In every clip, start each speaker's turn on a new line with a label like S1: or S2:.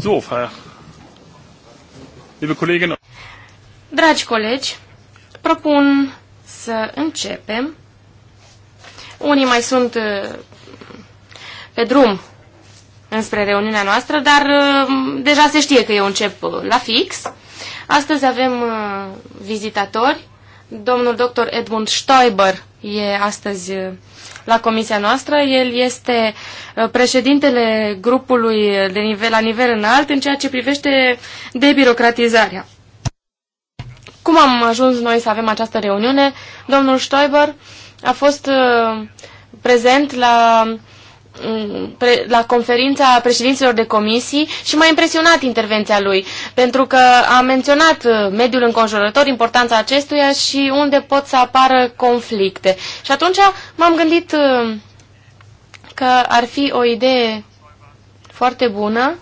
S1: So, Frau, liebe Kolleginnen.
S2: Dragi colegi, propun să începem. Unii mai sunt uh, pe drum înspre reuniunea noastră, dar uh, deja se știe că eu încep uh, la fix. Astăzi avem vizitatori. Domnul dr. Edmund Stoiber e astăzi la comisia noastră. El este uh, președintele grupului de nivel, la nivel înalt în ceea ce privește debirocratizarea. Cum am ajuns noi să avem această reuniune? Domnul Stoiber a fost uh, prezent la Mm, la conferința președinților de comisii și m-a impresionat intervenția lui, pentru că a menționat uh, mediul înconjurător, importanța acestuia și unde pot să apară conflicte. Și atunci m-am gândit uh, că ar fi o idee foarte bună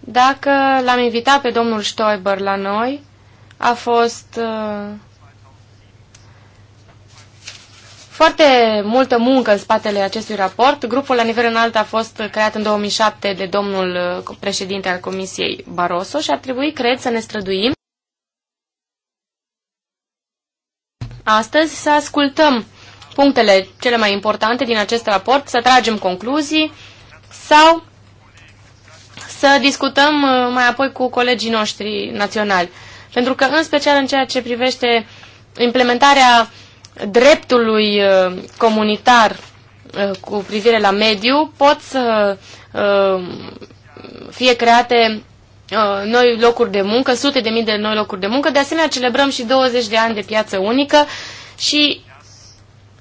S2: dacă l-am invitat pe domnul Stoiber la noi. A fost... Uh, foarte multă muncă în spatele acestui raport. Grupul la nivel înalt a fost creat în 2007 de domnul uh, președinte al Comisiei Barroso și ar trebui, cred, să ne străduim astăzi să ascultăm punctele cele mai importante din acest raport, să tragem concluzii sau să discutăm uh, mai apoi cu colegii noștri naționali. Pentru că, în special în ceea ce privește implementarea dreptului uh, comunitar uh, cu privire la mediu pot să uh, fie create noi locuri de muncă, sute de mii de noi locuri de muncă. De asemenea, celebrăm și 20 de ani de piață unică și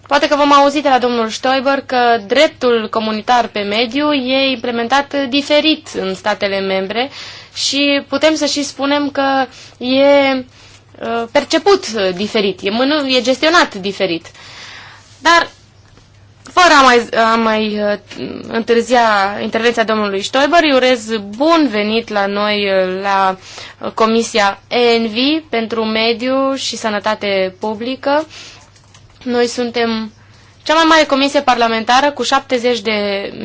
S2: poate că vom auzi de la domnul Stoiber că dreptul comunitar pe mediu e implementat diferit în statele membre și putem să și spunem că e Uh, perceput diferit, e, mână, e gestionat diferit. Dar, fără a mai, a mai uh, întârzia intervenția domnului Stoiber, îi urez bun venit la noi uh, la Comisia ENVI pentru Mediu și Sănătate Publică. Noi suntem cea mai mare comisie parlamentară cu 70 de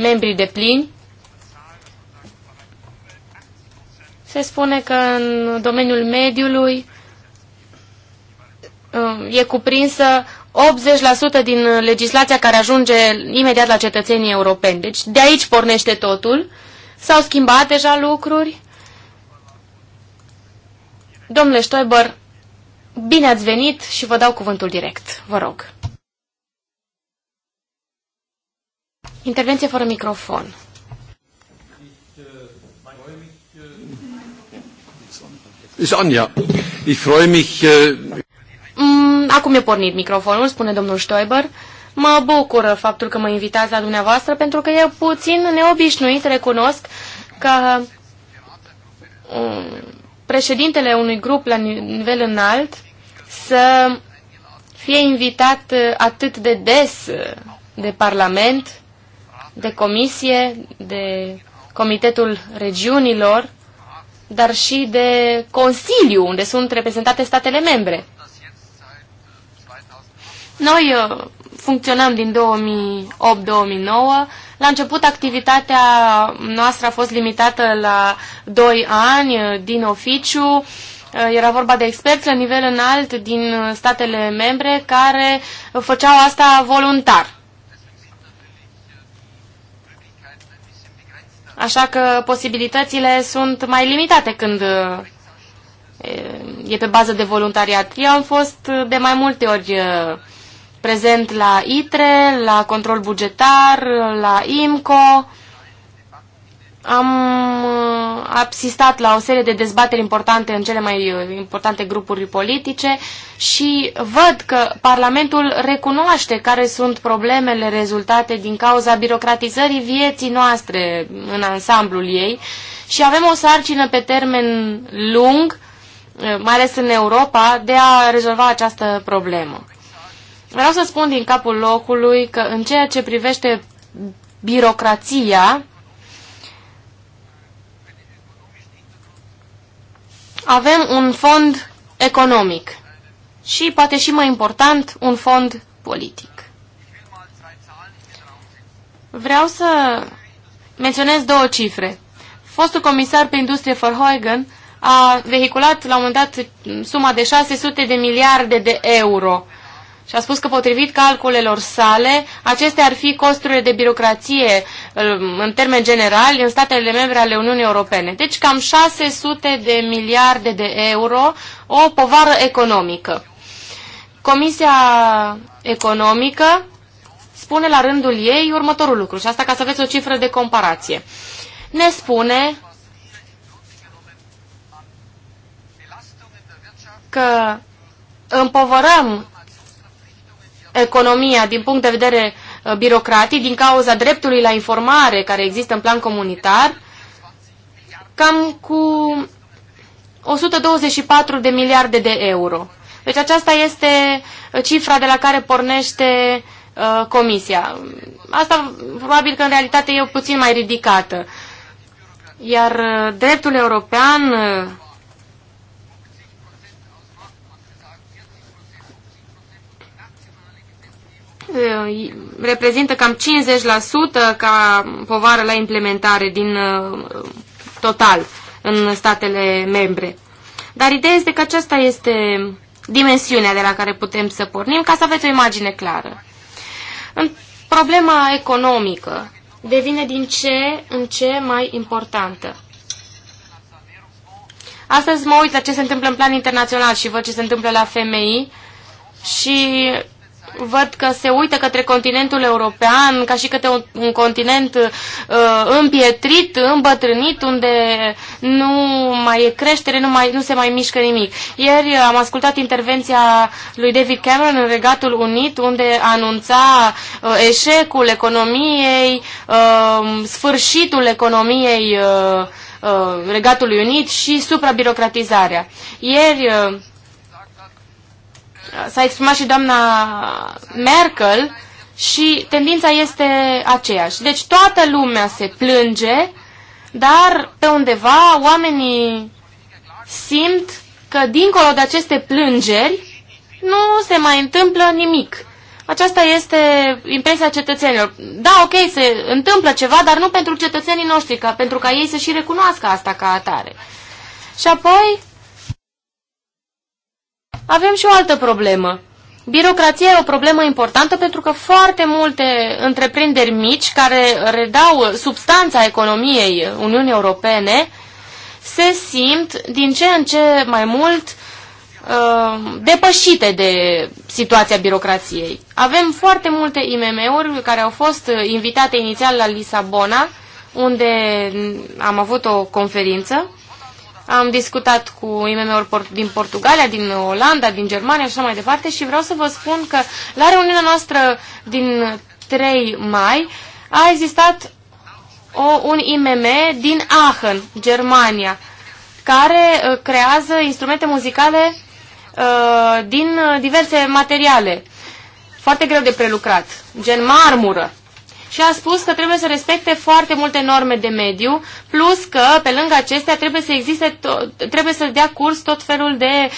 S2: membri de plini. Se spune că în domeniul mediului Um, e cuprinsă 80% din legislația care ajunge imediat la cetățenii europeni. Deci de aici pornește totul. S-au schimbat deja lucruri. Domnule Stoiber, bine ați venit și vă dau cuvântul direct. Vă rog. Intervenție fără microfon. Ist Anja. Ich freue mich. Eh, Mm, acum e pornit microfonul, spune domnul Stoiber. Mă bucură faptul că mă invitați la dumneavoastră, pentru că e puțin neobișnuit, recunosc, că mm, președintele unui grup la nivel înalt să fie invitat uh, atât de des uh, de Parlament, de Comisie, de Comitetul Regiunilor, dar și de Consiliu, unde sunt reprezentate statele membre. Noi uh, funcționăm din 2008-2009. La început activitatea noastră a fost limitată la 2 ani uh, din oficiu. Uh, era vorba de experți la nivel înalt din statele membre care făceau asta voluntar. Așa că posibilitățile sunt mai limitate când e pe bază de voluntariat. Eu am fost de mai multe ori prezent la ITRE, la control bugetar, la IMCO. Am uh, asistat la o serie de dezbateri importante în cele mai uh, importante grupuri politice și văd că Parlamentul recunoaște care sunt problemele rezultate din cauza birocratizării vieții noastre în ansamblul ei și avem o sarcină pe termen lung, uh, mai ales în Europa, de a rezolva această problemă. Vreau să spun din capul locului că în ceea ce privește birocrația, avem un fond economic și, poate și mai important, un fond politic. Vreau să menționez două cifre. Fostul comisar pe industrie Verheugen a vehiculat la un moment dat suma de 600 de miliarde de euro și a spus că potrivit calculelor sale, acestea ar fi costurile de birocrație um, în termen general în statele membre ale Uniunii Europene. Deci cam 600 de miliarde de euro, o povară economică. Comisia Economică spune la rândul ei următorul lucru și asta ca să aveți o cifră de comparație. Ne spune că împovărăm economia din punct de vedere uh, birocratic, din cauza dreptului la informare care există în plan comunitar, cam cu 124 de miliarde de euro. Deci aceasta este uh, cifra de la care pornește uh, comisia. Asta probabil că în realitate e puțin mai ridicată. Iar dreptul european reprezintă cam 50% ca povară la implementare din uh, total în statele membre. Dar ideea este că aceasta este dimensiunea de la care putem să pornim ca să aveți o imagine clară. Problema economică devine din ce în ce mai importantă. Astăzi mă uit la ce se întâmplă în plan internațional și văd ce se întâmplă la femei și văd că se uită către continentul european ca și către un, un continent uh, împietrit, îmbătrânit, unde nu mai e creștere, nu, mai, nu se mai mișcă nimic. Ieri am ascultat intervenția lui David Cameron în Regatul Unit, unde anunța uh, eșecul economiei, uh, sfârșitul economiei uh, uh, Regatului Unit și suprabirocratizarea. Ieri... Uh, s-a exprimat și doamna Merkel și tendința este aceeași. Deci toată lumea se plânge, dar pe undeva oamenii simt că dincolo de aceste plângeri nu se mai întâmplă nimic. Aceasta este impresia cetățenilor. Da, ok, se întâmplă ceva, dar nu pentru cetățenii noștri, ca pentru ca ei să și recunoască asta ca atare. Și apoi, avem și o altă problemă. Birocrația e o problemă importantă pentru că foarte multe întreprinderi mici care redau substanța economiei Uniunii Europene se simt din ce în ce mai mult uh, depășite de situația birocrației. Avem foarte multe IMM-uri care au fost invitate inițial la Lisabona, unde am avut o conferință am discutat cu IMM-uri din Portugalia, din Olanda, din Germania și așa mai departe și vreau să vă spun că la reuniunea noastră din 3 mai a existat o, un IMM din Aachen, Germania, care uh, creează instrumente muzicale uh, din uh, diverse materiale, foarte greu de prelucrat, gen marmură și a spus că trebuie să respecte foarte multe norme de mediu, plus că pe lângă acestea trebuie să existe trebuie să dea curs tot felul de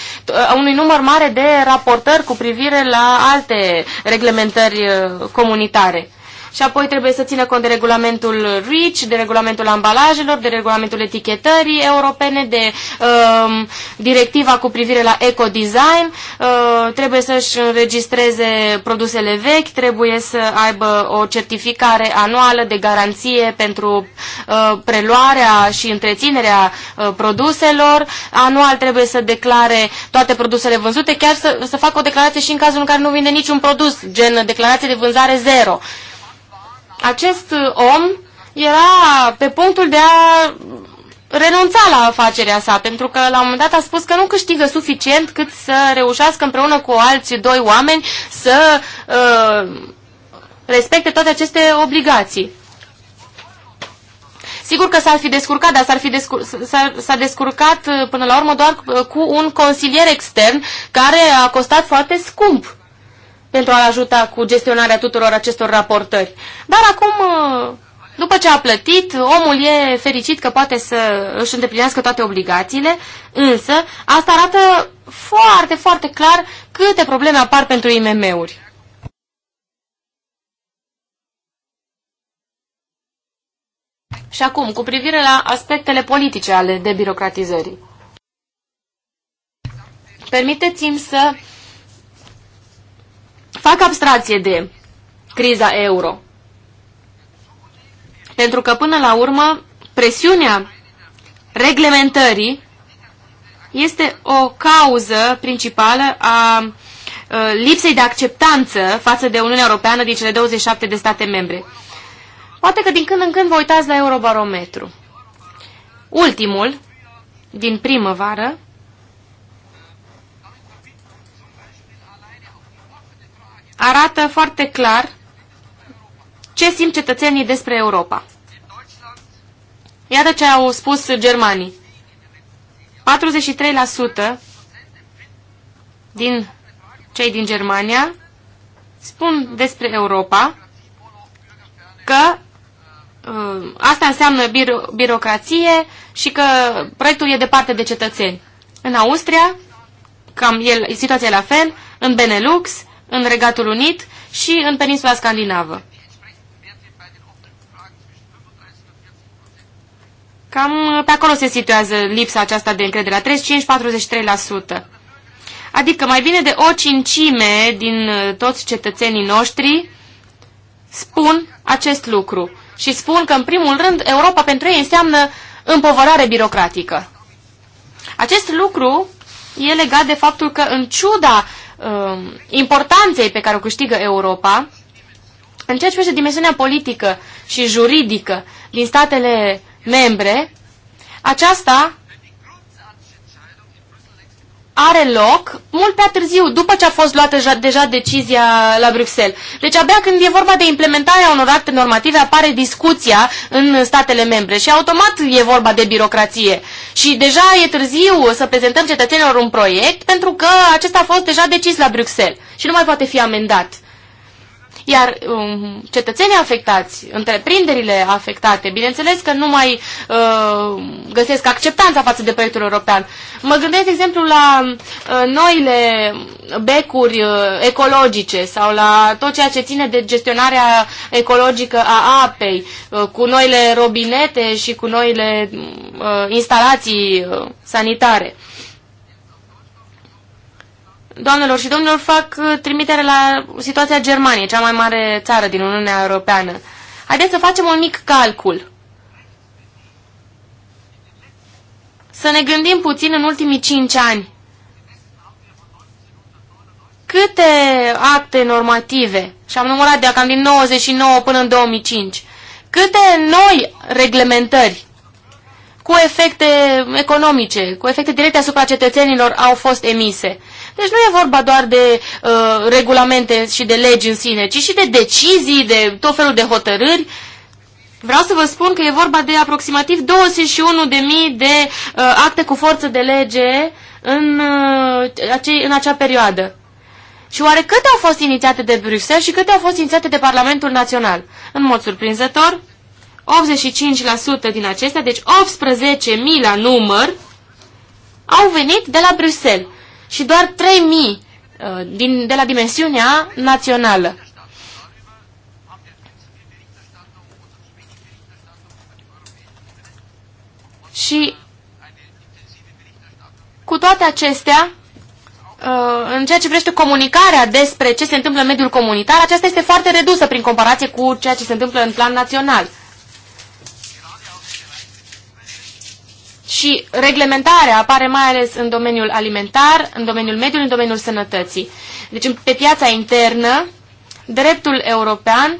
S2: unui număr mare de raportări cu privire la alte reglementări uh, comunitare și apoi trebuie să țină cont de regulamentul REACH, de regulamentul ambalajelor, de regulamentul etichetării europene, de um, directiva cu privire la ecodesign, uh, trebuie să-și înregistreze produsele vechi, trebuie să aibă o certificare anuală de garanție pentru uh, preluarea și întreținerea uh, produselor, anual trebuie să declare toate produsele vânzute, chiar să, să facă o declarație și în cazul în care nu vinde niciun produs, gen declarație de vânzare zero acest uh, om era pe punctul de a renunța la afacerea sa, pentru că la un moment dat a spus că nu câștigă suficient cât să reușească împreună cu alți doi oameni să uh, respecte toate aceste obligații. Sigur că s-ar fi descurcat, dar s-ar fi descur s-a descurcat uh, până la urmă doar uh, cu un consilier extern care a costat foarte scump pentru a-l ajuta cu gestionarea tuturor acestor raportări. Dar acum, uh, după ce a plătit, omul e fericit că poate să își îndeplinească toate obligațiile, însă asta arată foarte, foarte clar câte probleme apar pentru IMM-uri. Și acum, cu privire la aspectele politice ale debirocratizării. Permiteți-mi să fac abstracție de criza euro. Pentru că, până la urmă, presiunea reglementării este o cauză principală a lipsei de acceptanță față de Uniunea Europeană din cele 27 de state membre. Poate că din când în când vă uitați la Eurobarometru. Ultimul, din primăvară, arată foarte clar ce simt cetățenii despre Europa. Iată ce au spus germanii. 43% din cei din Germania spun despre Europa că uh, asta înseamnă biro birocrație și că proiectul e departe de cetățeni. În Austria, cam el, situația e la fel, în Benelux, în Regatul Unit și în peninsula Scandinavă. Cam pe acolo se situează lipsa aceasta de încredere, la 35-43%. Adică mai bine de o cincime din uh, toți cetățenii noștri spun acest lucru. Și spun că, în primul rând, Europa pentru ei înseamnă împovărare birocratică. Acest lucru e legat de faptul că, în ciuda uh, importanței pe care o câștigă Europa, în ceea ce privește dimensiunea politică și juridică din statele membre, aceasta are loc mult prea târziu, după ce a fost luată deja, deja decizia la Bruxelles. Deci abia când e vorba de implementarea unor acte normative apare discuția în statele membre și automat e vorba de birocrație. Și deja e târziu să prezentăm cetățenilor un proiect pentru că acesta a fost deja decis la Bruxelles și nu mai poate fi amendat. Iar um, cetățenii afectați, întreprinderile afectate, bineînțeles că nu mai uh, găsesc acceptanța față de proiectul european. Mă gândesc, de exemplu, la uh, noile becuri uh, ecologice sau la tot ceea ce ține de gestionarea ecologică a apei, uh, cu noile robinete și cu noile uh, instalații uh, sanitare. Uh, doamnelor și domnilor, fac uh, trimitere la situația Germaniei, cea mai mare țară din Uniunea Europeană. Haideți să facem un mic calcul. Să ne gândim puțin în ultimii cinci ani. Câte acte normative, și am numărat de cam din 99 până în 2005, câte noi reglementări cu efecte economice, cu efecte directe asupra cetățenilor au fost emise. Deci nu e vorba doar de uh, regulamente și de legi în sine, ci și de decizii, de tot felul de hotărâri. Vreau să vă spun că e vorba de aproximativ 21.000 de uh, acte cu forță de lege în, uh, acei, în acea perioadă. Și oare câte au fost inițiate de Bruxelles și câte au fost inițiate de Parlamentul Național? În mod surprinzător, 85% din acestea, deci 18.000 la număr, au venit de la Bruxelles și doar 3000 uh, din, de la dimensiunea națională. Și cu toate acestea, uh, în ceea ce vrește comunicarea despre ce se întâmplă în mediul comunitar, aceasta este foarte redusă prin comparație cu ceea ce se întâmplă în plan național. și reglementarea apare mai ales în domeniul alimentar, în domeniul mediului, în domeniul sănătății. Deci pe piața internă, dreptul european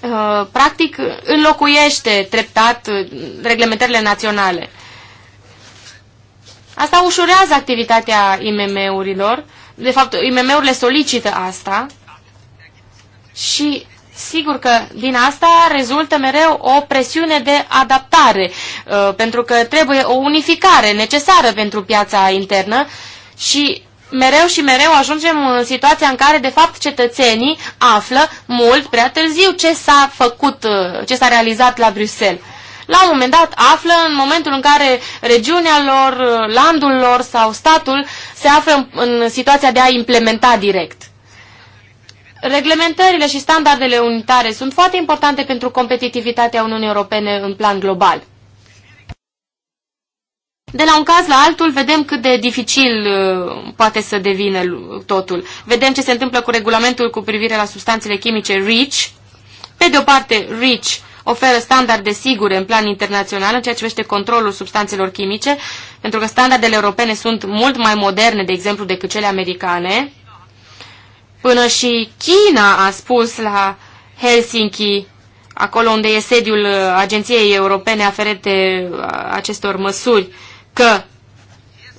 S2: uh, practic înlocuiește treptat uh, reglementările naționale. Asta ușurează activitatea IMM-urilor. De fapt, IMM-urile solicită asta și Sigur că din asta rezultă mereu o presiune de adaptare, uh, pentru că trebuie o unificare necesară pentru piața internă și mereu și mereu ajungem în situația în care, de fapt, cetățenii află mult prea târziu ce s-a făcut, uh, ce s-a realizat la Bruxelles. La un moment dat află în momentul în care regiunea lor, uh, landul lor sau statul se află în, situația de a implementa direct reglementările și standardele unitare sunt foarte importante pentru competitivitatea Uniunii Europene în plan global. De la un caz la altul vedem cât de dificil uh, poate să devină totul. Vedem ce se întâmplă cu regulamentul cu privire la substanțele chimice REACH. Pe de o parte, REACH oferă standarde sigure în plan internațional în ceea ce vește controlul substanțelor chimice, pentru că standardele europene sunt mult mai moderne, de exemplu, decât cele americane. Până și China a spus la Helsinki, acolo unde e sediul uh, Agenției Europene aferente uh, acestor măsuri, că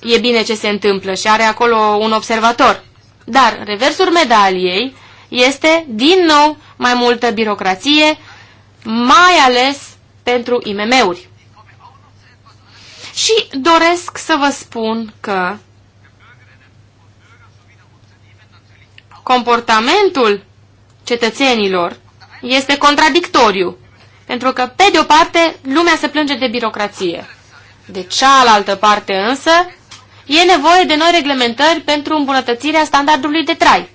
S2: e bine ce se întâmplă și are acolo un observator. Dar reversul medaliei este, din nou, mai multă birocrație, mai ales pentru IMM-uri. Și doresc să vă spun că comportamentul cetățenilor este contradictoriu. Pentru că, pe de o parte, lumea se plânge de birocrație. De cealaltă parte însă, e nevoie de noi reglementări pentru îmbunătățirea standardului de trai.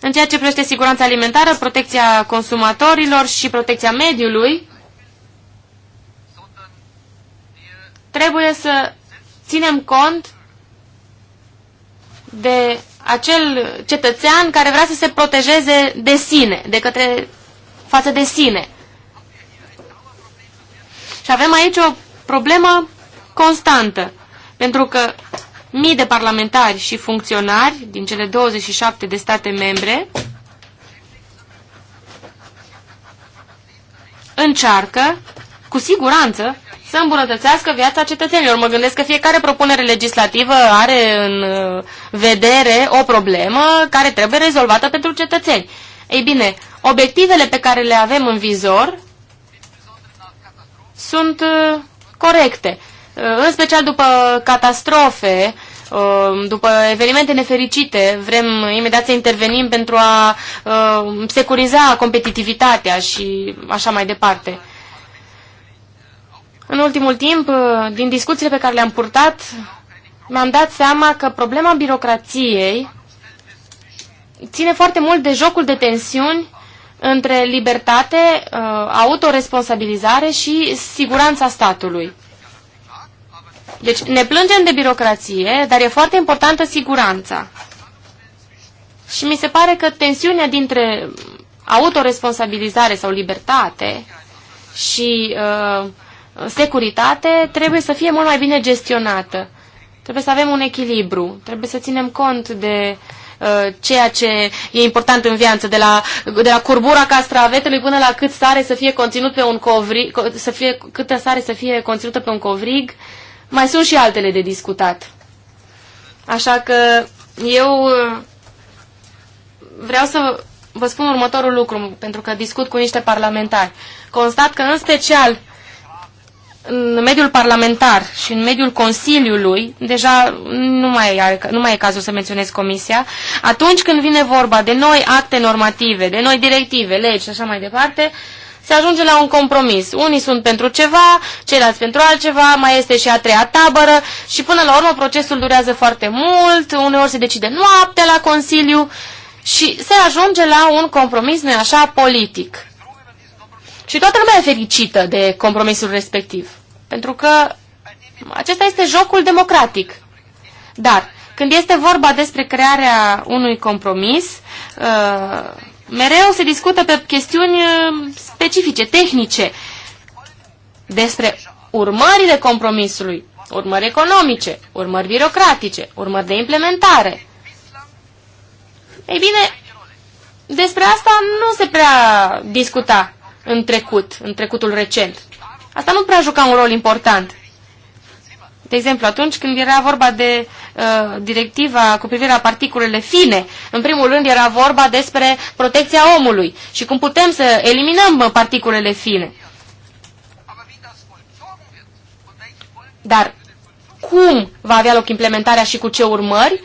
S2: În ceea ce privește siguranța alimentară, protecția consumatorilor și protecția mediului, trebuie să ținem cont de acel cetățean care vrea să se protejeze de sine, de către față de sine. Și avem aici o problemă constantă, pentru că mii de parlamentari și funcționari din cele 27 de state membre încearcă, cu siguranță, să îmbunătățească viața cetățenilor. Mă gândesc că fiecare propunere legislativă are în uh, vedere o problemă care trebuie rezolvată pentru cetățeni. Ei bine, obiectivele pe care le avem în vizor sunt uh, corecte, uh, în special după catastrofe, după evenimente nefericite, vrem imediat să intervenim pentru a securiza competitivitatea și așa mai departe. În ultimul timp, uh, din discuțiile pe care le-am purtat, mi-am dat seama că problema birocrației ține foarte mult de jocul de tensiuni între libertate, uh, autoresponsabilizare și siguranța statului. Deci ne plângem de birocrație, dar e foarte importantă siguranța. Și mi se pare că tensiunea dintre autoresponsabilizare sau libertate și uh, securitate trebuie să fie mult mai bine gestionată. Trebuie să avem un echilibru, trebuie să ținem cont de uh, ceea ce e important în viață, de la, de la curbura castravetelui până la cât sare să fie conținut pe un covrig, să fie, câtă sare să fie conținută pe un covrig, mai sunt și altele de discutat. Așa că eu uh, vreau să vă spun următorul lucru, pentru că discut cu niște parlamentari. Constat că, în special, în mediul parlamentar și în mediul Consiliului, deja nu mai, are, nu mai e cazul să menționez Comisia, atunci când vine vorba de noi acte normative, de noi directive, legi și așa mai departe, se ajunge la un compromis. Unii sunt pentru ceva, ceilalți pentru altceva, mai este și a treia tabără și până la urmă procesul durează foarte mult, uneori se decide noaptea la Consiliu și se ajunge la un compromis, nu așa, politic. Și toată lumea e fericită de compromisul respectiv. Pentru că acesta este jocul democratic. Dar când este vorba despre crearea unui compromis, uh, mereu se discută pe chestiuni uh, specifice, tehnice, despre urmările compromisului, urmări economice, urmări birocratice, urmări de implementare. Ei bine, despre asta nu se prea discuta în trecut, în trecutul recent. Asta nu prea juca un rol important. De exemplu, atunci când era vorba de uh, directiva cu privire la particulele fine, în primul rând era vorba despre protecția omului și cum putem să eliminăm particulele fine. Dar cum va avea loc implementarea și cu ce urmări?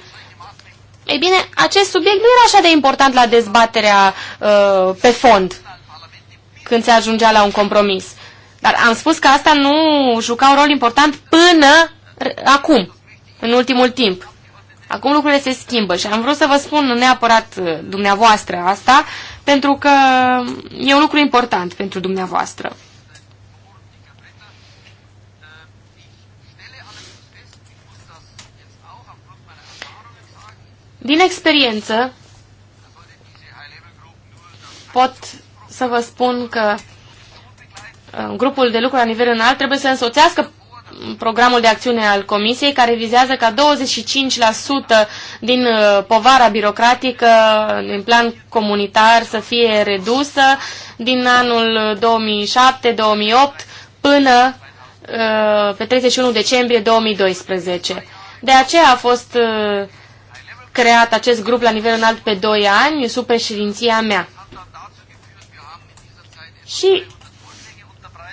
S2: Ei bine, acest subiect nu era așa de important la dezbaterea uh, pe fond când se ajungea la un compromis. Dar am spus că asta nu juca un rol important până acum, în ultimul timp. Acum lucrurile se schimbă și am vrut să vă spun neapărat uh, dumneavoastră asta, pentru că e un lucru important pentru dumneavoastră. Din experiență pot să vă spun că uh, grupul de lucru la nivel înalt trebuie să însoțească mm, programul de acțiune al Comisiei, care vizează ca 25% din uh, povara birocratică în uh, plan comunitar să fie redusă din anul 2007-2008 până pe 31 decembrie 2012. De aceea a fost creat acest grup la nivel înalt pe 2 ani sub președinția mea. Și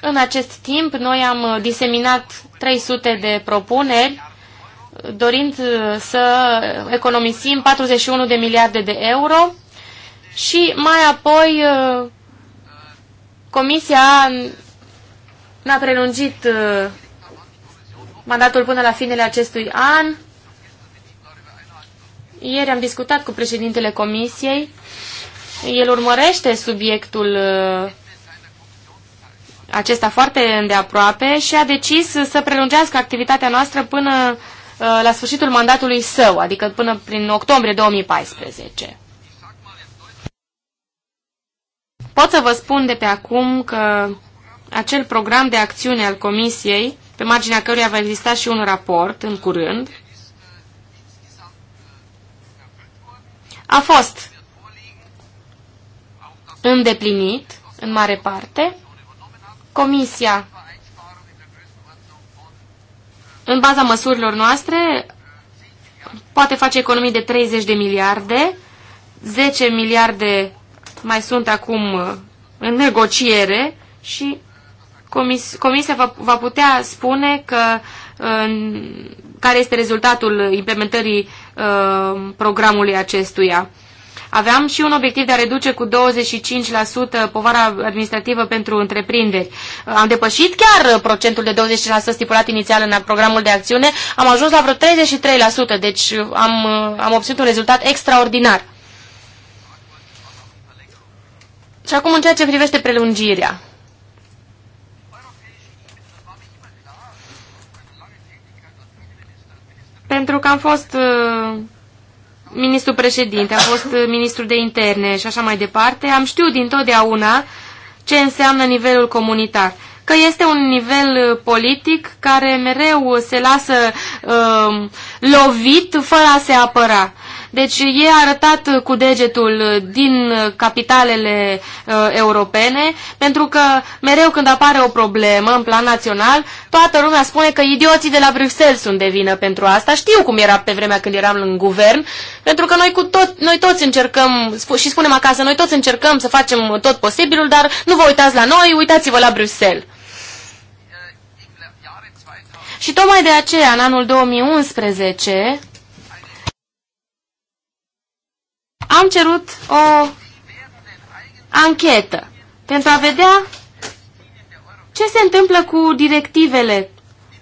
S2: în acest timp noi am diseminat 300 de propuneri dorind uh, să economisim 41 de miliarde de euro și mai apoi uh, Comisia n a prelungit uh, mandatul până la finele acestui an. Ieri am discutat cu președintele Comisiei. El urmărește subiectul acesta foarte îndeaproape și a decis să prelungească activitatea noastră până uh, la sfârșitul mandatului său, adică până prin octombrie 2014. Pot să vă spun de pe acum că acel program de acțiune al Comisiei, pe marginea căruia va exista și un raport în curând, a fost îndeplinit în mare parte Comisia, în baza măsurilor noastre, poate face economii de 30 de miliarde, 10 miliarde mai sunt acum uh, în negociere și comis, Comisia va, va putea spune că în, uh, care este rezultatul implementării uh, programului acestuia. Aveam și un obiectiv de a reduce cu 25% povara administrativă pentru întreprinderi. Am depășit chiar procentul de 20% stipulat inițial în programul de acțiune. Am ajuns la vreo 33%, deci am, am obținut un rezultat extraordinar. Și acum în ceea ce privește prelungirea. Pentru că am fost uh, ministru președinte, am fost uh, ministru de interne și așa mai departe, am știut dintotdeauna ce înseamnă nivelul comunitar. Că este un nivel uh, politic care mereu se lasă uh, lovit fără a se apăra. Deci e arătat cu degetul din capitalele uh, europene, pentru că mereu când apare o problemă în plan național, toată lumea spune că idioții de la Bruxelles sunt de vină pentru asta. Știu cum era pe vremea când eram în guvern, pentru că noi, cu tot, noi toți încercăm, și spunem acasă, noi toți încercăm să facem tot posibilul, dar nu vă uitați la noi, uitați-vă la Bruxelles. Și tocmai de aceea, în anul 2011, am cerut o anchetă pentru a vedea ce se întâmplă cu directivele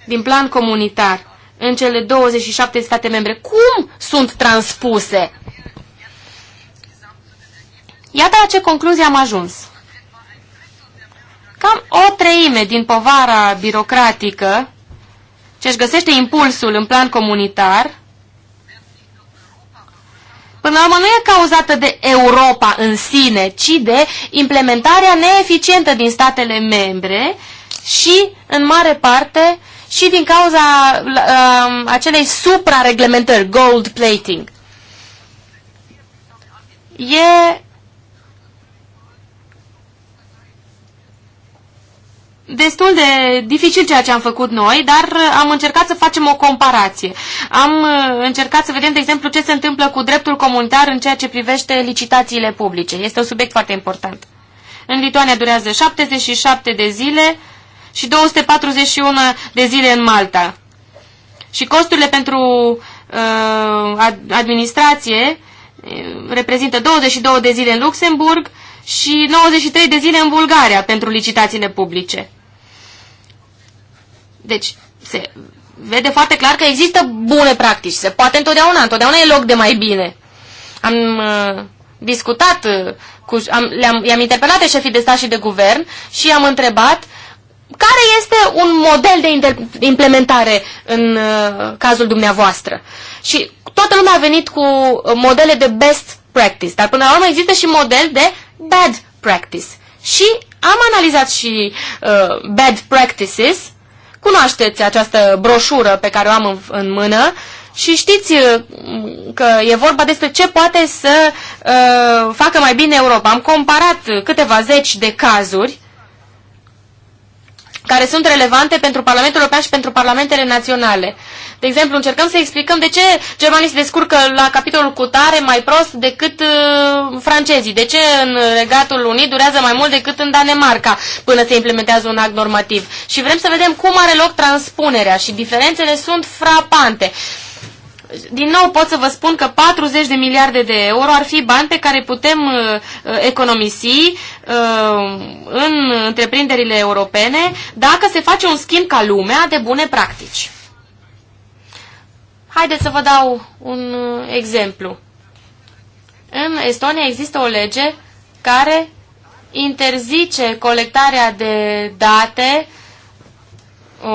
S2: din plan comunitar în cele 27 state membre. Cum sunt transpuse? Iată la ce concluzie am ajuns. Cam o treime din povara birocratică ce își găsește impulsul în plan comunitar până la urmă nu e cauzată de Europa în sine, ci de implementarea neeficientă din statele membre și, în mare parte, și din cauza uh, acelei suprareglementări, gold plating. E destul de dificil ceea ce am făcut noi, dar uh, am încercat să facem o comparație. Am uh, încercat să vedem, de exemplu, ce se întâmplă cu dreptul comunitar în ceea ce privește licitațiile publice. Este un subiect foarte important. În Lituania durează 77 de zile și 241 de zile în Malta. Și costurile pentru uh, administrație uh, reprezintă 22 de zile în Luxemburg și 93 de zile în Bulgaria pentru licitațiile publice. Deci, se vede foarte clar că există bune practici. Se poate întotdeauna, întotdeauna e loc de mai bine. Am uh, discutat, uh, am, le-am, i-am interpelat de șefii de stat și de guvern și am întrebat care este un model de implementare în uh, cazul dumneavoastră. Și toată lumea a venit cu uh, modele de best practice, dar până la urmă există și model de bad practice. Și am analizat și uh, bad practices Cunoașteți această broșură pe care o am în, în mână și știți uh, că e vorba despre ce poate să uh, facă mai bine Europa. Am comparat câteva zeci de cazuri care sunt relevante pentru Parlamentul European și pentru Parlamentele Naționale. De exemplu, încercăm să explicăm de ce germanii se descurcă la capitolul cutare mai prost decât uh, francezii, de ce în Regatul Unit durează mai mult decât în Danemarca până se implementează un act normativ. Și vrem să vedem cum are loc transpunerea și diferențele sunt frapante din nou pot să vă spun că 40 de miliarde de euro ar fi bani pe care putem uh, uh, economisi uh, în întreprinderile europene dacă se face un schimb ca lumea de bune practici. Haideți să vă dau un exemplu. În Estonia există o lege care interzice colectarea de date uh,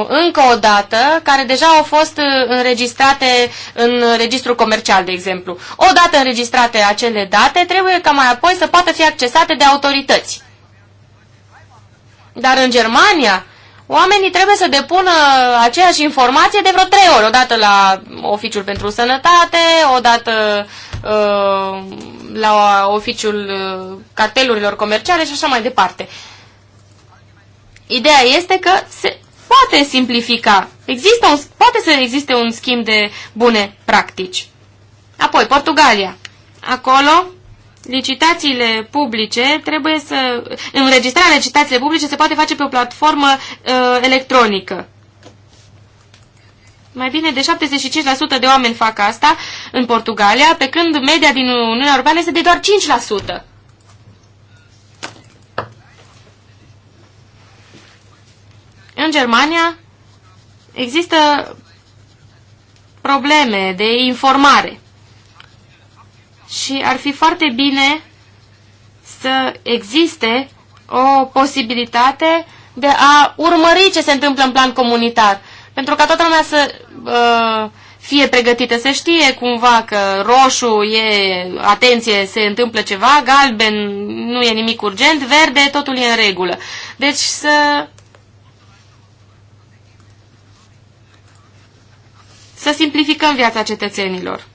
S2: încă o dată, care deja au fost uh, înregistrate în registrul comercial, de exemplu. Odată înregistrate acele date, trebuie ca mai apoi să poată fi accesate de autorități. Dar în Germania, oamenii trebuie să depună aceeași informație de vreo trei ori, odată la oficiul pentru sănătate, odată dată uh, la oficiul uh, cartelurilor comerciale și așa mai departe. Ideea este că se poate simplifica. Există un, poate să existe un schimb de bune practici. Apoi, Portugalia. Acolo, licitațiile publice trebuie să... Înregistrarea licitațiilor publice se poate face pe o platformă uh, electronică. Mai bine de 75% de oameni fac asta în Portugalia, pe când media din Uniunea Europeană este de doar 5%. În Germania există probleme de informare și ar fi foarte bine să existe o posibilitate de a urmări ce se întâmplă în plan comunitar. Pentru ca toată lumea să uh, fie pregătită, să știe cumva că roșu e, atenție, se întâmplă ceva, galben nu e nimic urgent, verde totul e în regulă. Deci să să simplificăm viața cetățenilor.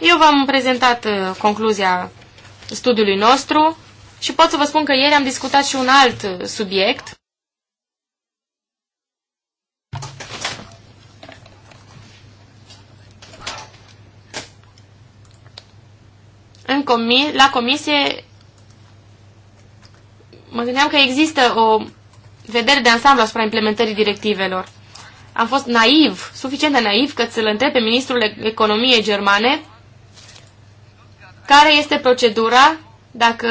S2: Eu v-am prezentat uh, concluzia studiului nostru și pot să vă spun că ieri am discutat și un alt uh, subiect. În comi la comisie mă gândeam că există o vedere de ansamblu asupra implementării directivelor am fost naiv, suficient de naiv, că să-l întreb pe ministrul economiei germane care este procedura dacă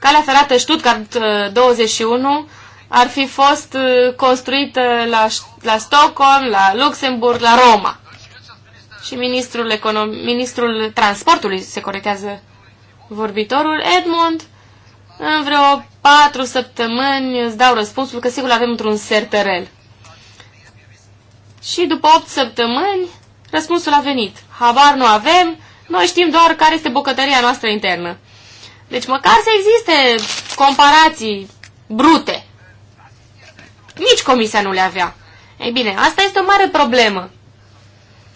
S2: calea ferată Stuttgart 21 uh, ar fi fost uh, construită la, la Stockholm, la Luxemburg, la Roma. Și ministrul, econom, ministrul transportului se corectează vorbitorul Edmund. În vreo patru săptămâni îți dau răspunsul că sigur avem într-un serterel. Și după opt săptămâni, răspunsul a venit. Habar nu avem, noi știm doar care este bucătăria noastră internă. Deci măcar să existe comparații brute. Nici comisia nu le avea. Ei bine, asta este o mare problemă.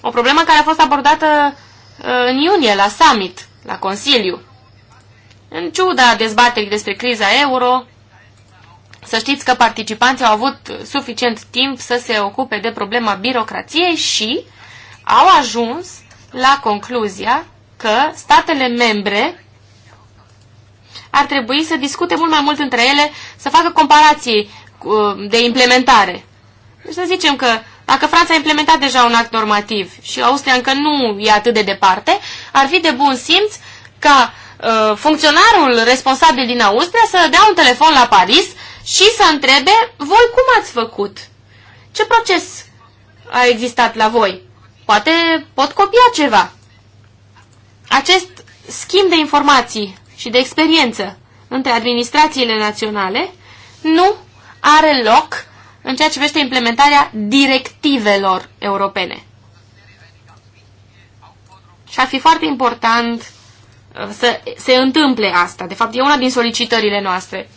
S2: O problemă care a fost abordată uh, în iunie la summit, la Consiliu. În ciuda dezbaterii despre criza euro, să știți că participanții au avut suficient timp să se ocupe de problema birocrației și au ajuns la concluzia că statele membre ar trebui să discute mult mai mult între ele, să facă comparații uh, de implementare. Deci să zicem că dacă Franța a implementat deja un act normativ și Austria încă nu e atât de departe, ar fi de bun simț ca uh, funcționarul responsabil din Austria să dea un telefon la Paris și să întrebe voi cum ați făcut? Ce proces a existat la voi? Poate pot copia ceva. Acest schimb de informații și de experiență între administrațiile naționale nu are loc în ceea ce privește implementarea directivelor europene. Și ar fi foarte important uh, să se întâmple asta. De fapt, e una din solicitările noastre.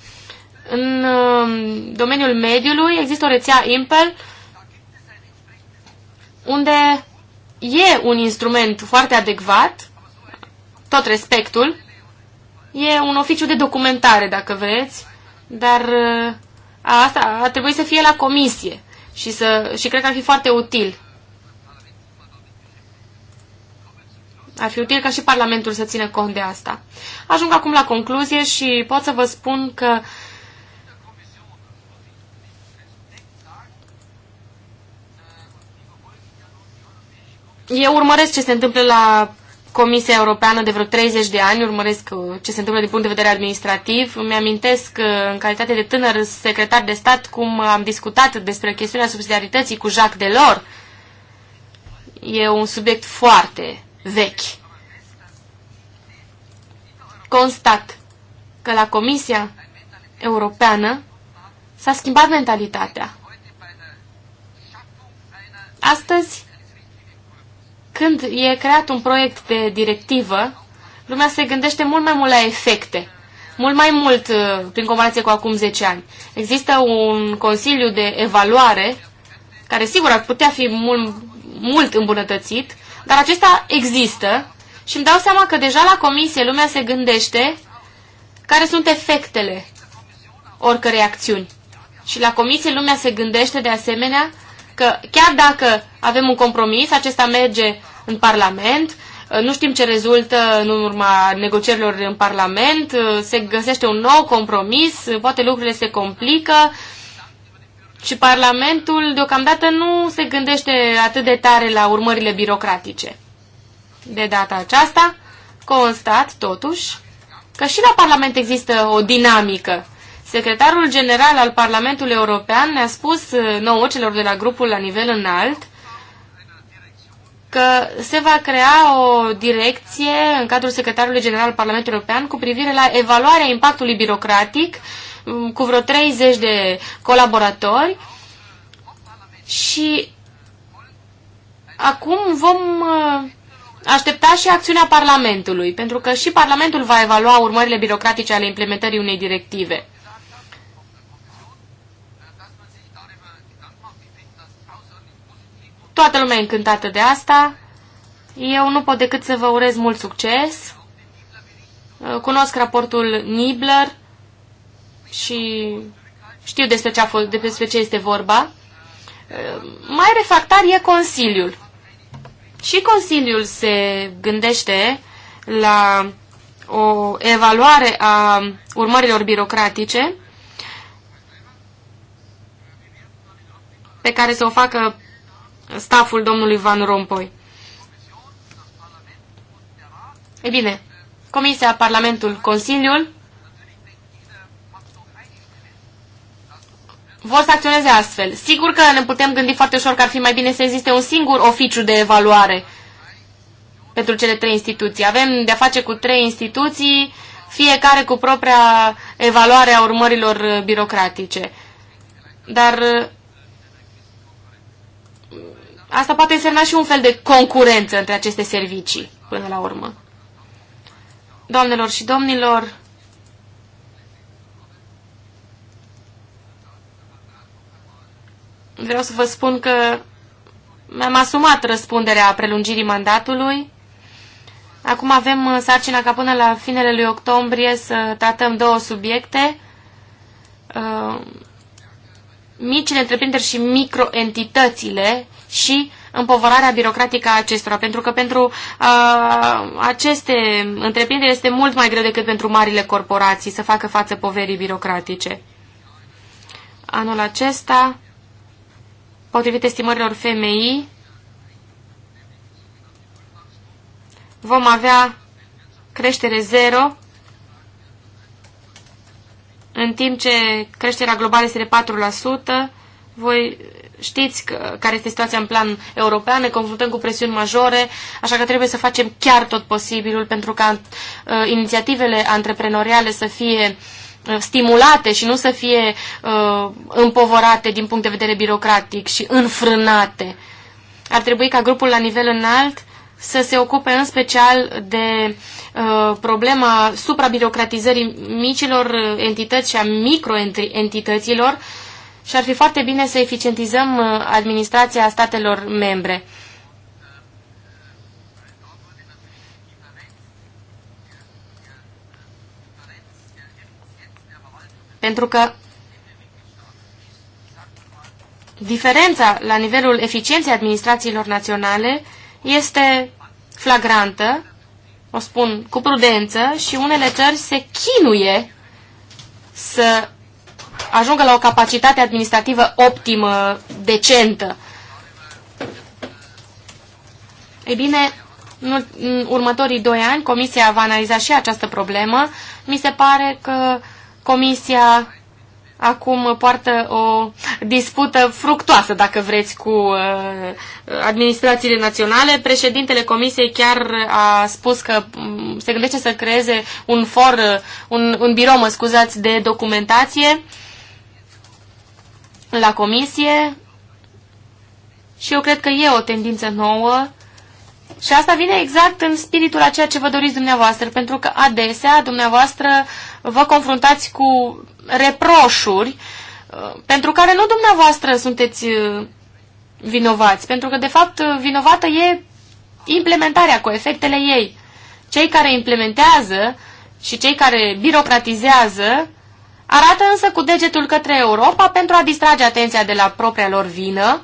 S2: În um, domeniul mediului există o rețea Impel unde e un instrument foarte adecvat, tot respectul, e un oficiu de documentare, dacă vreți, dar uh, asta a trebuit să fie la comisie și, să, și cred că ar fi foarte util. Ar fi util ca și Parlamentul să țină cont de asta. Ajung acum la concluzie și pot să vă spun că eu urmăresc ce se întâmplă la Comisia Europeană de vreo 30 de ani, urmăresc uh, ce se întâmplă din punct de vedere administrativ. Îmi amintesc uh, în calitate de tânăr secretar de stat cum am discutat despre chestiunea subsidiarității cu Jacques Delors. E un subiect foarte vechi. Constat că la Comisia Europeană s-a schimbat mentalitatea. Astăzi când e creat un proiect de directivă, lumea se gândește mult mai mult la efecte, mult mai mult uh, prin comparație cu acum 10 ani. Există un consiliu de evaluare, care sigur ar putea fi mult, mult îmbunătățit, dar acesta există și îmi dau seama că deja la comisie lumea se gândește care sunt efectele oricărei acțiuni. Și la comisie lumea se gândește de asemenea că chiar dacă avem un compromis, acesta merge în Parlament, uh, nu știm ce rezultă în urma negocierilor în Parlament, uh, se găsește un nou compromis, uh, poate lucrurile se complică și Parlamentul deocamdată nu se gândește atât de tare la urmările birocratice. De data aceasta, constat totuși că și la Parlament există o dinamică Secretarul General al Parlamentului European ne-a spus uh, nouă celor de la grupul la nivel înalt că se va crea o direcție în cadrul Secretarului General al Parlamentului European cu privire la evaluarea impactului birocratic mm, cu vreo 30 de colaboratori și acum vom uh, aștepta și acțiunea Parlamentului, pentru că și Parlamentul va evalua urmările birocratice ale implementării unei directive. Toată lumea e încântată de asta. Eu nu pot decât să vă urez mult succes. Uh, cunosc raportul Nibler și știu despre ce, a fost, despre ce este vorba. Uh, mai refractar e Consiliul. Și Consiliul se gândește la o evaluare a urmărilor birocratice pe care să o facă staful domnului Van Rompuy. E bine, Comisia, Parlamentul, Consiliul vor să acționeze astfel. Sigur că ne putem gândi foarte ușor că ar fi mai bine să existe un singur oficiu de evaluare pentru cele trei instituții. Avem de-a face cu trei instituții, fiecare cu propria evaluare a urmărilor uh, birocratice. Dar uh, Asta poate însemna și un fel de concurență între aceste servicii, până la urmă. Doamnelor și domnilor, vreau să vă spun că mi-am asumat răspunderea prelungirii mandatului. Acum avem uh, sarcina ca până la finele lui octombrie să tratăm două subiecte. Uh, micile întreprinderi și microentitățile și împovărarea birocratică a acestora, pentru că pentru a, aceste întreprinderi este mult mai greu decât pentru marile corporații să facă față poverii birocratice. Anul acesta, potrivit estimărilor FMI, vom avea creștere zero, în timp ce creșterea globală este de 4%, voi știți care este situația în plan european, ne confruntăm cu presiuni majore, așa că trebuie să facem chiar tot posibilul pentru ca uh, inițiativele antreprenoriale să fie uh, stimulate și nu să fie uh, împovorate din punct de vedere birocratic și înfrânate. Ar trebui ca grupul la nivel înalt să se ocupe în special de uh, problema suprabirocratizării micilor uh, entități și a microentităților, uh, și ar fi foarte bine să eficientizăm uh, administrația statelor membre. Pentru că diferența la nivelul eficienței administrațiilor naționale este flagrantă, o spun cu prudență, și unele țări se chinuie să ajungă la o capacitate administrativă optimă, decentă. Ei bine, în următorii doi ani Comisia va analiza și această problemă. Mi se pare că Comisia acum poartă o dispută fructoasă, dacă vreți, cu uh, administrațiile naționale. Președintele Comisiei chiar a spus că mm, se gândește să creeze un for, uh, un, un birou, mă scuzați, de documentație la comisie și eu cred că e o tendință nouă și asta vine exact în spiritul a ceea ce vă doriți dumneavoastră, pentru că adesea dumneavoastră vă confruntați cu reproșuri uh, pentru care nu dumneavoastră sunteți uh, vinovați, pentru că de fapt uh, vinovată e implementarea cu efectele ei. Cei care implementează și cei care birocratizează Arată însă cu degetul către Europa pentru a distrage atenția de la propria lor vină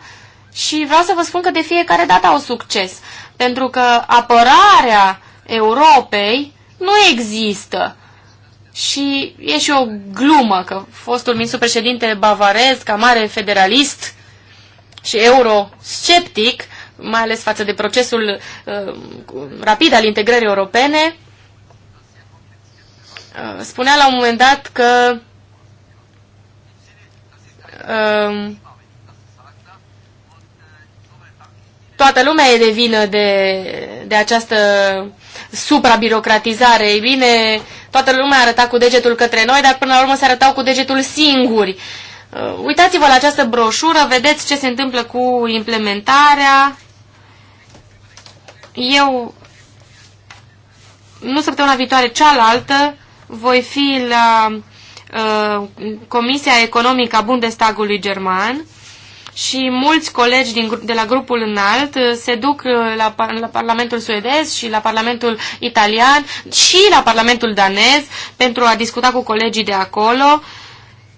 S2: și vreau să vă spun că de fiecare dată au succes, pentru că apărarea Europei nu există. Și e și o glumă că fostul ministru președinte bavarez, ca mare federalist și eurosceptic, mai ales față de procesul uh, rapid al integrării europene, uh, spunea la un moment dat că um, toată lumea e de vină de, de această suprabirocratizare. Ei bine, toată lumea arăta cu degetul către noi, dar până la urmă se arătau cu degetul singuri. Uh, uitați-vă la această broșură, vedeți ce se întâmplă cu implementarea. Eu, nu săptămâna viitoare, cealaltă, voi fi la Uh, Comisia Economică a Bundestagului German și mulți colegi din, de la grupul înalt uh, se duc uh, la, la Parlamentul suedez și la Parlamentul italian și la Parlamentul danez pentru a discuta cu colegii de acolo.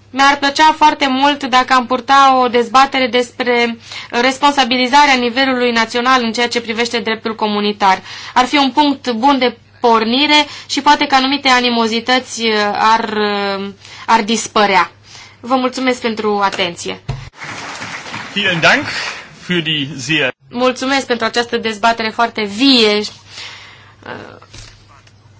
S2: Mi-ar plăcea foarte mult dacă am purta o dezbatere despre responsabilizarea nivelului național în ceea ce privește dreptul comunitar. Ar fi un punct bun de pornire și poate că anumite animozități uh, ar, uh, ar dispărea. Vă mulțumesc pentru atenție. Mulțumesc pentru această dezbatere foarte vie. Uh,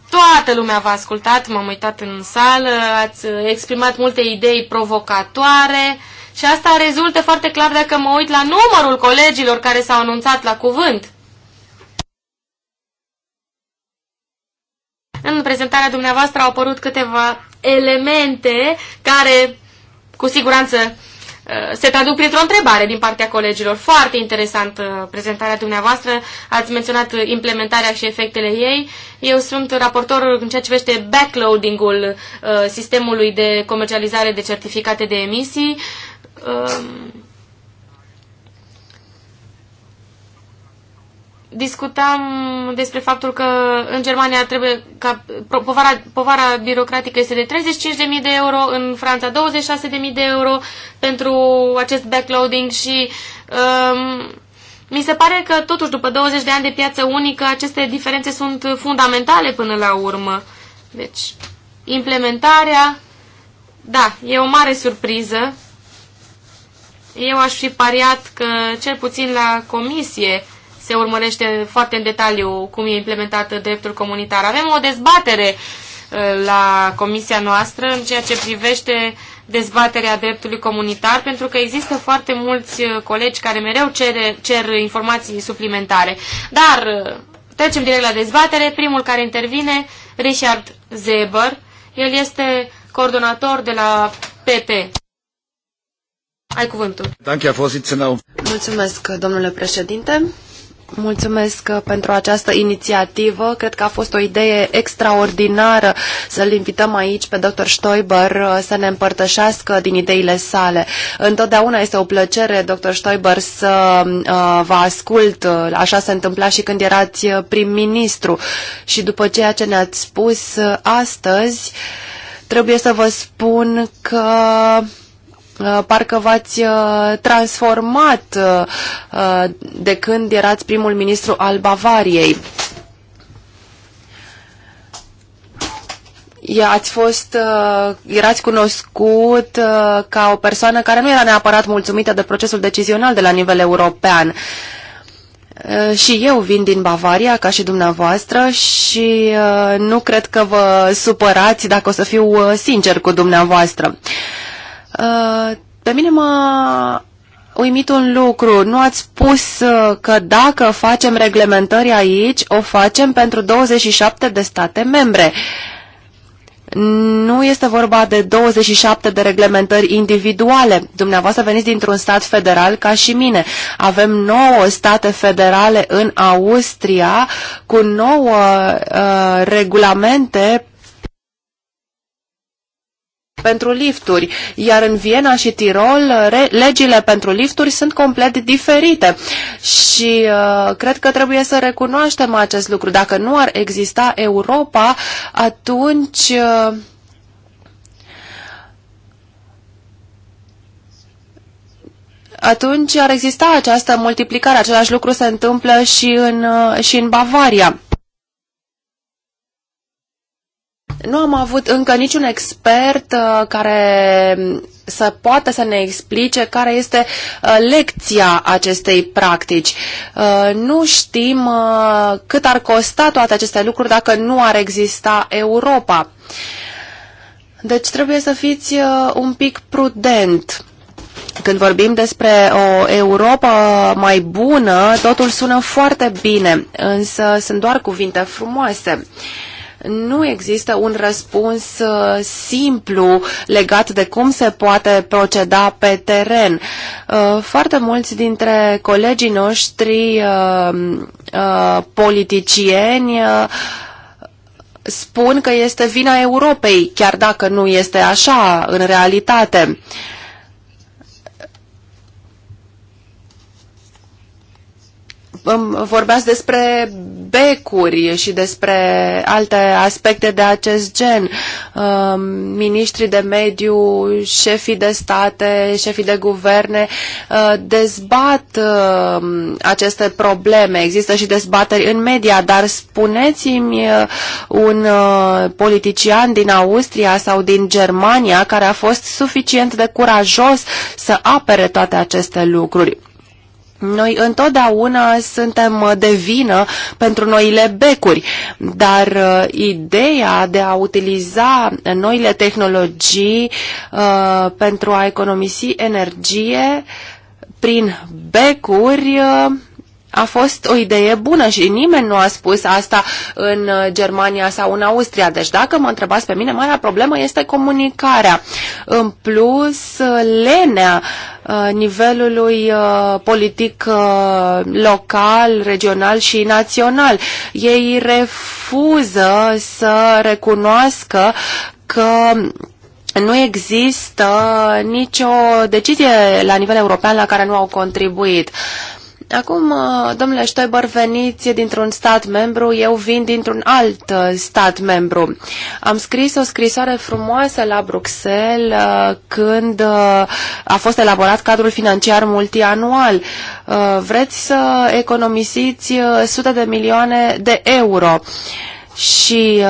S2: toată lumea v-a ascultat, m-am uitat în sală, ați exprimat multe idei provocatoare și asta rezultă foarte clar dacă mă uit la numărul colegilor care s-au anunțat la cuvânt. În prezentarea dumneavoastră au apărut câteva elemente care, cu siguranță, uh, se traduc printr-o întrebare din partea colegilor. Foarte interesant uh, prezentarea dumneavoastră. Ați menționat implementarea și efectele ei. Eu sunt raportor în ceea ce vește backloading-ul uh, sistemului de comercializare de certificate de emisii. Um, discutam despre faptul că în Germania trebuie ca povara, povara birocratică este de 35.000 de euro, în Franța 26.000 de euro pentru acest backloading și um, mi se pare că totuși după 20 de ani de piață unică aceste diferențe sunt fundamentale până la urmă. Deci implementarea, da, e o mare surpriză. Eu aș fi pariat că cel puțin la comisie se urmărește foarte în detaliu cum e implementat dreptul comunitar. Avem o dezbatere uh, la comisia noastră în ceea ce privește dezbaterea dreptului comunitar, pentru că există foarte mulți uh, colegi care mereu cere, cer informații suplimentare. Dar uh, trecem direct la dezbatere. Primul care intervine, Richard Zeber. El este coordonator de la PT. Ai cuvântul.
S3: Mulțumesc, domnule președinte. Mulțumesc uh, pentru această inițiativă. Cred că a fost o idee extraordinară să-l invităm aici pe dr. Stoiber uh, să ne împărtășească din ideile sale. Întotdeauna este o plăcere, dr. Stoiber, să uh, vă ascult. Așa se întâmpla și când erați prim-ministru. Și după ceea ce ne-ați spus astăzi, trebuie să vă spun că Uh, parcă v-ați uh, transformat uh, de când erați primul ministru al Bavariei. Ați fost, erați cunoscut ca o persoană care nu era neapărat mulțumită de procesul decizional de la nivel european. Și eu vin din Bavaria, ca și dumneavoastră, și nu cred că vă supărați dacă o să fiu sincer cu dumneavoastră. Uh, pe mine mă uimit un lucru. Nu ați spus uh, că dacă facem reglementări aici, o facem pentru 27 de state membre. Nu este vorba de 27 de reglementări individuale. Dumneavoastră veniți dintr-un stat federal ca și mine. Avem 9 state federale în Austria cu 9 uh, regulamente pentru lifturi, iar în Viena și Tirol legile pentru lifturi sunt complet diferite și uh, cred că trebuie să recunoaștem acest lucru. Dacă nu ar exista Europa, atunci... Uh, atunci ar exista această multiplicare. Același lucru se întâmplă și în, uh, și în Bavaria. Nu am avut încă niciun expert uh, care să poată să ne explice care este uh, lecția acestei practici. Uh, nu știm cât ar costa toate aceste lucruri dacă nu ar exista Europa. Deci trebuie să fiți un pic prudent. Când vorbim despre o Europa mai bună, totul sună foarte bine, însă sunt doar cuvinte frumoase. Uh, nu există un răspuns uh, simplu legat de cum se poate proceda pe teren. Uh, foarte mulți dintre colegii noștri uh, politicieni spun că este vina Europei, chiar dacă nu este așa în realitate. vorbeați despre becuri și despre alte aspecte de acest gen. Ehm, ministrii de mediu, șefii de state, șefii de guverne eh, dezbat ehm, aceste probleme. Există și dezbateri în media, dar spuneți-mi eh, un eh, politician din Austria sau din Germania care a fost suficient de curajos să apere toate aceste lucruri. Noi întotdeauna suntem de vină pentru noile becuri, dar uh, ideea de a utiliza noile tehnologii uh, pentru a economisi energie prin becuri uh, a fost o idee bună și nimeni nu a spus asta în uh, Germania sau în Austria. Deci dacă mă întrebați pe mine, marea problemă este comunicarea. În plus, lenea uh, nivelului uh, politic local, regional și național. Ei refuză să recunoască că nu există nicio decizie la nivel european la care nu au contribuit. Uh, Acum, uh, domnule Stoiber, veniți dintr-un stat membru, eu vin dintr-un alt uh, stat membru. Am scris o scrisoare frumoasă la Bruxelles uh, când a fost elaborat cadrul financiar multianual. Vreți să economisiți sute de milioane de euro și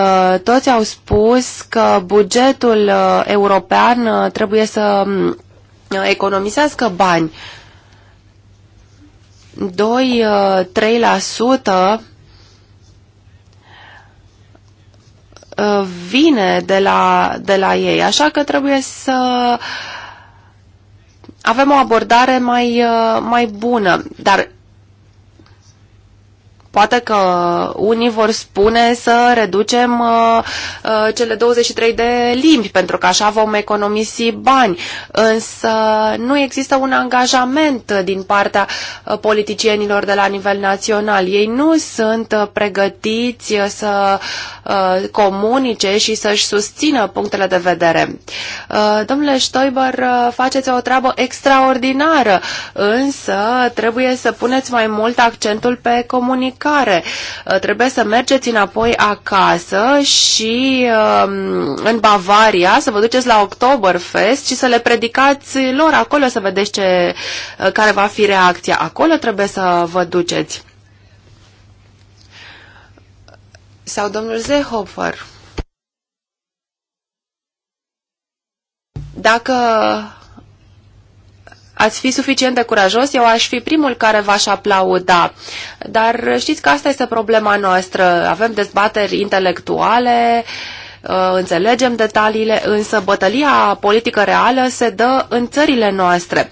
S3: toți au spus că bugetul european trebuie să mm, economisească bani. 2-3% uh, uh, vine de la, de la ei, așa că trebuie să avem o abordare mai, uh, mai bună. Dar Poate că unii vor spune să reducem uh, uh, cele 23 de limbi, pentru că așa vom economisi bani. Însă nu există un angajament din partea uh, politicienilor de la nivel național. Ei nu sunt pregătiți să comunice și să-și susțină punctele de vedere. domnule Stoiber, faceți o treabă extraordinară, însă trebuie să puneți mai mult accentul pe comunicare care uh, trebuie să mergeți înapoi acasă și um, în Bavaria să vă duceți la Oktoberfest și să le predicați lor acolo să vedeți ce, uh, care va fi reacția. Acolo trebuie să vă duceți. Sau domnul Zehofer. Dacă ați fi suficient de curajos, eu aș fi primul care v-aș aplauda. Dar știți că asta este problema noastră. Avem dezbateri intelectuale, uh, înțelegem detaliile, însă bătălia politică reală se dă în țările noastre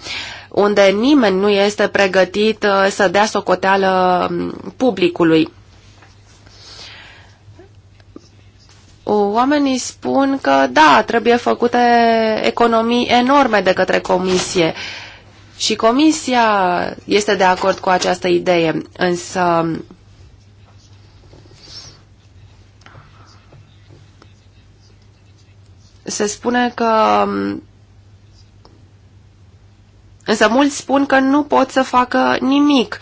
S3: unde nimeni nu este pregătit uh, să dea socoteală um, publicului. Oamenii spun că da, trebuie făcute economii enorme de către comisie. Uh, și Comisia este de acord cu această idee, însă se spune că însă mulți spun că nu pot să facă nimic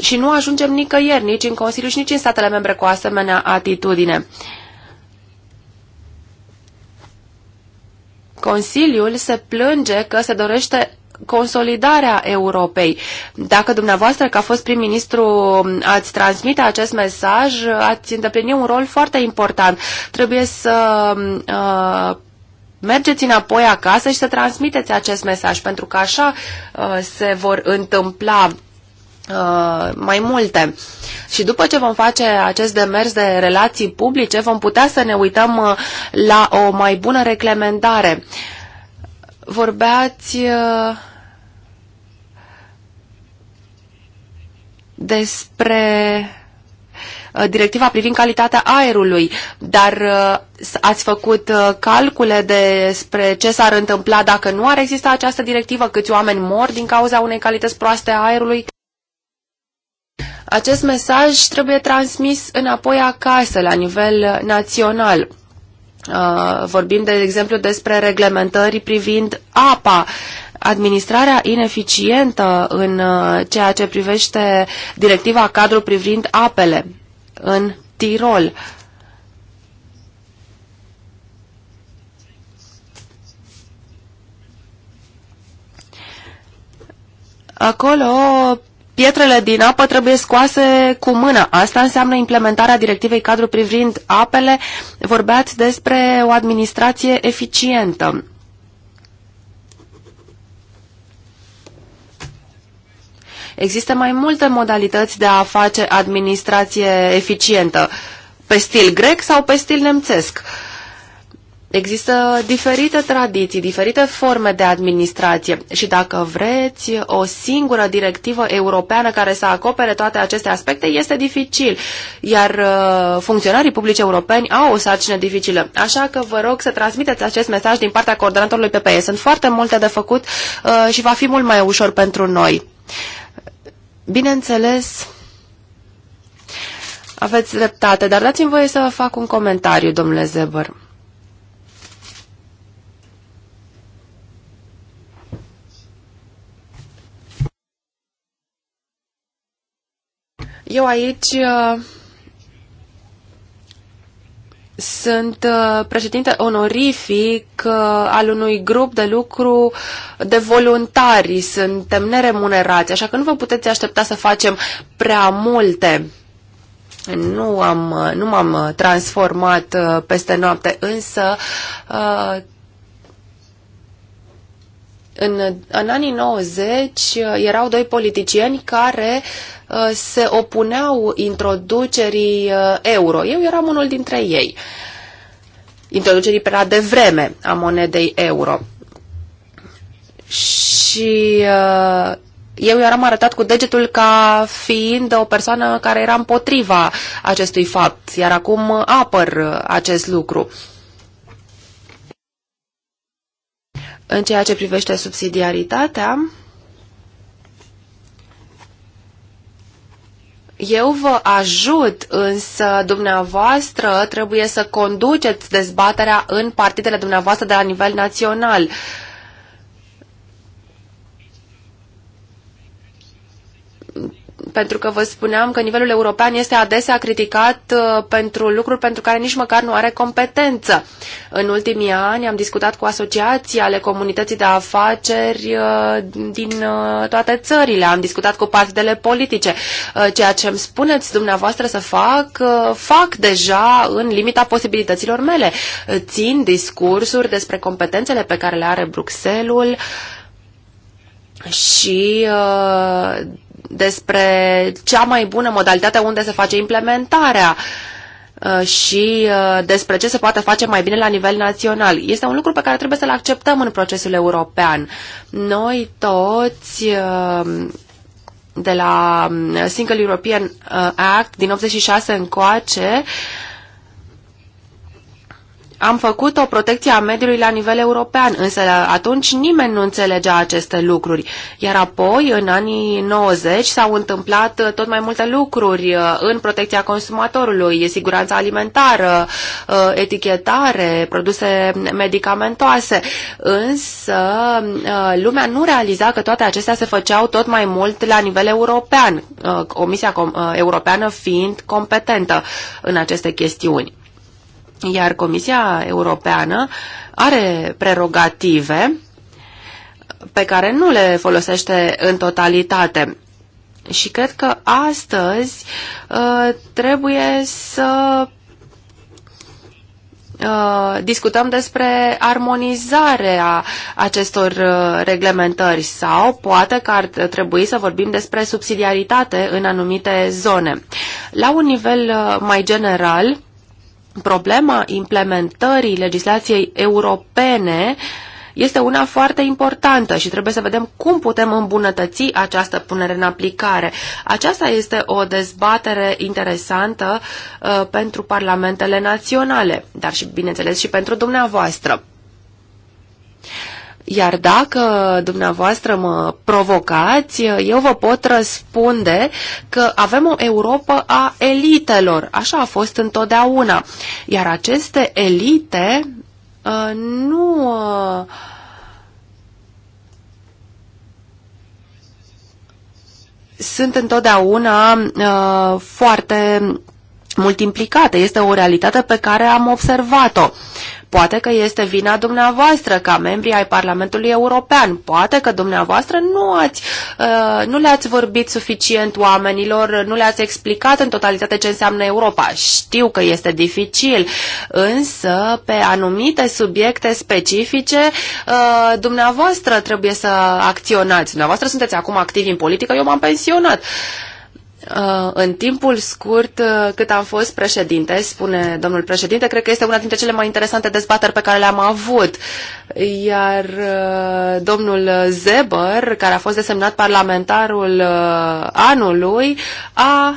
S3: și nu ajungem nicăieri, nici în Consiliu și nici în statele membre cu asemenea atitudine. Consiliul se plânge că se dorește consolidarea Europei. Dacă dumneavoastră, ca fost prim-ministru, ați transmite acest mesaj, ați îndeplini un rol foarte important. Trebuie să uh, mergeți înapoi acasă și să transmiteți acest mesaj, pentru că așa uh, se vor întâmpla Uh, mai multe. Și după ce vom face acest demers de relații publice, vom putea să ne uităm uh, la o mai bună reclementare. Vorbeați uh, despre uh, directiva privind calitatea aerului, dar uh, ați făcut uh, calcule despre ce s-ar întâmpla dacă nu ar exista această directivă, câți oameni mor din cauza unei calități proaste a aerului? Acest mesaj trebuie transmis înapoi acasă, la nivel național. Vorbim, de exemplu, despre reglementări privind apa administrarea ineficientă în uh, ceea ce privește directiva cadru privind apele în Tirol. Acolo pietrele din apă trebuie scoase cu mâna. Asta înseamnă implementarea directivei cadru privind apele. Vorbeați despre o administrație eficientă. Există mai multe modalități de a face administrație eficientă, pe stil grec sau pe stil nemțesc. Există diferite tradiții, diferite forme de administrație și dacă vreți o singură directivă europeană care să acopere toate aceste aspecte, este dificil, iar uh, funcționarii publici europeni au o sarcină dificilă. Așa că vă rog să transmiteți acest mesaj din partea coordonatorului PPE. Sunt foarte multe de făcut uh, și va fi mult mai ușor pentru noi. Bineînțeles, aveți dreptate, dar dați-mi voie să vă fac un comentariu, domnule Zebăr. Eu aici uh, sunt uh, președinte onorific uh, al unui grup de lucru de voluntari. Suntem neremunerați, așa că nu vă puteți aștepta să facem prea multe. Nu, am, uh, nu m-am transformat peste noapte, însă în, în anii 90 uh, erau doi politicieni care uh, se opuneau introducerii uh, euro. Eu eram unul dintre ei. Introducerii prea devreme a monedei euro. Și eu eram arătat cu degetul ca fiind o persoană care era împotriva acestui fapt, iar acum apăr acest lucru. Uh, În ceea ce privește subsidiaritatea, Eu vă ajut, însă dumneavoastră trebuie să conduceți dezbaterea în partidele dumneavoastră de la nivel național. Uh, pentru că vă spuneam că nivelul european este adesea criticat uh, pentru lucruri pentru care nici măcar nu are competență. În ultimii ani am discutat cu asociații ale comunității de afaceri uh, din uh, toate țările, am discutat cu partidele politice. Ceea ce îmi spuneți dumneavoastră să fac, fac deja în limita posibilităților mele. Țin discursuri despre competențele pe care le are Bruxelles și despre cea mai bună modalitate unde se face implementarea uh, și uh, despre ce se poate face mai bine la nivel național. Este un lucru pe care trebuie să-l acceptăm în procesul european. Noi toți uh, de la Single European Act din 86 încoace am făcut o protecție a mediului la nivel european, însă atunci nimeni nu înțelegea aceste lucruri. Iar apoi, în anii 90, s-au întâmplat uh, tot mai multe lucruri uh, în protecția consumatorului, siguranța alimentară, uh, etichetare, produse medicamentoase. Însă lumea nu realiza că toate acestea se făceau tot mai mult la nivel european, Comisia Europeană fiind competentă în aceste chestiuni. Iar Comisia Europeană are prerogative pe care nu le folosește în totalitate. Și cred că astăzi ă, trebuie să ă, discutăm despre armonizarea acestor ă, reglementări sau poate că ar trebui să vorbim despre subsidiaritate în anumite zone. La un nivel mai general, problema implementării legislației europene este una foarte importantă și trebuie să vedem cum putem îmbunătăți această punere în aplicare. Aceasta este o dezbatere interesantă uh, pentru parlamentele naționale, dar și, bineînțeles, și pentru dumneavoastră. Iar dacă dumneavoastră mă provocați, eu vă pot răspunde că avem o Europa a elitelor. Așa a fost întotdeauna. Iar aceste elite uh, nu... Uh, sunt întotdeauna uh, foarte mult implicate. Este o realitate pe care am observat-o. Poate că este vina dumneavoastră ca membri ai Parlamentului European. Poate că dumneavoastră nu, ați, uh, nu le-ați vorbit suficient oamenilor, nu le-ați explicat în totalitate ce înseamnă Europa. Știu că este dificil, însă pe anumite subiecte specifice uh, dumneavoastră trebuie să acționați. Dumneavoastră sunteți acum activi în politică, eu m-am pensionat. Uh, Uh, în timpul scurt uh, cât am fost președinte, spune domnul președinte, cred că este una dintre cele mai interesante dezbateri pe care le-am avut. Iar uh, domnul Zeber, care a fost desemnat parlamentarul anului, a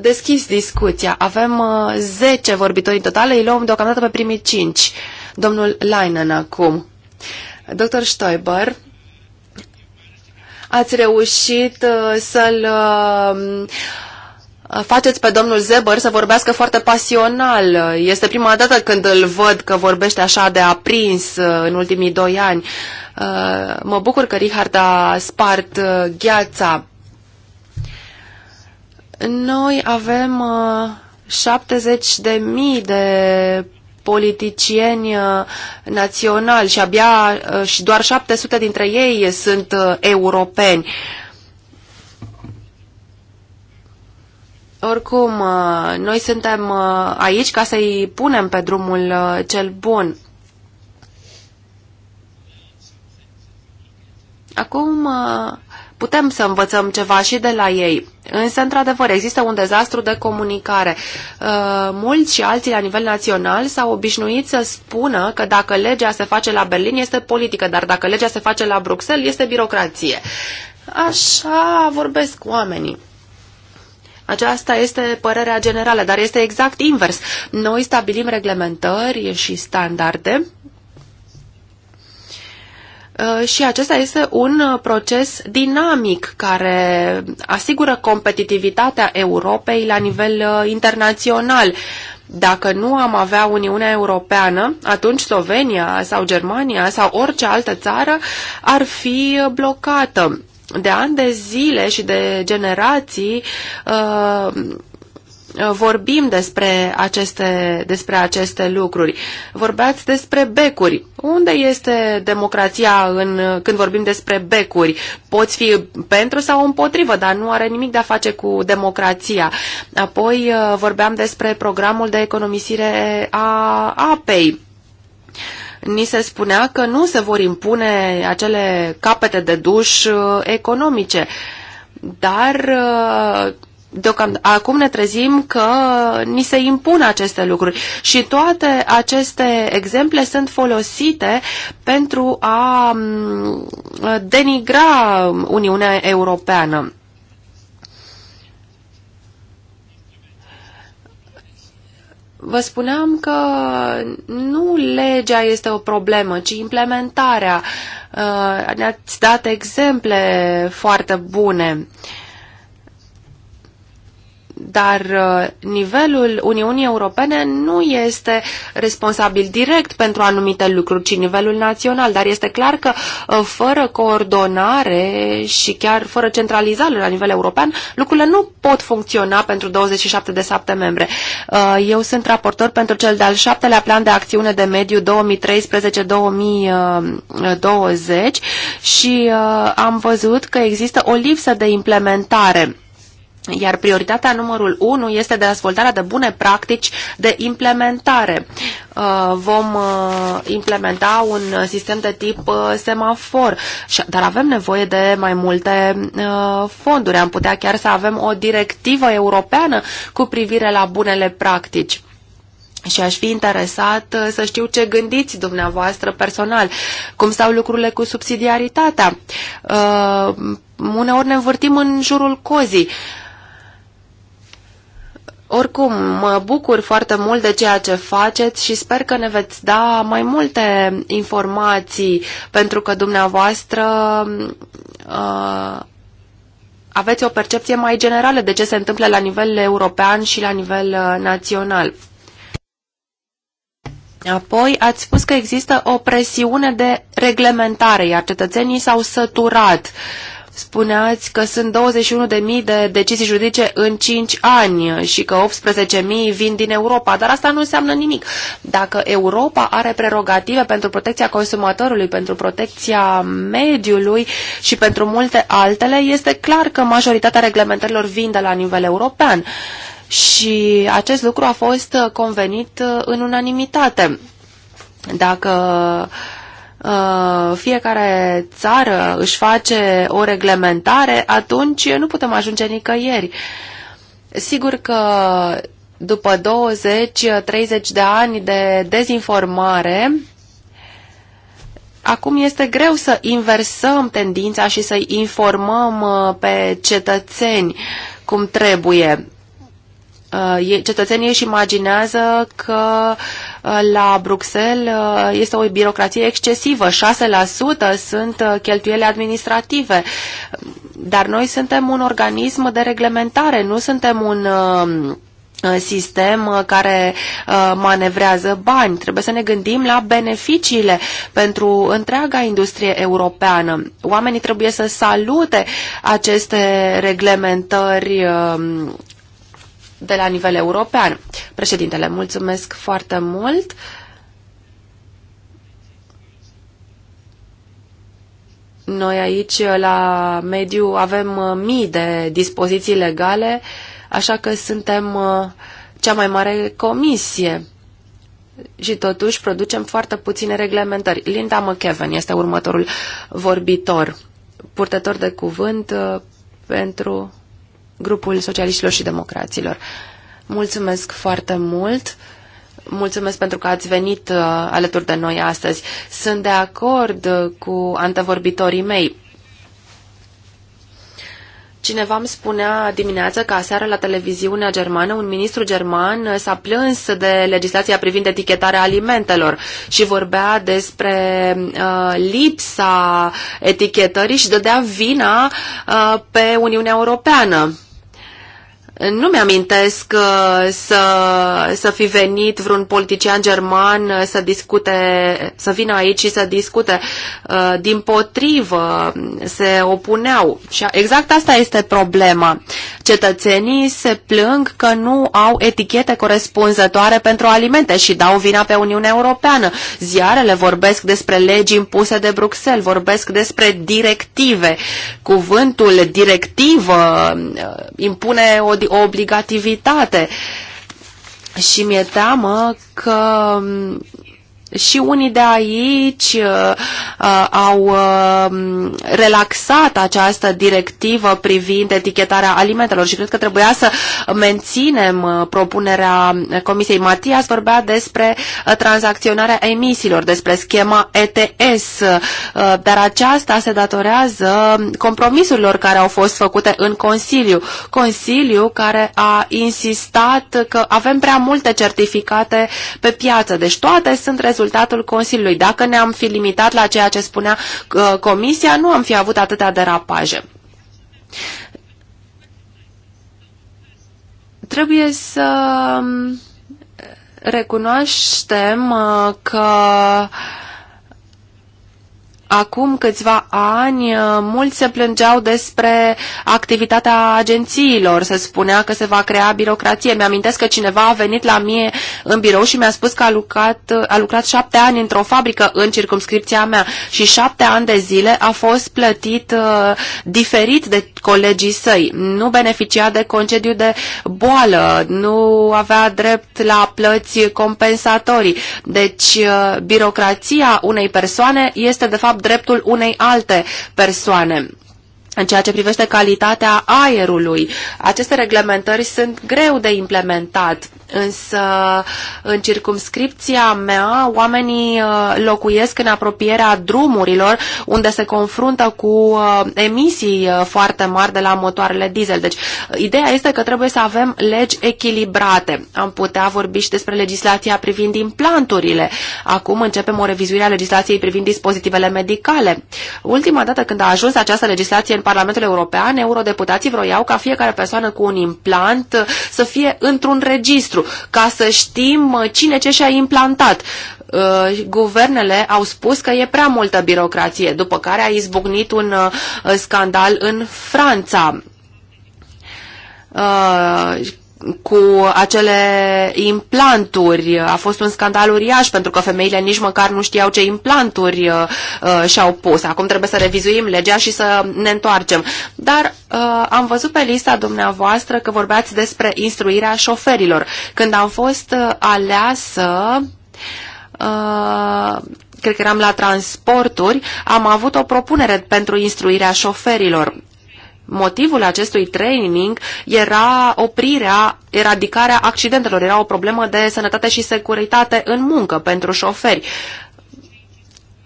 S3: deschis discuția. Avem 10 vorbitori în total, îi luăm deocamdată pe primii 5. Domnul Leinen acum. Dr. Stoiber, ați reușit uh, să-l uh, faceți pe domnul Zeber să vorbească foarte pasional. Este prima dată când îl văd că vorbește așa de aprins uh, în ultimii doi ani. Mă bucur că Richard a spart gheața. Noi avem 70 de mii de politicieni uh, naționali și abia uh, și doar 700 dintre ei sunt uh, europeni. Oricum, noi suntem aici ca să-i punem pe drumul cel bun. Acum putem să învățăm ceva și de la ei. Însă, într-adevăr, există un dezastru de comunicare. Uh, mulți și alții la nivel național s-au obișnuit să spună că dacă legea se face la Berlin este politică, dar dacă legea se face la Bruxelles este birocrație. Așa vorbesc oamenii. Aceasta este părerea generală, dar este exact invers. Noi stabilim reglementări și standarde Uh, și acesta este un uh, proces dinamic care asigură competitivitatea Europei la nivel uh, internațional. Dacă nu am avea Uniunea Europeană, atunci Slovenia sau Germania sau orice altă țară ar fi blocată. De ani de zile și de generații vorbim despre aceste, despre aceste lucruri. Vorbeați despre becuri. Unde este democrația în, când vorbim despre becuri? Poți fi pentru sau împotrivă, dar nu are nimic de a face cu democrația. Apoi uh, vorbeam despre programul de economisire a apei ni se spunea că nu se vor impune acele capete de duș uh, economice. Dar uh, deocamdată acum ne trezim că ni se impun aceste lucruri și toate aceste exemple sunt folosite pentru a denigra Uniunea Europeană. Vă spuneam că nu legea este o problemă, ci implementarea. Uh, ne-ați dat exemple foarte bune. Uh, dar uh, nivelul Uniunii Europene nu este responsabil direct pentru anumite lucruri, ci nivelul național. Dar este clar că uh, fără coordonare și chiar fără centralizare la nivel european, lucrurile nu pot funcționa pentru 27 de state membre. Uh, eu sunt raportor pentru cel de-al șaptelea plan de acțiune de mediu 2013-2020 și am văzut că există o lipsă de implementare iar prioritatea numărul 1 este de dezvoltarea de bune practici de implementare. Uh, vom uh, implementa un sistem de tip uh, semafor, dar avem nevoie de mai multe fonduri. Am putea chiar să avem o directivă europeană cu privire la bunele practici. Și aș fi interesat să știu ce gândiți dumneavoastră personal, cum stau lucrurile cu subsidiaritatea. Uh, uneori ne învârtim în jurul cozii. Uh, oricum, mă bucur foarte mult de ceea ce faceți și sper că ne veți da mai multe informații, pentru că dumneavoastră uh, aveți o percepție mai generală de ce se întâmplă la nivel european și la nivel uh, național. Apoi ați spus că există o presiune de reglementare, iar cetățenii s-au săturat uh, Spuneați că sunt 21.000 de decizii judice în 5 ani și că 18.000 vin din Europa, dar asta nu înseamnă nimic. Dacă Europa are prerogative pentru protecția consumatorului, pentru protecția mediului și pentru multe altele, este clar că majoritatea reglementărilor vin de la nivel european. Și acest lucru a fost convenit în unanimitate. Dacă uh, Uh, fiecare țară își face o reglementare, atunci nu putem ajunge nicăieri. Sigur că după 20-30 de ani de dezinformare, acum este greu să inversăm tendința și să-i informăm uh, pe cetățeni cum trebuie. Uh, cetățenii își imaginează că uh, la Bruxelles uh, este o birocrație excesivă, 6% sunt cheltuiele administrative, dar noi suntem un organism de reglementare, nu suntem un um, sistem care manevrează bani. Trebuie să ne gândim la beneficiile pentru întreaga industrie europeană. Oamenii trebuie să salute aceste reglementări um, de la nivel european. Președintele, mulțumesc foarte mult. Noi aici la mediu avem uh, mii de dispoziții legale, așa că suntem uh, cea mai mare comisie și totuși producem foarte puține reglementări. Linda McKeven este următorul vorbitor, purtător de cuvânt uh, pentru grupul socialiștilor și democraților. Mulțumesc foarte mult! Mulțumesc pentru că ați venit uh, alături de noi astăzi. Sunt de acord uh, cu antevorbitorii mei Cineva îmi spunea dimineață că aseară la televiziunea germană un ministru german s-a plâns de legislația privind etichetarea alimentelor și vorbea despre uh, lipsa etichetării și dădea vina uh, pe Uniunea Europeană. Nu mi-amintesc uh, să, să fi venit vreun politician german uh, să discute, să vină aici și să discute. Uh, din potrivă, se opuneau. Și exact asta este problema. Cetățenii se plâng că nu au etichete corespunzătoare pentru alimente și dau vina pe Uniunea Europeană. Ziarele vorbesc despre legi impuse de Bruxelles, vorbesc despre directive. Cuvântul directivă uh, impune o, obligativitate. Și mi-e teamă că um, și unii de aici uh, uh, au uh, relaxat această directivă privind etichetarea alimentelor și cred că trebuia să menținem uh, propunerea Comisiei Matias, vorbea despre uh, tranzacționarea emisiilor, despre schema ETS, uh, dar aceasta se datorează compromisurilor care au fost făcute în Consiliu. Consiliu care a insistat că avem prea multe certificate pe piață, deci toate sunt rezultate rezultatul Consiliului. Dacă ne-am fi limitat la ceea ce spunea uh, Comisia, nu am fi avut atâtea derapaje. Trebuie să um, recunoaștem uh, că uh, Acum câțiva ani, uh, mulți se plângeau despre activitatea agențiilor. Se spunea că se va crea birocrație. Mi-amintesc că cineva a venit la mine în birou și mi-a spus că a lucrat, uh, a lucrat șapte ani într-o fabrică în circumscripția mea și șapte ani de zile a fost plătit uh, diferit de colegii săi. Nu beneficia de concediu de boală, nu avea drept la plăți compensatorii. Deci, uh, birocrația unei persoane este, de fapt, dreptul unei alte persoane. În ceea ce privește calitatea aerului, aceste reglementări sunt greu de implementat Însă, în circumscripția mea, oamenii uh, locuiesc în apropierea drumurilor, unde se confruntă cu uh, emisii uh, foarte mari de la motoarele diesel. Deci, ideea este că trebuie să avem legi echilibrate. Am putea vorbi și despre legislația privind implanturile. Acum începem o revizuire a legislației privind dispozitivele medicale. Ultima dată când a ajuns această legislație în Parlamentul European, eurodeputații vroiau ca fiecare persoană cu un implant să fie într-un registru ca să știm uh, cine ce și-a implantat. Uh, guvernele au spus că e prea multă birocrație, după care a izbucnit un uh, scandal în Franța cu acele implanturi. A fost un scandal uriaș pentru că femeile nici măcar nu știau ce implanturi uh, uh, și-au pus. Acum trebuie să revizuim legea și să ne întoarcem. Dar uh, am văzut pe lista dumneavoastră că vorbeați despre instruirea șoferilor. Când am fost uh, aleasă, uh, cred că eram la transporturi, am avut o propunere pentru instruirea șoferilor. Motivul acestui training era oprirea, eradicarea accidentelor, era o problemă de sănătate și securitate în muncă pentru șoferi.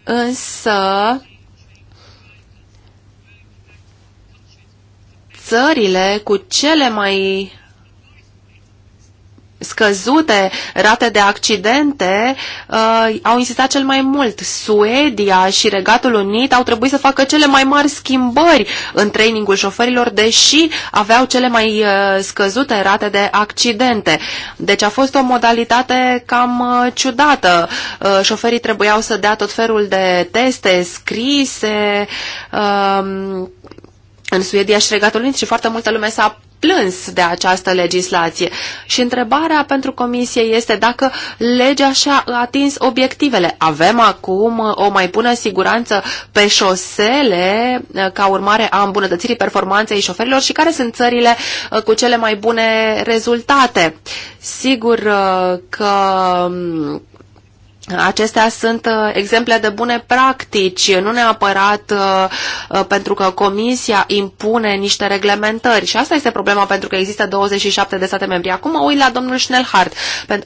S3: Însă, țările cu cele mai scăzute rate de accidente uh, au insistat cel mai mult. Suedia și Regatul Unit au trebuit să facă cele mai mari schimbări în trainingul șoferilor, deși aveau cele mai uh, scăzute rate de accidente. Deci a fost o modalitate cam uh, ciudată. Uh, șoferii trebuiau să dea tot felul de teste scrise, uh, în Suedia și Regatul Unit și foarte multă lume s-a plâns de această legislație și întrebarea pentru comisie este dacă legea și-a atins obiectivele. Avem acum uh, o mai bună siguranță pe șosele uh, ca urmare a îmbunătățirii performanței șoferilor și care sunt țările uh, cu cele mai bune rezultate. Sigur că um, Acestea sunt uh, exemple de bune practici, nu neapărat uh, uh, pentru că Comisia impune niște reglementări. Și asta este problema pentru că există 27 de state membri. Acum mă uit la domnul Schnellhardt.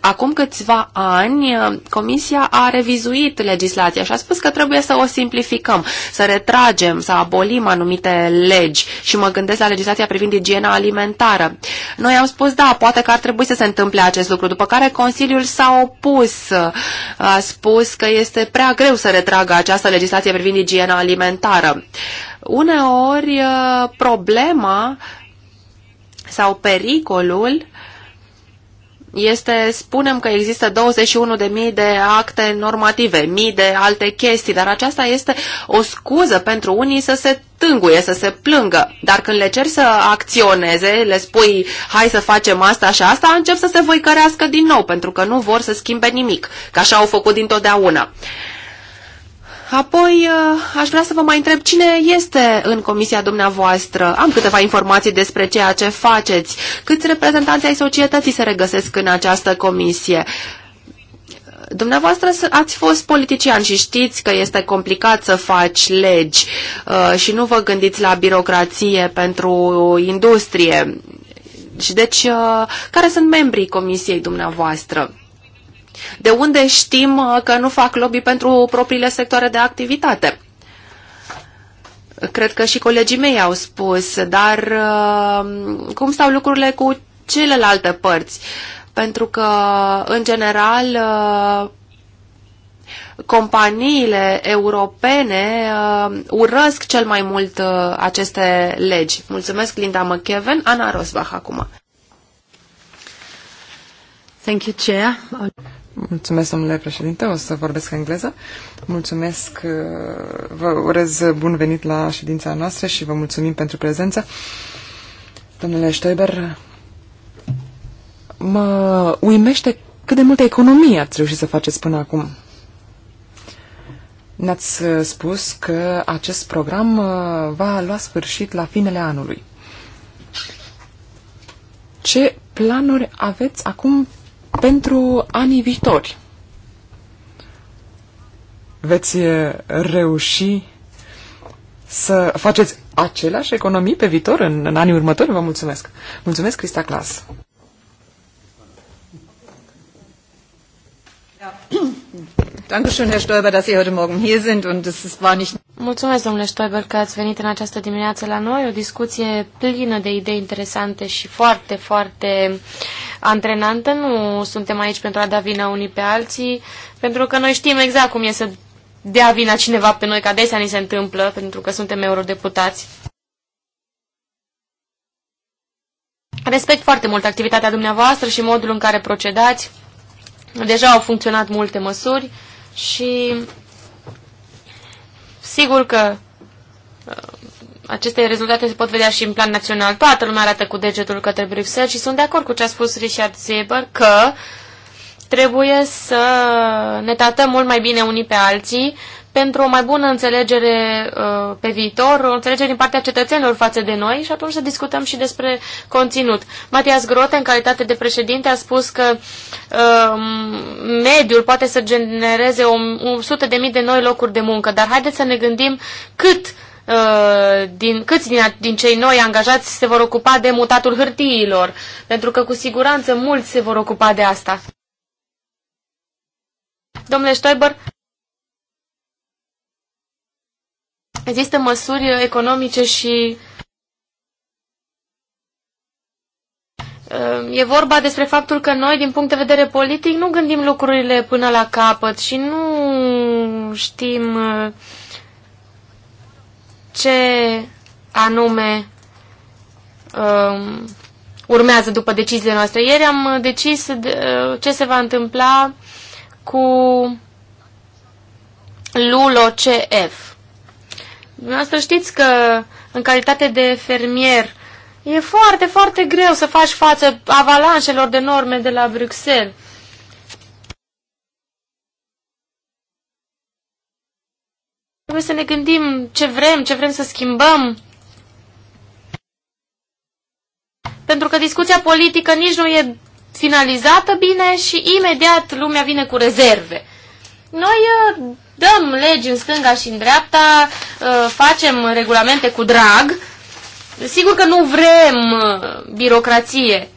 S3: Acum câțiva ani, Comisia a revizuit legislația și a spus că trebuie să o simplificăm, să retragem, să abolim anumite legi. Și mă gândesc la legislația privind igiena alimentară. Noi am spus, da, poate că ar trebui să se întâmple acest lucru, după care Consiliul s-a opus a spus că este prea greu să retragă această legislație privind igiena alimentară. Uneori, uh, problema sau pericolul este, spunem că există 21.000 de acte normative, mii de alte chestii, dar aceasta este o scuză pentru unii să se tânguie, să se plângă. Dar când le cer să acționeze, le spui, hai să facem asta și asta, încep să se voicărească din nou, pentru că nu vor să schimbe nimic, că așa au făcut dintotdeauna. Uh, Apoi, uh, aș vrea să vă mai întreb cine este în comisia dumneavoastră. Am câteva informații despre ceea ce faceți. Câți reprezentanți ai societății se regăsesc în această comisie? Dumneavoastră ați fost politician și știți că este complicat să faci legi uh, și nu vă gândiți la birocrație pentru industrie. Și deci, uh, care sunt membrii comisiei dumneavoastră? De unde știm uh, că nu fac lobby pentru propriile sectoare de activitate? Cred că și colegii mei au spus, dar uh, cum stau lucrurile cu celelalte părți? Pentru că, în general, uh, companiile europene uh, urăsc cel mai mult uh, aceste legi. Mulțumesc, Linda McKeven. Ana Rosbach acum.
S1: Thank you, Chair. Mulțumesc, domnule președinte. O să vorbesc engleză. Mulțumesc, uh, vă urez bun venit la ședința noastră și vă mulțumim pentru prezență. Domnule Stoiber, mă uimește cât de multă economie ați reușit să faceți până acum. Ne-ați uh, spus că acest program uh, va lua sfârșit la finele anului. Ce planuri aveți acum pentru anii viitori. Veți eh, reuși să faceți aceleași economii pe viitor, în, în anii următori? Vă mulțumesc. Mulțumesc, Crista Clas.
S2: Mulțumesc, domnule Stoiber, că ați venit în această dimineață la noi. O discuție plină de idei interesante și foarte, foarte uh, antrenantă, nu suntem aici pentru a da vina unii pe alții, pentru că noi știm exact cum e să dea vina cineva pe noi, că adesea ni se întâmplă, pentru că suntem eurodeputați. Respect foarte mult activitatea dumneavoastră și modul în care procedați. Deja au funcționat multe măsuri și sigur că uh, aceste rezultate se pot vedea și în plan național. Toată lumea arată cu degetul către Bruxelles și sunt de acord cu ce a spus Richard Zeber că trebuie să ne tratăm mult mai bine unii pe alții pentru o mai bună înțelegere uh, pe viitor, o înțelegere din partea cetățenilor față de noi și atunci să discutăm și despre conținut. Matias Grote, în calitate de președinte, a spus că uh, mediul poate să genereze 100.000 de, de noi locuri de muncă, dar haideți să ne gândim cât uh, Uh, din, câți din, din cei noi angajați se vor ocupa de mutatul hârtiilor, pentru că cu siguranță mulți se vor ocupa de asta. Domnule Stoiber, există măsuri economice și uh, E vorba despre faptul că noi, din punct de vedere politic, nu gândim lucrurile până la capăt și nu știm uh, ce anume um, urmează după deciziile noastre. Ieri am decis uh, ce se va întâmpla cu lulo cf Dumneavoastră știți că în calitate de fermier e foarte, foarte greu să faci față avalanșelor de norme de la Bruxelles. Trebuie să ne gândim ce vrem, ce vrem să schimbăm. Pentru că discuția politică nici nu e finalizată bine și imediat lumea vine cu rezerve. Noi uh, dăm legi în stânga și în dreapta, uh, facem regulamente cu drag. Sigur că nu vrem uh, birocrație,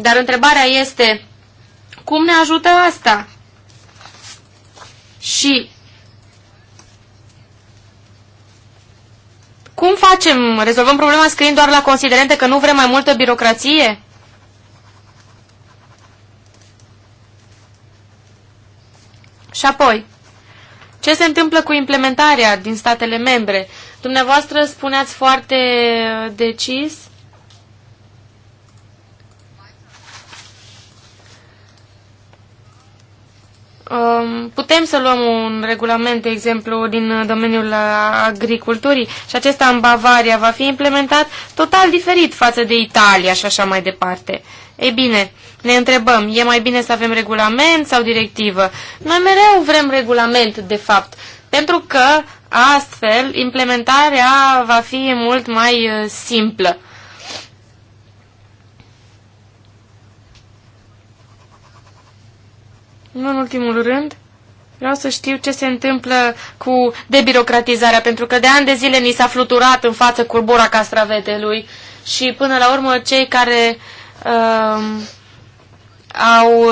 S2: dar întrebarea este cum ne ajută asta? Și Cum facem? Rezolvăm problema scriind doar la considerente că nu vrem mai multă birocrație? Și apoi, ce se întâmplă cu implementarea din statele membre? Dumneavoastră spuneați foarte decis Um, putem să luăm un regulament, de exemplu, din domeniul agriculturii și acesta în Bavaria va fi implementat total diferit față de Italia și așa mai departe. Ei bine, ne întrebăm, e mai bine să avem regulament sau directivă? Noi mereu vrem regulament, de fapt, pentru că astfel implementarea va fi mult mai uh, simplă. Nu în ultimul rând, vreau să știu ce se întâmplă cu debirocratizarea, pentru că de ani de zile ni s-a fluturat în față curbura castravetelui și până la urmă cei care um, uh, au,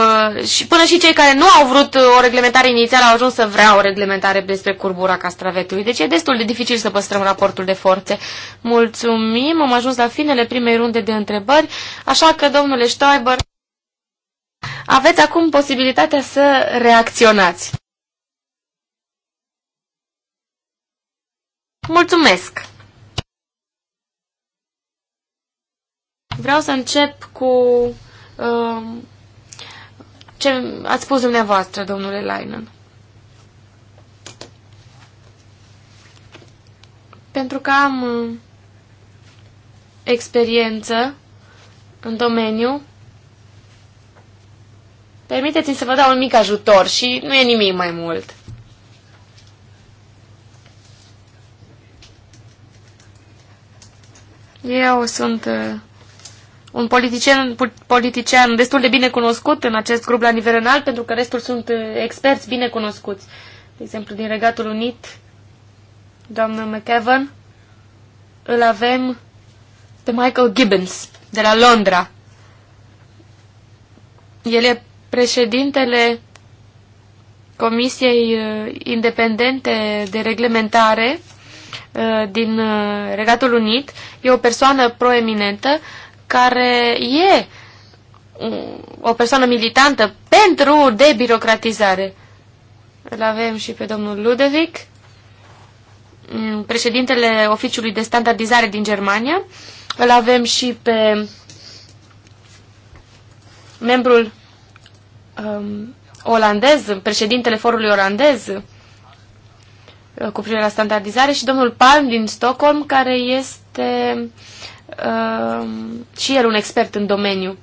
S2: și până și cei care nu au vrut o reglementare inițială au ajuns să vrea o reglementare despre curbura castravetului. Deci e destul de dificil să păstrăm raportul de forțe. Mulțumim, am ajuns la finele primei runde de întrebări, așa că, domnule Stoiber... Aveți acum posibilitatea să reacționați. Mulțumesc! Vreau să încep cu uh, ce ați spus dumneavoastră, domnule Leinen. Pentru că am uh, experiență în domeniu, Permiteți-mi să vă dau un mic ajutor și nu e nimic mai mult. Eu sunt uh, un politician, politician destul de bine cunoscut în acest grup la nivel înalt, pentru că restul sunt uh, experți bine cunoscuți. De exemplu, din Regatul Unit, doamna McEvan, îl avem pe Michael Gibbons, de la Londra. El e președintele Comisiei uh, Independente de Reglementare uh, din uh, Regatul Unit e o persoană proeminentă care e o persoană militantă pentru debirocratizare. Îl avem și pe domnul Ludovic, mm, președintele Oficiului de Standardizare din Germania. Îl avem și pe membrul um, olandez, președintele forului olandez uh, cu privire la standardizare și domnul Palm din Stockholm, care este um, și el un expert în domeniu.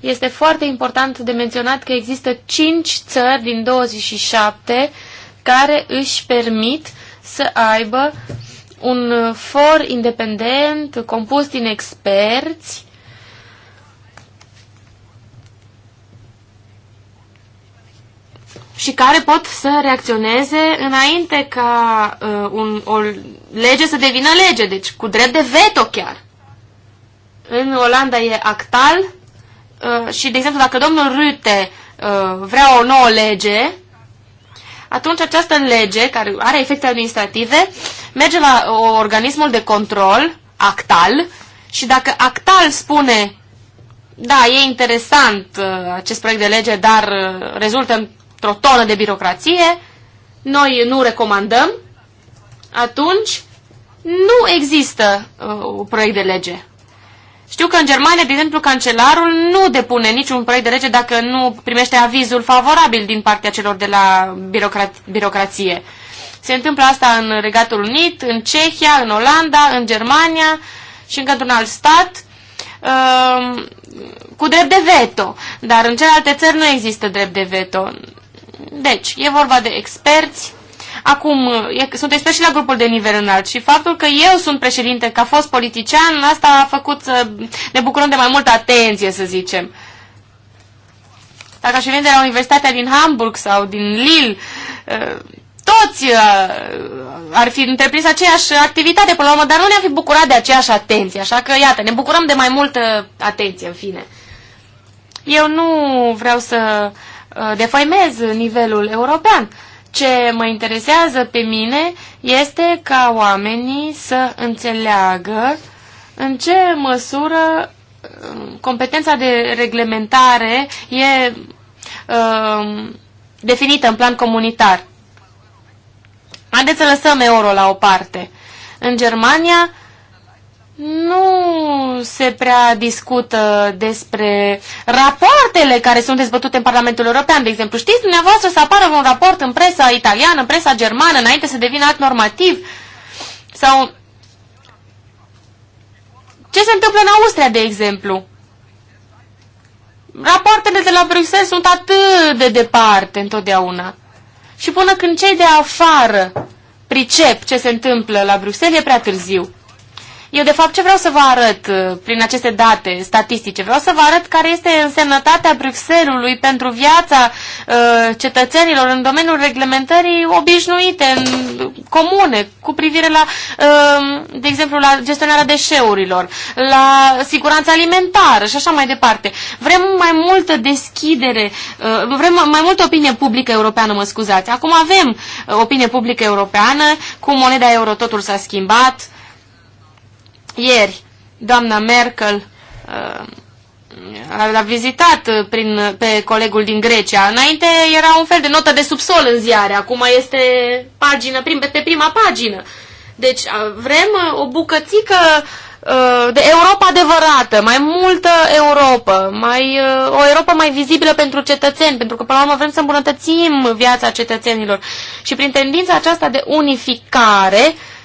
S2: Este foarte important de menționat că există 5 țări din 27 care își permit să aibă un for independent compus din experți și care pot să reacționeze înainte ca uh, un, o lege să devină lege, deci cu drept de veto chiar. În Olanda e actal uh, și, de exemplu, dacă domnul Rute uh, vrea o nouă lege, atunci această lege, care are efecte administrative, merge la uh, organismul de control, actal, și dacă actal spune da, e interesant uh, acest proiect de lege, dar uh, rezultă în într-o tonă de birocrație, noi nu recomandăm, atunci nu există uh, un proiect de lege. Știu că în Germania, de exemplu, cancelarul nu depune niciun proiect de lege dacă nu primește avizul favorabil din partea celor de la birocrație. Se întâmplă asta în Regatul Unit, în Cehia, în Olanda, în Germania și încă într-un alt stat uh, cu drept de veto. Dar în celelalte țări nu există drept de veto. Deci, e vorba de experți. Acum, e, sunt experți și la grupul de nivel înalt și faptul că eu sunt președinte, că a fost politician, asta a făcut să ne bucurăm de mai multă atenție, să zicem. Dacă aș veni de la Universitatea din Hamburg sau din Lille, ă, toți ă, ar fi întreprins aceeași activitate până la urmă, dar nu ne-am fi bucurat de aceeași atenție. Așa că, iată, ne bucurăm de mai multă atenție, în fine. Eu nu vreau să Uh, defaimez nivelul european. Ce mă interesează pe mine este ca oamenii să înțeleagă în ce măsură uh, competența de reglementare e uh, definită în plan comunitar. Haideți să lăsăm euro la o parte. În Germania nu se prea discută despre rapoartele care sunt dezbătute în Parlamentul European. De exemplu, știți dumneavoastră să apară un raport în presa italiană, în presa germană, înainte să devină act normativ? Sau ce se întâmplă în Austria, de exemplu? Rapoartele de la Bruxelles sunt atât de departe întotdeauna. Și până când cei de afară pricep ce se întâmplă la Bruxelles, e prea târziu. Eu, de fapt, ce vreau să vă arăt uh, prin aceste date statistice? Vreau să vă arăt care este însemnătatea Bruxellesului pentru viața uh, cetățenilor în domeniul reglementării obișnuite, în comune, cu privire la, uh, de exemplu, la gestionarea deșeurilor, la siguranța alimentară și așa mai departe. Vrem mai multă deschidere, uh, vrem mai multă opinie publică europeană, mă scuzați. Acum avem uh, opinie publică europeană, cu moneda euro totul s-a schimbat, ieri, doamna Merkel l-a uh, vizitat prin, pe colegul din Grecia. Înainte era un fel de notă de subsol în ziare, acum este pagină prim, pe prima pagină. Deci vrem o bucățică uh, de Europa adevărată, mai multă Europa, mai, uh, o Europa mai vizibilă pentru cetățeni, pentru că până la urmă vrem să îmbunătățim viața cetățenilor. Și prin tendința aceasta de unificare, uh,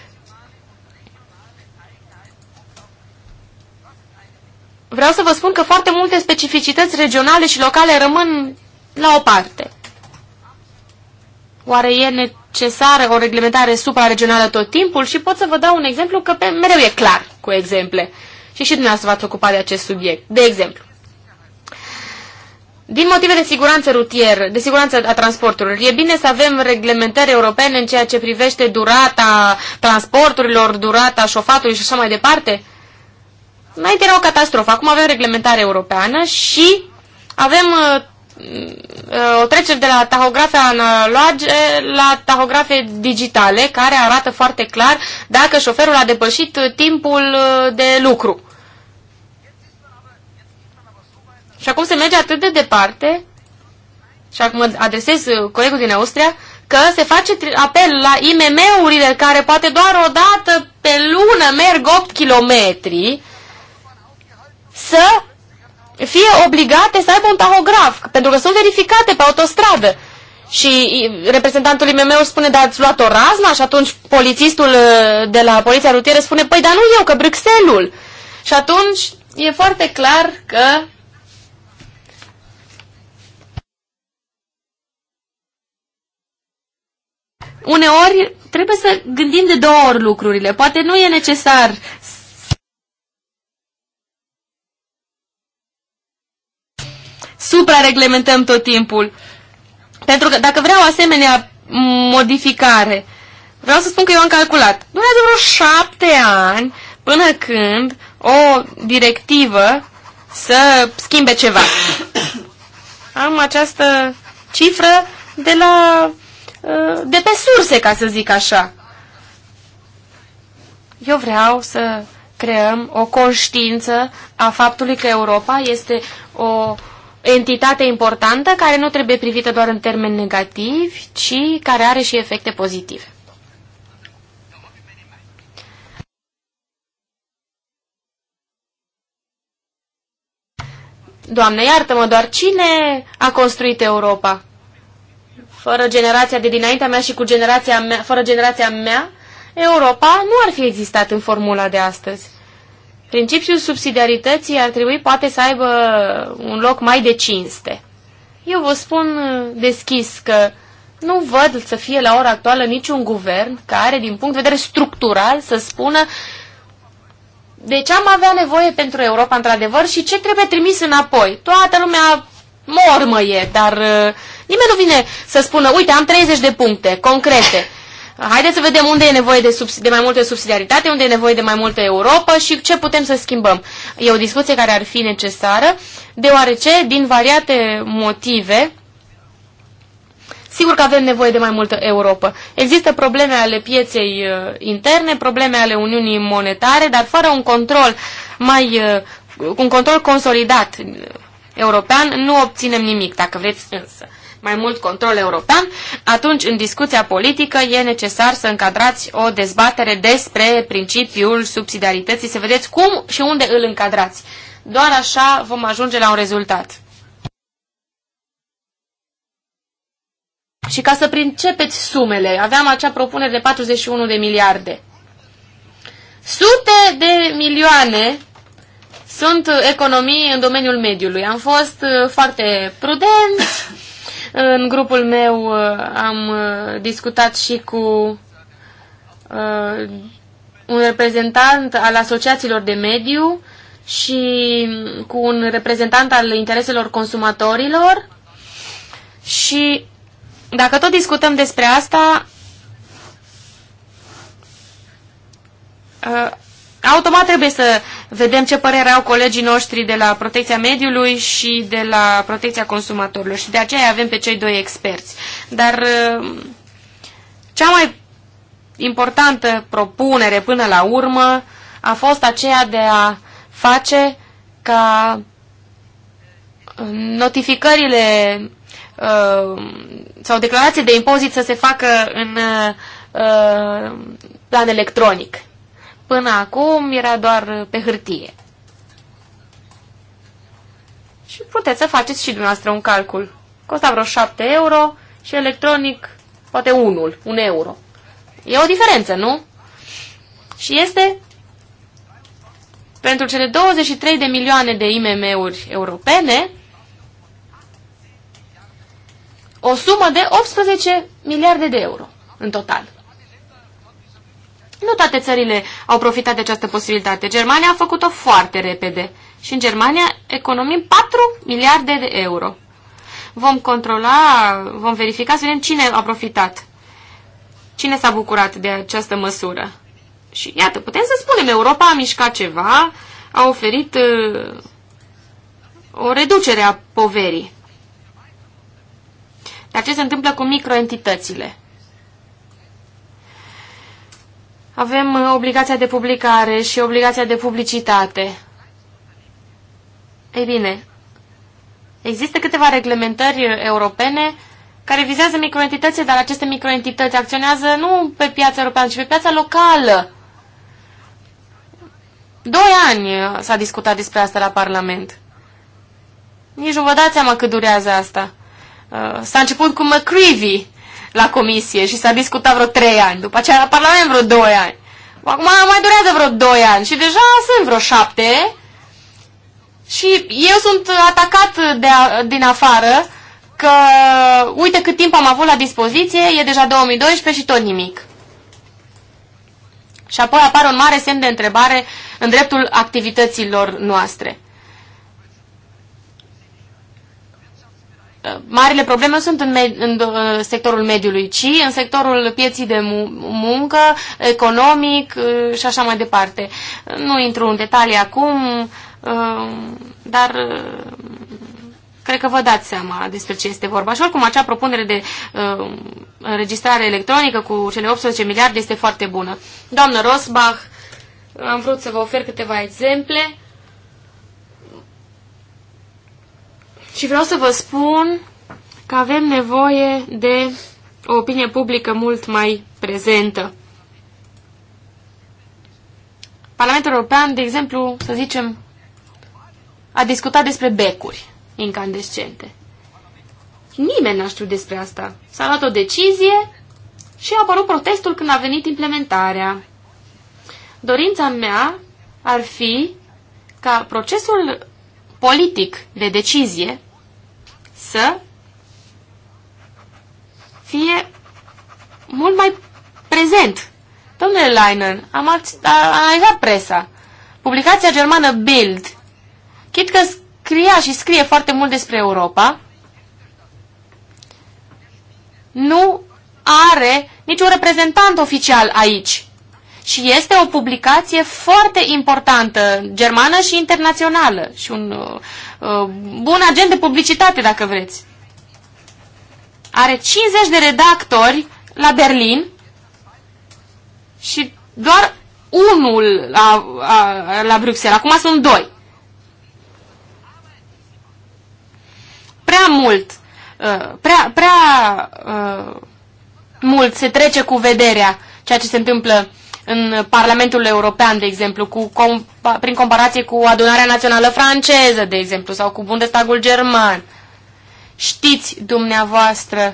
S2: vreau să vă spun că foarte multe specificități regionale și locale rămân la o parte. Oare e necesară o reglementare supraregională tot timpul? Și pot să vă dau un exemplu că pe, mereu e clar cu exemple. Și și dumneavoastră v-ați ocupat de acest subiect. De exemplu, din motive de siguranță rutieră, de siguranță a transporturilor, e bine să avem reglementări europene în ceea ce privește durata transporturilor, durata șofatului și așa mai departe? Înainte era o catastrofă, acum avem reglementare europeană și avem uh, uh, o trecere de la tahografe analoge la tahografe digitale, care arată foarte clar dacă șoferul a depășit uh, timpul de lucru. Și acum se merge atât de departe, și acum adresez colegul din Austria, că se face apel la IMM-urile care poate doar o dată pe lună merg 8 kilometri, să fie obligate să aibă un tahograf, pentru că sunt verificate pe autostradă. Și reprezentantul IMM-ului spune, dar ați luat o razna? Și atunci polițistul uh, de la poliția rutieră spune, păi, dar nu eu, că Bruxelul. Și atunci e foarte clar că uneori trebuie să gândim de două ori lucrurile. Poate nu e necesar suprareglementăm tot timpul. Pentru că dacă vreau asemenea modificare, vreau să spun că eu am calculat. Durează vreo șapte ani până când o directivă să schimbe ceva. Am această cifră de la uh, de pe surse, ca să zic așa. Eu vreau să creăm o conștiință a faptului că Europa este o entitate importantă care nu trebuie privită doar în termeni negativi, ci care are și efecte pozitive. Doamne, iartă-mă, doar cine a construit Europa? Fără generația de dinaintea mea și cu generația mea, fără generația mea, Europa nu ar fi existat în formula de astăzi. Principiul subsidiarității ar trebui poate să aibă un loc mai de cinste. Eu vă spun uh, deschis că nu văd să fie la ora actuală niciun guvern care, din punct de vedere structural, să spună de ce am avea nevoie pentru Europa, într-adevăr, și ce trebuie trimis înapoi. Toată lumea mormăie, dar uh, nimeni nu vine să spună, uite, am 30 de puncte concrete Haideți să vedem unde e nevoie de, de mai multă subsidiaritate, unde e nevoie de mai multă Europa și ce putem să schimbăm. E o discuție care ar fi necesară, deoarece, din variate motive, sigur că avem nevoie de mai multă Europa. Există probleme ale pieței uh, interne, probleme ale Uniunii Monetare, dar fără un control mai uh, un control consolidat uh, european, nu obținem nimic, dacă vreți însă mai mult control european, atunci în discuția politică e necesar să încadrați o dezbatere despre principiul subsidiarității, să vedeți cum și unde îl încadrați. Doar așa vom ajunge la un rezultat. Și ca să principeți sumele, aveam acea propunere de 41 de miliarde. Sute de milioane sunt economii în domeniul mediului. Am fost uh, foarte prudenți În grupul meu uh, am uh, discutat și cu uh, un reprezentant al asociațiilor de mediu și cu un reprezentant al intereselor consumatorilor și dacă tot discutăm despre asta, automat trebuie să vedem ce părere au colegii noștri de la protecția mediului și de la protecția consumatorilor și de aceea avem pe cei doi experți. Dar uh, cea mai importantă propunere până la urmă a fost aceea de a face ca notificările uh, sau declarații de impozit să se facă în uh, plan electronic. Până acum era doar pe hârtie. Și puteți să faceți și dumneavoastră un calcul. Costa vreo 7 euro și electronic poate unul, un euro. E o diferență, nu? Și este pentru cele 23 de milioane de IMM-uri europene o sumă de 18 miliarde de euro în total. Nu toate țările au profitat de această posibilitate. Germania a făcut-o foarte repede și în Germania economim 4 miliarde de euro. Vom controla, vom verifica să vedem cine a profitat, cine s-a bucurat de această măsură. Și iată, putem să spunem, Europa a mișcat ceva, a oferit uh, o reducere a poverii. Dar ce se întâmplă cu microentitățile? Avem uh, obligația de publicare și obligația de publicitate. Ei bine, există câteva reglementări uh, europene care vizează microentități, dar aceste microentități acționează nu pe piața europeană, ci pe piața locală. Doi ani uh, s-a discutat despre asta la Parlament. Nici nu vă dați seama cât durează asta. S-a început cu McCreevy, la comisie și s-a discutat vreo 3 ani, după aceea la Parlament vreo 2 ani. Acum mai durează vreo 2 ani și deja sunt vreo 7 și eu sunt atacat de a, din afară că uite cât timp am avut la dispoziție, e deja 2012 și tot nimic. Și apoi apare un mare semn de întrebare în dreptul activităților noastre. marile probleme sunt în, med- în uh, sectorul mediului, ci în sectorul pieții de muncă, economic uh, și așa mai departe. Nu intru în detalii acum, uh, dar cred că vă dați seama despre ce este vorba. Și oricum, acea propunere de înregistrare electronică cu cele 18 miliarde este foarte bună. Doamnă Rosbach, am vrut să vă ofer câteva exemple Și vreau să vă spun că avem nevoie de o opinie publică mult mai prezentă. Parlamentul European, de exemplu, să zicem, a discutat despre becuri incandescente. Nimeni n-a știut despre asta. S-a luat o decizie și a apărut protestul când a venit implementarea. Dorința mea ar fi ca procesul politic de decizie să fie mult mai prezent. Domnule Leinen, am analizat presa. Publicația germană Bild, chit că scria și scrie foarte mult despre Europa, nu are niciun reprezentant oficial aici și este o publicație foarte importantă, germană și internațională și un uh, uh bun agent de publicitate, dacă vreți. Are 50 de redactori la Berlin și doar unul la, a, la Bruxelles. Acum sunt doi. Prea mult, uh, prea, prea uh, mult se trece cu vederea ceea ce se întâmplă în Parlamentul European, de exemplu, cu, com, prin comparație cu adunarea națională franceză, de exemplu, sau cu Bundestagul german. Știți dumneavoastră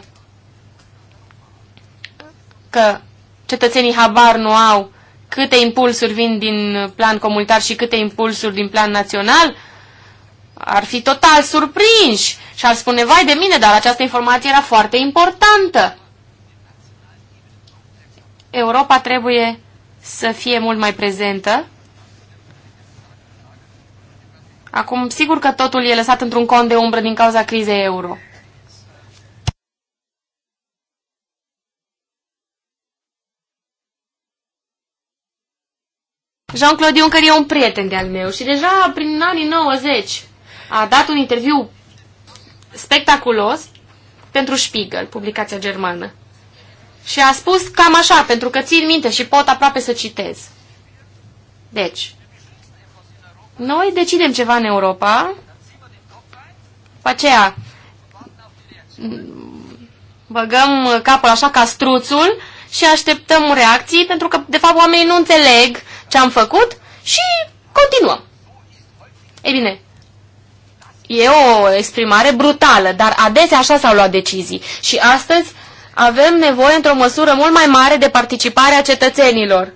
S2: că cetățenii habar nu au câte impulsuri vin din plan comunitar și câte impulsuri din plan național? Ar fi total surprinși și ar spune, vai de mine, dar această informație era foarte importantă. Europa trebuie să fie mult mai prezentă. Acum, sigur că totul e lăsat într-un cont de umbră din cauza crizei euro. Jean-Claude Juncker e un prieten de-al meu și deja prin anii 90 a dat un interviu spectaculos pentru Spiegel, publicația germană. Și a spus cam așa, pentru că țin minte și pot aproape să citez. Deci, noi decidem ceva în Europa, după aceea băgăm capul așa ca struțul și așteptăm reacții, pentru că, de fapt, oamenii nu înțeleg ce am făcut și continuăm. Ei bine, e o exprimare brutală, dar adesea așa s-au luat decizii. Și astăzi avem nevoie într-o măsură mult mai mare de participarea cetățenilor.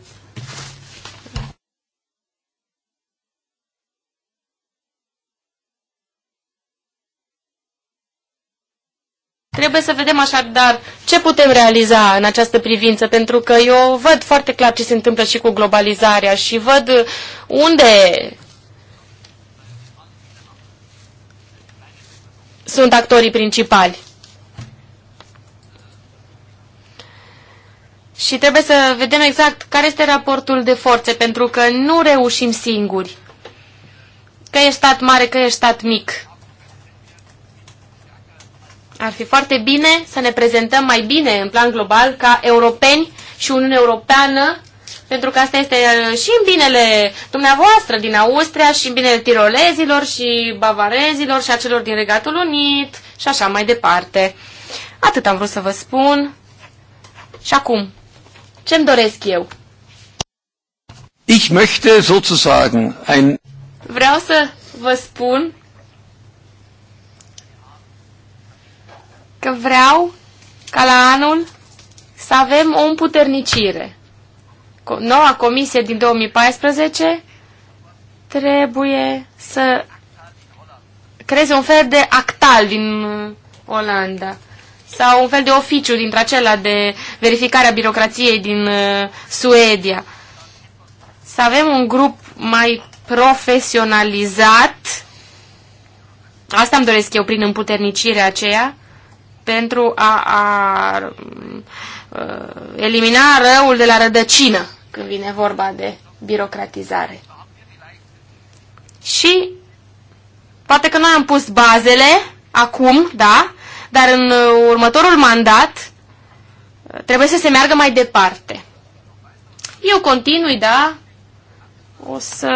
S2: Trebuie să vedem așadar ce putem realiza în această privință, pentru că eu văd foarte clar ce se întâmplă și cu globalizarea și văd unde sunt actorii principali. Și trebuie să vedem exact care este raportul de forțe, pentru că nu reușim singuri. Că e stat mare, că e stat mic. Ar fi foarte bine să ne prezentăm mai bine în plan global ca europeni și Uniunea Europeană, pentru că asta este uh, și în binele dumneavoastră din Austria și în binele tirolezilor și bavarezilor și a celor din Regatul Unit și așa mai departe. Atât am vrut să vă spun. Și acum, ce-mi doresc eu? Ich möchte sozusagen ein... Vreau să vă spun că vreau ca la anul să avem o împuternicire. Noua comisie din 2014 trebuie să creeze un fel de actal din Olanda sau un fel de oficiu dintre acela de verificare a birocrației din uh, Suedia. Să avem un grup mai profesionalizat, asta îmi doresc eu prin împuternicirea aceea, pentru a, a, a uh, elimina răul de la rădăcină când vine vorba de birocratizare. Și poate că noi am pus bazele acum, da, dar în uh, următorul mandat uh, trebuie să se meargă mai departe. Eu continui, da? O să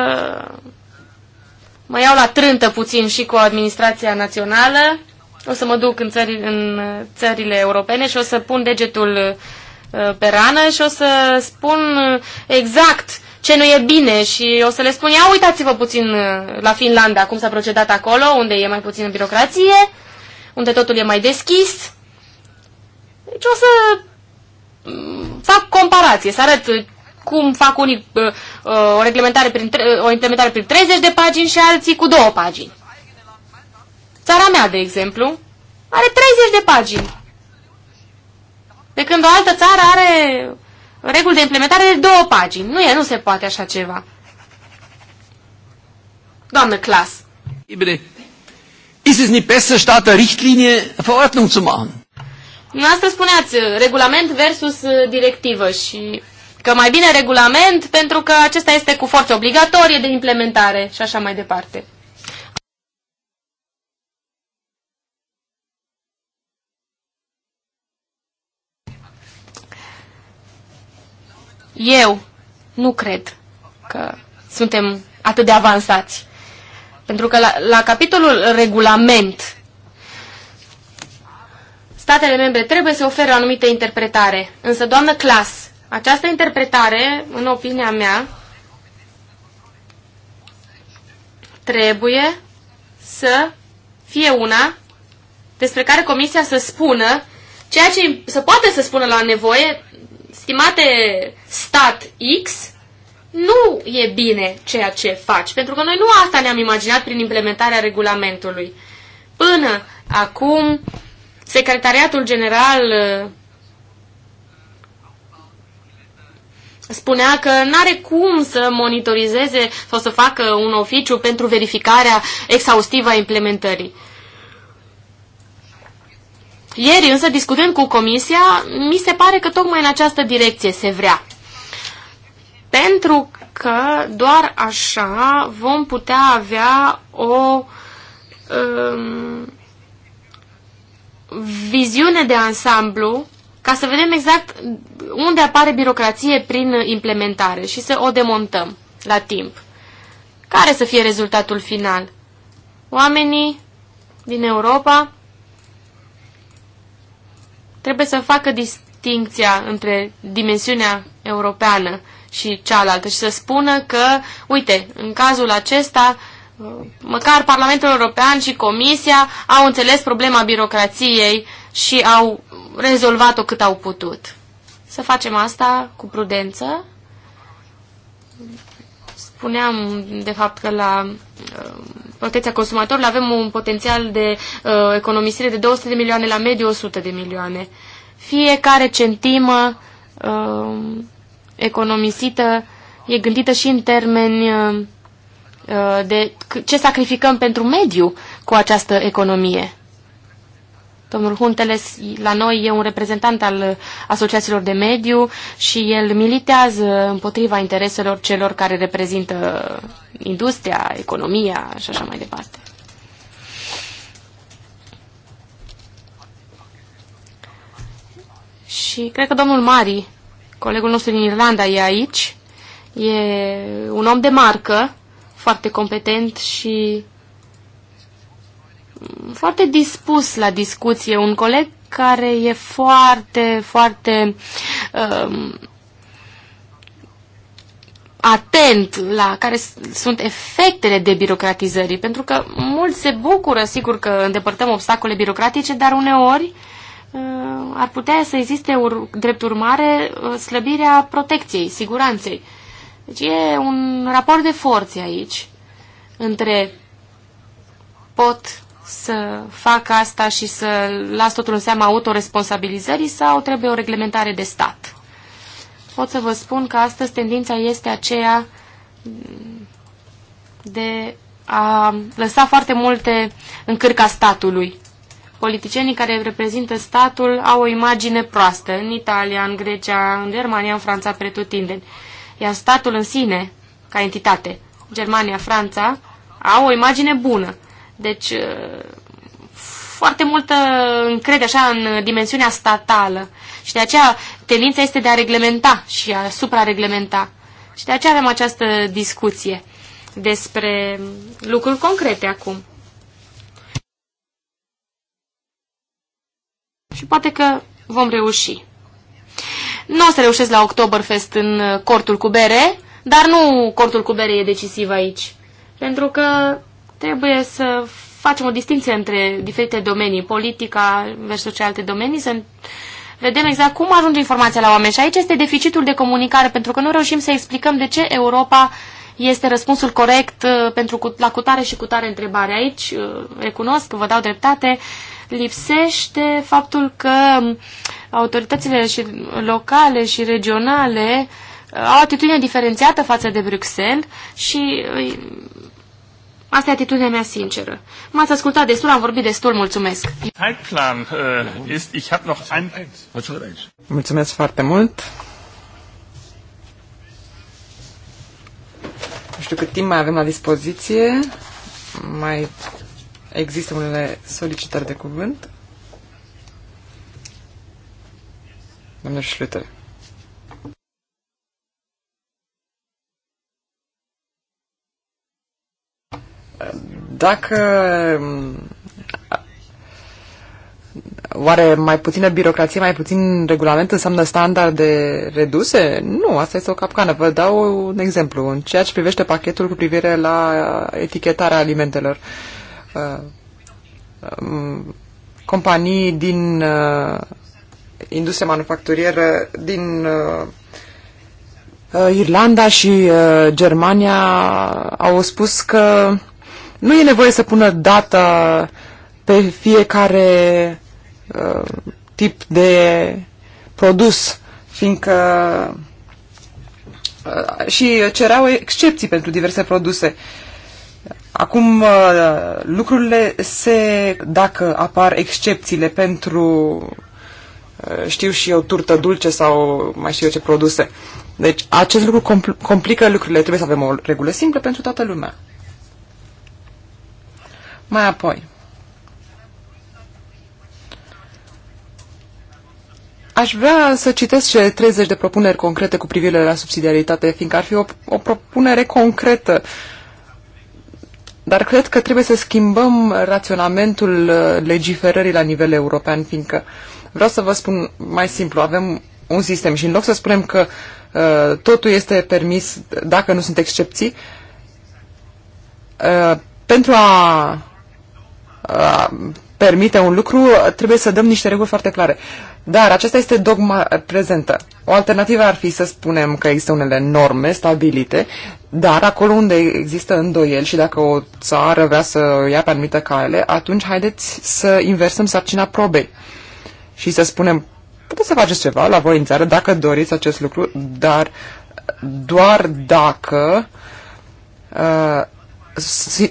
S2: mă iau la trântă puțin și cu administrația națională. O să mă duc în, țări, în uh, țările europene și o să pun degetul pe rană și o să spun exact ce nu e bine și o să le spun, ia uitați-vă puțin la Finlanda, cum s-a procedat acolo, unde e mai puțin birocrație unde totul e mai deschis. Deci o să mm, fac comparație, să arăt cum fac unii uh, uh, o, reglementare prin, uh, o implementare prin 30 de pagini și alții cu două pagini. Țara mea, de exemplu, are 30 de pagini. De când o altă țară are reguli de implementare de două pagini. Nu e, nu se poate așa ceva. Doamnă Clas.
S1: Ibre, Ist es nicht besser, statt der Richtlinie eine Verordnung zu machen?
S2: Dumneavoastră spuneați uh, regulament versus uh, directivă și că mai bine regulament pentru că acesta este cu forță obligatorie de implementare și așa mai departe. Eu nu cred că suntem atât de avansați. Pentru că la, la capitolul regulament, statele membre trebuie să ofere o anumită interpretare. Însă, doamnă Clas, această interpretare, în opinia mea, trebuie să fie una despre care Comisia să spună ceea ce se poate să spună la nevoie, stimate stat X, nu e bine ceea ce faci, pentru că noi nu asta ne-am imaginat prin implementarea regulamentului. Până acum, Secretariatul General uh, spunea că nu are cum să monitorizeze sau să facă un oficiu pentru verificarea exhaustivă a implementării. Ieri însă, discutând cu Comisia, mi se pare că tocmai în această direcție se vrea pentru că doar așa vom putea avea o um, viziune de ansamblu ca să vedem exact unde apare birocrație prin implementare și să o demontăm la timp. Care să fie rezultatul final? Oamenii din Europa trebuie să facă distinția între dimensiunea europeană și cealaltă și să spună că, uite, în cazul acesta, măcar Parlamentul European și Comisia au înțeles problema birocrației și au rezolvat-o cât au putut. Să facem asta cu prudență. Spuneam, de fapt, că la uh, protecția consumatorilor avem un potențial de uh, economisire de 200 de milioane, la mediu 100 de milioane. Fiecare centimă uh, economisită e gândită și în termeni uh, uh, de ce sacrificăm pentru mediu cu această economie. Domnul Hunteles, la noi, e un reprezentant al asociațiilor de mediu și el militează împotriva intereselor celor care reprezintă industria, economia și așa mai departe. Și cred că domnul Mari Colegul nostru din Irlanda e aici. E un om de marcă, foarte competent și foarte dispus la discuție. Un coleg care e foarte, foarte uh, atent la care sunt efectele debirocratizării, pentru că mulți se bucură, sigur că îndepărtăm obstacole birocratice, dar uneori uh, Uh, ar putea să existe drept urmare uh, slăbirea protecției, siguranței. Deci e un raport de forțe aici între pot să fac asta și să las totul în seama autoresponsabilizării sau trebuie o reglementare de stat. Pot să vă spun că astăzi tendința este aceea de a lăsa foarte multe încârca statului politicienii care reprezintă statul au o imagine proastă în Italia, în Grecia, în Germania, în Franța, pretutindeni. Iar statul în sine, ca entitate, Germania, Franța, au o imagine bună. Deci, uh, foarte multă încredere așa în dimensiunea statală și de aceea tendința este de a reglementa și a suprareglementa. Și de aceea avem această discuție despre lucruri concrete acum. și poate că vom reuși. Nu o să reușesc la Oktoberfest în cortul cu bere, dar nu cortul cu bere e decisiv aici. Pentru că trebuie să facem o distinție între diferite domenii, politica versus alte domenii, să vedem exact cum ajunge informația la oameni. Și aici este deficitul de comunicare, pentru că nu reușim să explicăm de ce Europa este răspunsul corect uh, pentru la cutare și cutare întrebare. Aici uh, recunosc că vă dau dreptate, lipsește faptul că um, autoritățile și locale și regionale uh, au atitudine diferențiată față de Bruxelles și Asta e atitudinea mea sinceră. M-ați ascultat destul, am vorbit destul, mulțumesc.
S1: Mulțumesc foarte mult. Nu știu cât timp mai avem la dispoziție. Mai există unele solicitări de cuvânt. Domnul Schlüter. Dacă Oare mai puțină birocrație, mai puțin regulament înseamnă standarde reduse? Nu, asta este o capcană. Vă dau un exemplu. În ceea ce privește pachetul cu privire la etichetarea alimentelor, uh, companii din uh, industria manufacturieră din uh, Irlanda și Germania au spus că nu e nevoie să pună data pe fiecare Uh, tip de produs, fiindcă uh, și cereau excepții pentru diverse produse. Acum uh, lucrurile se, dacă apar excepțiile pentru, știu și eu, turtă dulce sau mai știu eu ce produse. Deci acest lucru compl complică lucrurile. Trebuie să avem o regulă simplă pentru toată lumea. Mai apoi, Aș vrea să citesc cele 30 de propuneri concrete cu privire la subsidiaritate, fiindcă ar fi o, o propunere concretă. Dar cred că trebuie să schimbăm raționamentul uh, legiferării la nivel european, fiindcă vreau să vă spun mai simplu, avem un sistem și în loc să spunem că uh, totul este permis dacă nu sunt excepții, uh, pentru a permite un lucru, trebuie să dăm niște reguli foarte clare. Dar aceasta este dogma prezentă. O alternativă ar fi să spunem că există unele norme stabilite, dar acolo unde există îndoieli și dacă o țară vrea să ia pe anumită cale, atunci haideți să inversăm sarcina probei și să spunem, puteți să faceți ceva la voi în țară dacă doriți acest lucru, dar doar dacă uh,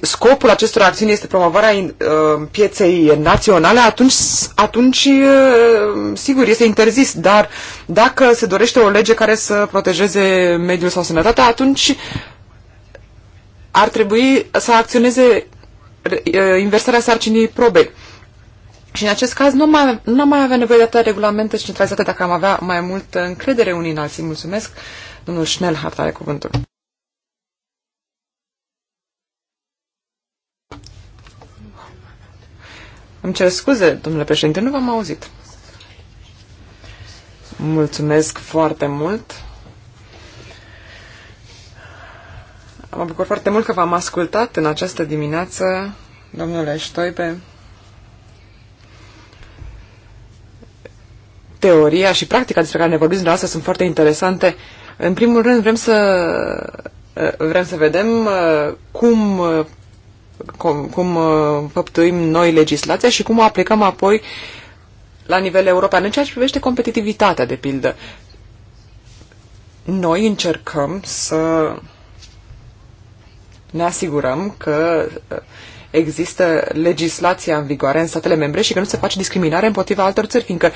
S1: scopul acestor acțiuni este promovarea uh, pieței naționale, atunci, atunci uh, sigur, este interzis, dar dacă se dorește o lege care să protejeze mediul sau sănătatea, atunci ar trebui să acționeze uh, inversarea sarcinii probe. Și în acest caz nu mai, nu mai avea nevoie de atâtea regulamente centralizate dacă am avea mai multă încredere unii în alții. Mulțumesc. Domnul Schnellhardt are cuvântul. Îmi cer scuze, domnule președinte, nu v-am auzit. Mulțumesc foarte mult. Mă bucur foarte mult că v-am ascultat în această dimineață, domnule Ștoipe. Teoria și practica despre care ne vorbiți dumneavoastră sunt foarte interesante. În primul rând vrem să vrem să vedem uh, cum cum, cum uh, făptuim noi legislația și cum o aplicăm apoi la nivel european. În ceea ce privește competitivitatea, de pildă, noi încercăm să ne asigurăm că uh, există legislația în vigoare în statele membre și că nu se face discriminare împotriva altor țări, fiindcă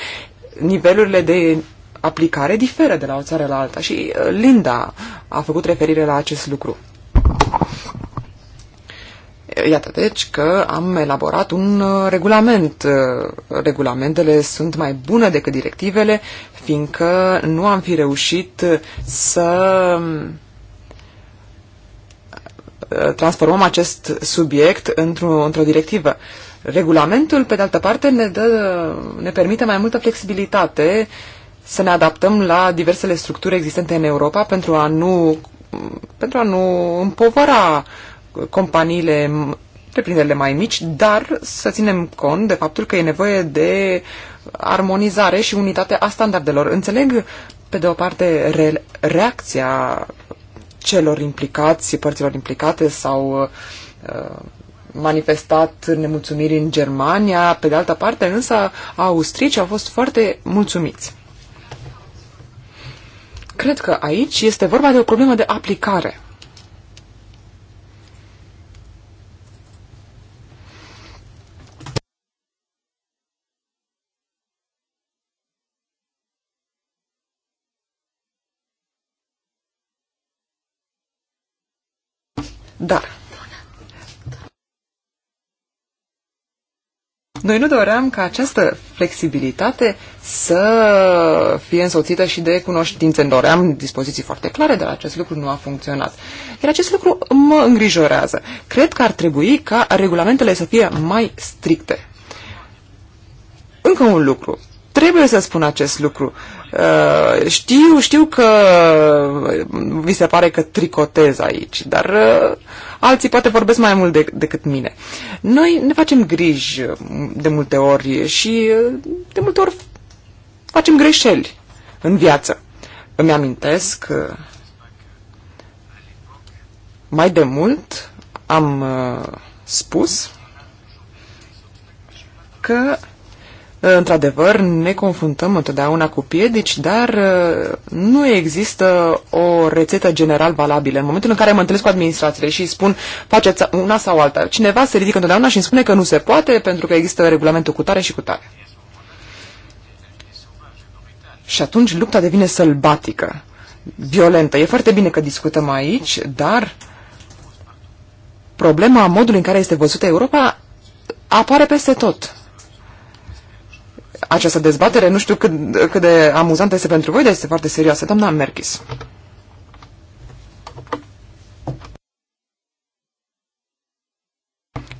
S1: nivelurile de aplicare diferă de la o țară la alta și uh, Linda a făcut referire la acest lucru. Iată deci că am elaborat un uh, regulament. Uh, regulamentele sunt mai bune decât directivele, fiindcă nu am fi reușit uh, să um, transformăm acest subiect într-o, într directivă. Regulamentul, pe de altă parte, ne, dă, ne permite mai multă flexibilitate să ne adaptăm la diversele structuri existente în Europa pentru a nu, pentru a nu împovăra uh, companiile, întreprinderile mai mici, dar să ținem cont de faptul că e nevoie de armonizare și unitate a standardelor. Înțeleg, pe de o parte, re- reacția celor implicați, părților implicate sau uh, manifestat nemulțumiri în Germania, pe de altă parte, însă austrici au fost foarte mulțumiți. Cred că aici este vorba de o problemă de aplicare. dar Noi nu doream ca această flexibilitate să fie însoțită și de cunoștințe. Doream dispoziții foarte clare, dar acest lucru nu a funcționat. Iar acest lucru mă îngrijorează. Cred că ar trebui ca regulamentele să fie mai stricte. Încă un lucru. Trebuie să spun acest lucru. Uh, Uh, știu, știu că uh, vi se pare că tricotez aici, dar uh, alții poate vorbesc mai mult de, decât mine. Noi ne facem griji de multe ori și de multe ori facem greșeli în viață. Îmi amintesc că mai de mult am spus că Uh, într-adevăr, ne confruntăm întotdeauna cu piedici, dar uh, nu există o rețetă general valabilă. În momentul în care mă întâlnesc cu administrațiile și îi spun faceți una sau alta, cineva se ridică întotdeauna și îmi spune că nu se poate pentru că există regulamentul cu tare și cu tare. Și atunci lupta devine sălbatică, violentă. E foarte bine că discutăm aici, dar problema modului în care este văzută Europa apare peste tot această dezbatere. Nu știu cât, cât de amuzantă este pentru voi, dar este foarte serioasă. Doamna Merkis.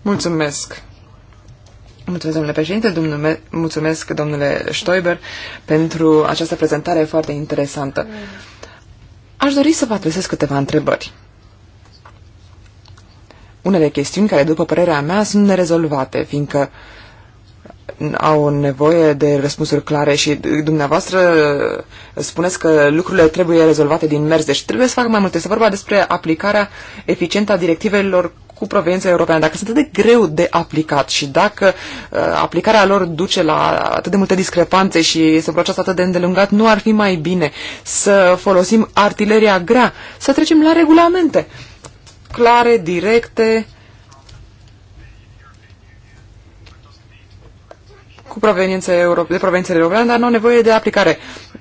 S1: Mulțumesc. Mulțumesc, domnule președinte, domnule, mulțumesc, domnule Stoiber, pentru această prezentare foarte interesantă. Aș dori să vă adresez câteva întrebări. Unele chestiuni care, după părerea mea, sunt nerezolvate, fiindcă uh, au nevoie de răspunsuri clare și dumneavoastră spuneți că lucrurile trebuie rezolvate din mers, deci trebuie să facă mai multe. Este vorba despre aplicarea eficientă a directivelor cu proveniență europeană, dacă sunt atât de greu de aplicat și dacă uh, aplicarea lor duce la atât de multe discrepanțe și este un proces atât de îndelungat, nu ar fi mai bine să folosim artileria grea, să trecem la regulamente clare, directe, uh, cu proveniență euro, de proveniență europeană, dar nu au nevoie de aplicare.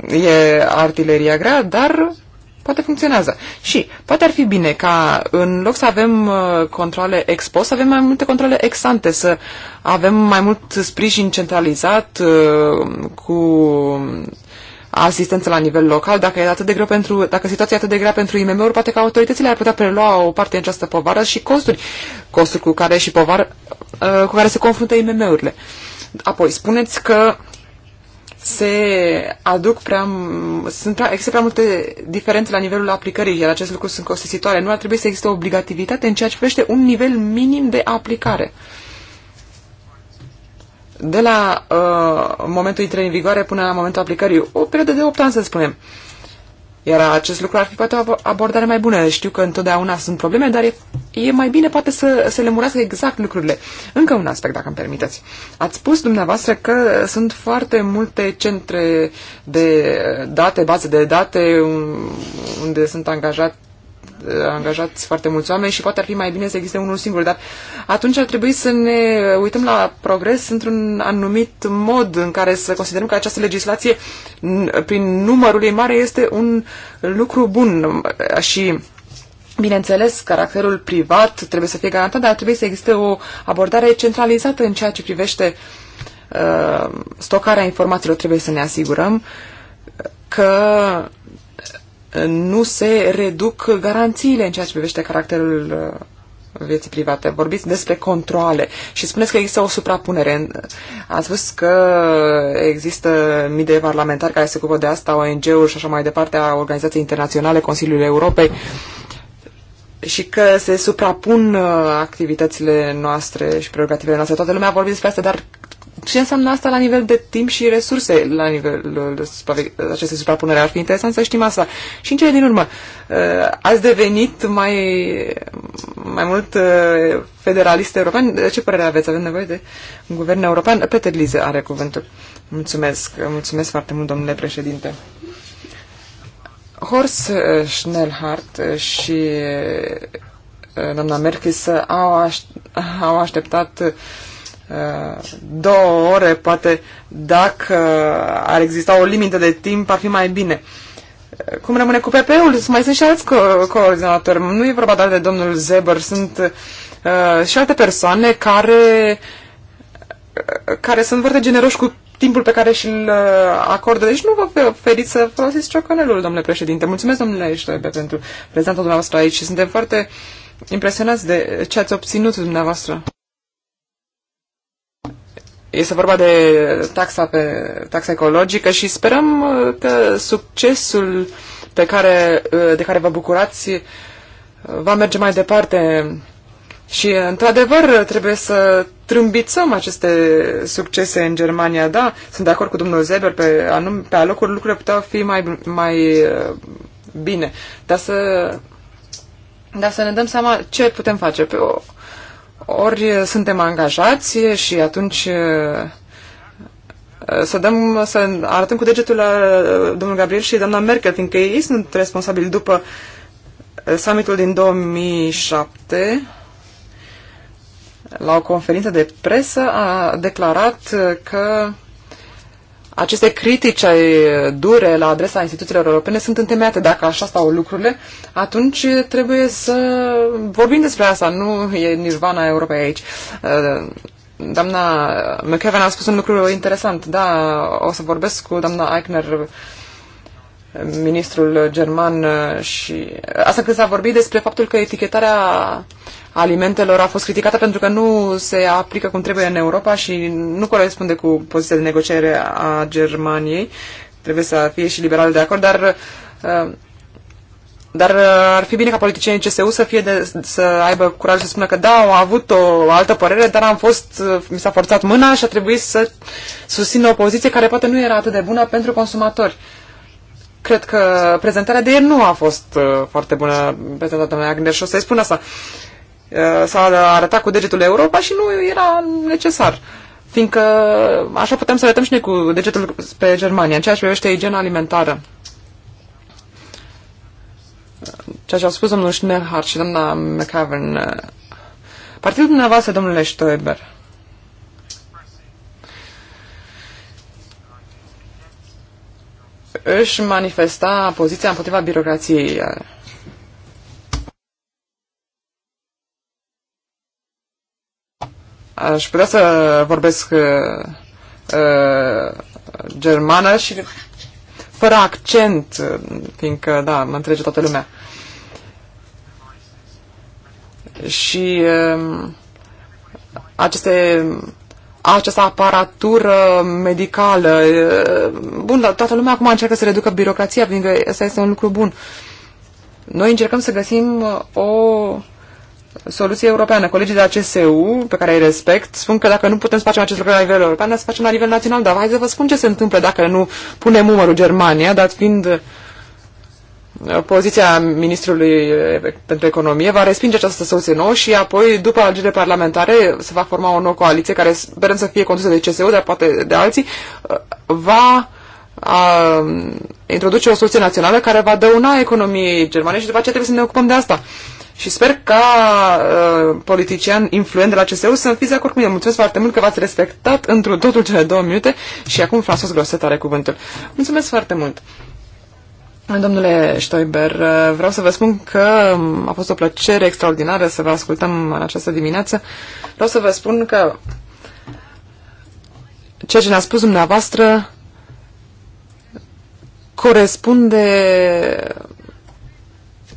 S1: E artileria grea, dar poate funcționează. Și poate ar fi bine ca în loc să avem uh, controle ex post, să avem mai multe controle ex ante, să avem mai mult sprijin centralizat uh, cu asistență la nivel local, dacă e atât de greu pentru, dacă situația e atât de grea pentru IMM-uri, poate că autoritățile ar putea prelua o parte din această povară și costuri, costuri cu care și povară, uh, cu care se confruntă IMM-urile. Uh, Apoi, spuneți că se aduc prea, sunt prea, există prea multe diferențe la nivelul aplicării, iar acest lucru sunt costisitoare. Nu ar trebui să existe obligativitate în ceea ce privește un nivel minim de aplicare. De la uh, momentul intrării în vigoare până la momentul aplicării, o perioadă de 8 ani, să spunem. Uh, iar acest lucru ar fi poate o abordare mai bună. Știu că întotdeauna sunt probleme, dar e, e mai bine poate să, se le exact lucrurile. Încă un aspect, dacă îmi permiteți. Ați spus dumneavoastră că sunt foarte multe centre de date, baze de date, unde sunt angajați Eh, angajați foarte mulți oameni și poate ar fi mai bine să existe unul singur, dar atunci ar trebui să ne uităm la progres într-un anumit mod în care să considerăm că această legislație, prin numărul ei mare, este un lucru bun și Bineînțeles, caracterul privat trebuie să fie garantat, dar trebuie să existe o abordare centralizată în ceea ce privește uh, stocarea informațiilor. Trebuie să ne asigurăm că nu se reduc garanțiile în ceea ce privește caracterul uh, vieții private. Vorbiți despre controle și spuneți că există o suprapunere. Ați spus că există mii de parlamentari care se ocupă de asta, ONG-uri și așa mai departe, a organizației internaționale, Consiliul Europei și că se suprapun uh, activitățile noastre și prerogativele noastre. Toată lumea a vorbit despre asta, dar ce înseamnă asta la nivel de timp și resurse la nivelul uh, acestei suprapunere? Ar fi interesant să știm asta. Și în cele din urmă, uh, ați devenit mai, mai mult uh, federalist european? De ce părere aveți? Avem nevoie de un guvern european? Peter Lize are cuvântul. Mulțumesc. Mulțumesc foarte mult, domnule președinte. Horst Schnellhardt și doamna Merkis au, aș, au așteptat două ore, poate dacă ar exista o limită de timp, ar fi mai bine. Cum rămâne cu PP-ul? Mai sunt și alți co- coordonatori. Nu e vorba doar de domnul Zeber, sunt uh, și alte persoane care, uh, care sunt foarte generoși cu timpul pe care și-l uh, acordă. Deci nu vă feriți să folosiți ciocanelul, domnule președinte. Mulțumesc, domnule Ștoibe, pentru prezența dumneavoastră aici și suntem foarte impresionați de ce ați obținut dumneavoastră. Este vorba de taxa, pe, taxa ecologică și sperăm uh, că succesul pe care, uh, de care vă bucurați uh, va merge mai departe și, într-adevăr, trebuie să trâmbițăm aceste succese în Germania, da? Sunt de acord cu domnul Zeber, pe, anum, pe alocuri lucrurile puteau fi mai, mai bine. Dar să, dar să ne dăm seama ce putem face. Pe o, ori suntem angajați și atunci uh, să, dăm, să arătăm cu degetul la uh, domnul Gabriel și doamna Merkel, fiindcă ei sunt responsabili după uh, summitul din 2007 la o conferință de presă a declarat că aceste critici eh, dure la adresa instituțiilor europene sunt întemeiate. Dacă așa stau lucrurile, atunci eh, trebuie să vorbim despre asta. Nu e nirvana Europei aici. Eh, doamna McKevin a spus un lucru interesant. Da, o să vorbesc cu doamna Eichner ministrul german uh, și... Uh, asta când s-a vorbit despre faptul că etichetarea alimentelor a fost criticată pentru că nu se aplică cum trebuie în Europa și nu corespunde cu poziția de negociere a Germaniei. Trebuie să fie și liberal de acord, dar uh, dar ar fi bine ca politicienii CSU să, fie de, să aibă curaj să spună că da, au avut o altă părere, dar am fost, mi s-a forțat mâna și a trebuit să susțină o poziție care poate nu era atât de bună pentru consumatori. Uh, Cred că prezentarea de ieri nu a fost uh, foarte bună prezentată doamna Agner și o să-i spun asta. Uh, s-a arătat cu degetul Europa și nu era necesar. Fiindcă așa putem să arătăm și noi cu degetul pe Germania, în ceea ce privește igiena alimentară. Ceea ce au spus domnul Schneehart și doamna McAvern. Uh, partidul dumneavoastră, domnule Stoiber, își manifesta poziția împotriva birocrației. Uh, aș putea să vorbesc uh, uh, germană și fără accent, uh, fiindcă, da, mă întrege toată lumea. Și uh, aceste această aparatură medicală. Bun, dar toată lumea acum încearcă să reducă birocrația, pentru că ăsta este un lucru bun. Noi încercăm să găsim uh, o soluție europeană. Colegii de la CSU, pe care îi respect, spun că dacă nu putem să facem acest lucru la nivel european, să facem la nivel național. Dar hai să vă spun ce se întâmplă dacă nu punem numărul Germania, dat fiind uh, poziția ministrului eh, pentru economie va respinge această soluție nouă și apoi, după alegerile parlamentare, se va forma o nouă coaliție care sperăm să fie condusă de CSU, dar poate de alții, eh, va a, eh, introduce o soluție națională care va dăuna economiei germane și după aceea trebuie să ne ocupăm de asta. Și sper ca uh, politician influent de la CSU să fiți de acord cu mine. Mulțumesc foarte mult că v-ați respectat într totul cele două minute și acum Fransos Groset are cuvântul. Mulțumesc foarte mult! Domnule Stoiber, vreau să vă spun că a fost o plăcere extraordinară să vă ascultăm în această dimineață. Vreau să vă spun că ceea ce ne-a spus dumneavoastră corespunde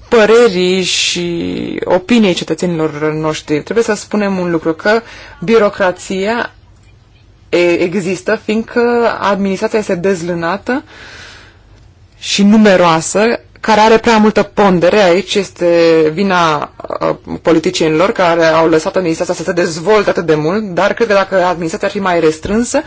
S1: părerii și opiniei cetățenilor noștri. Trebuie să spunem un lucru, că birocrația există, fiindcă administrația este dezlânată uh, și numeroasă, care are prea multă pondere. Aici este vina uh, politicienilor care au lăsat administrația să se dezvolte atât de mult, dar cred că dacă administrația ar fi mai restrânsă,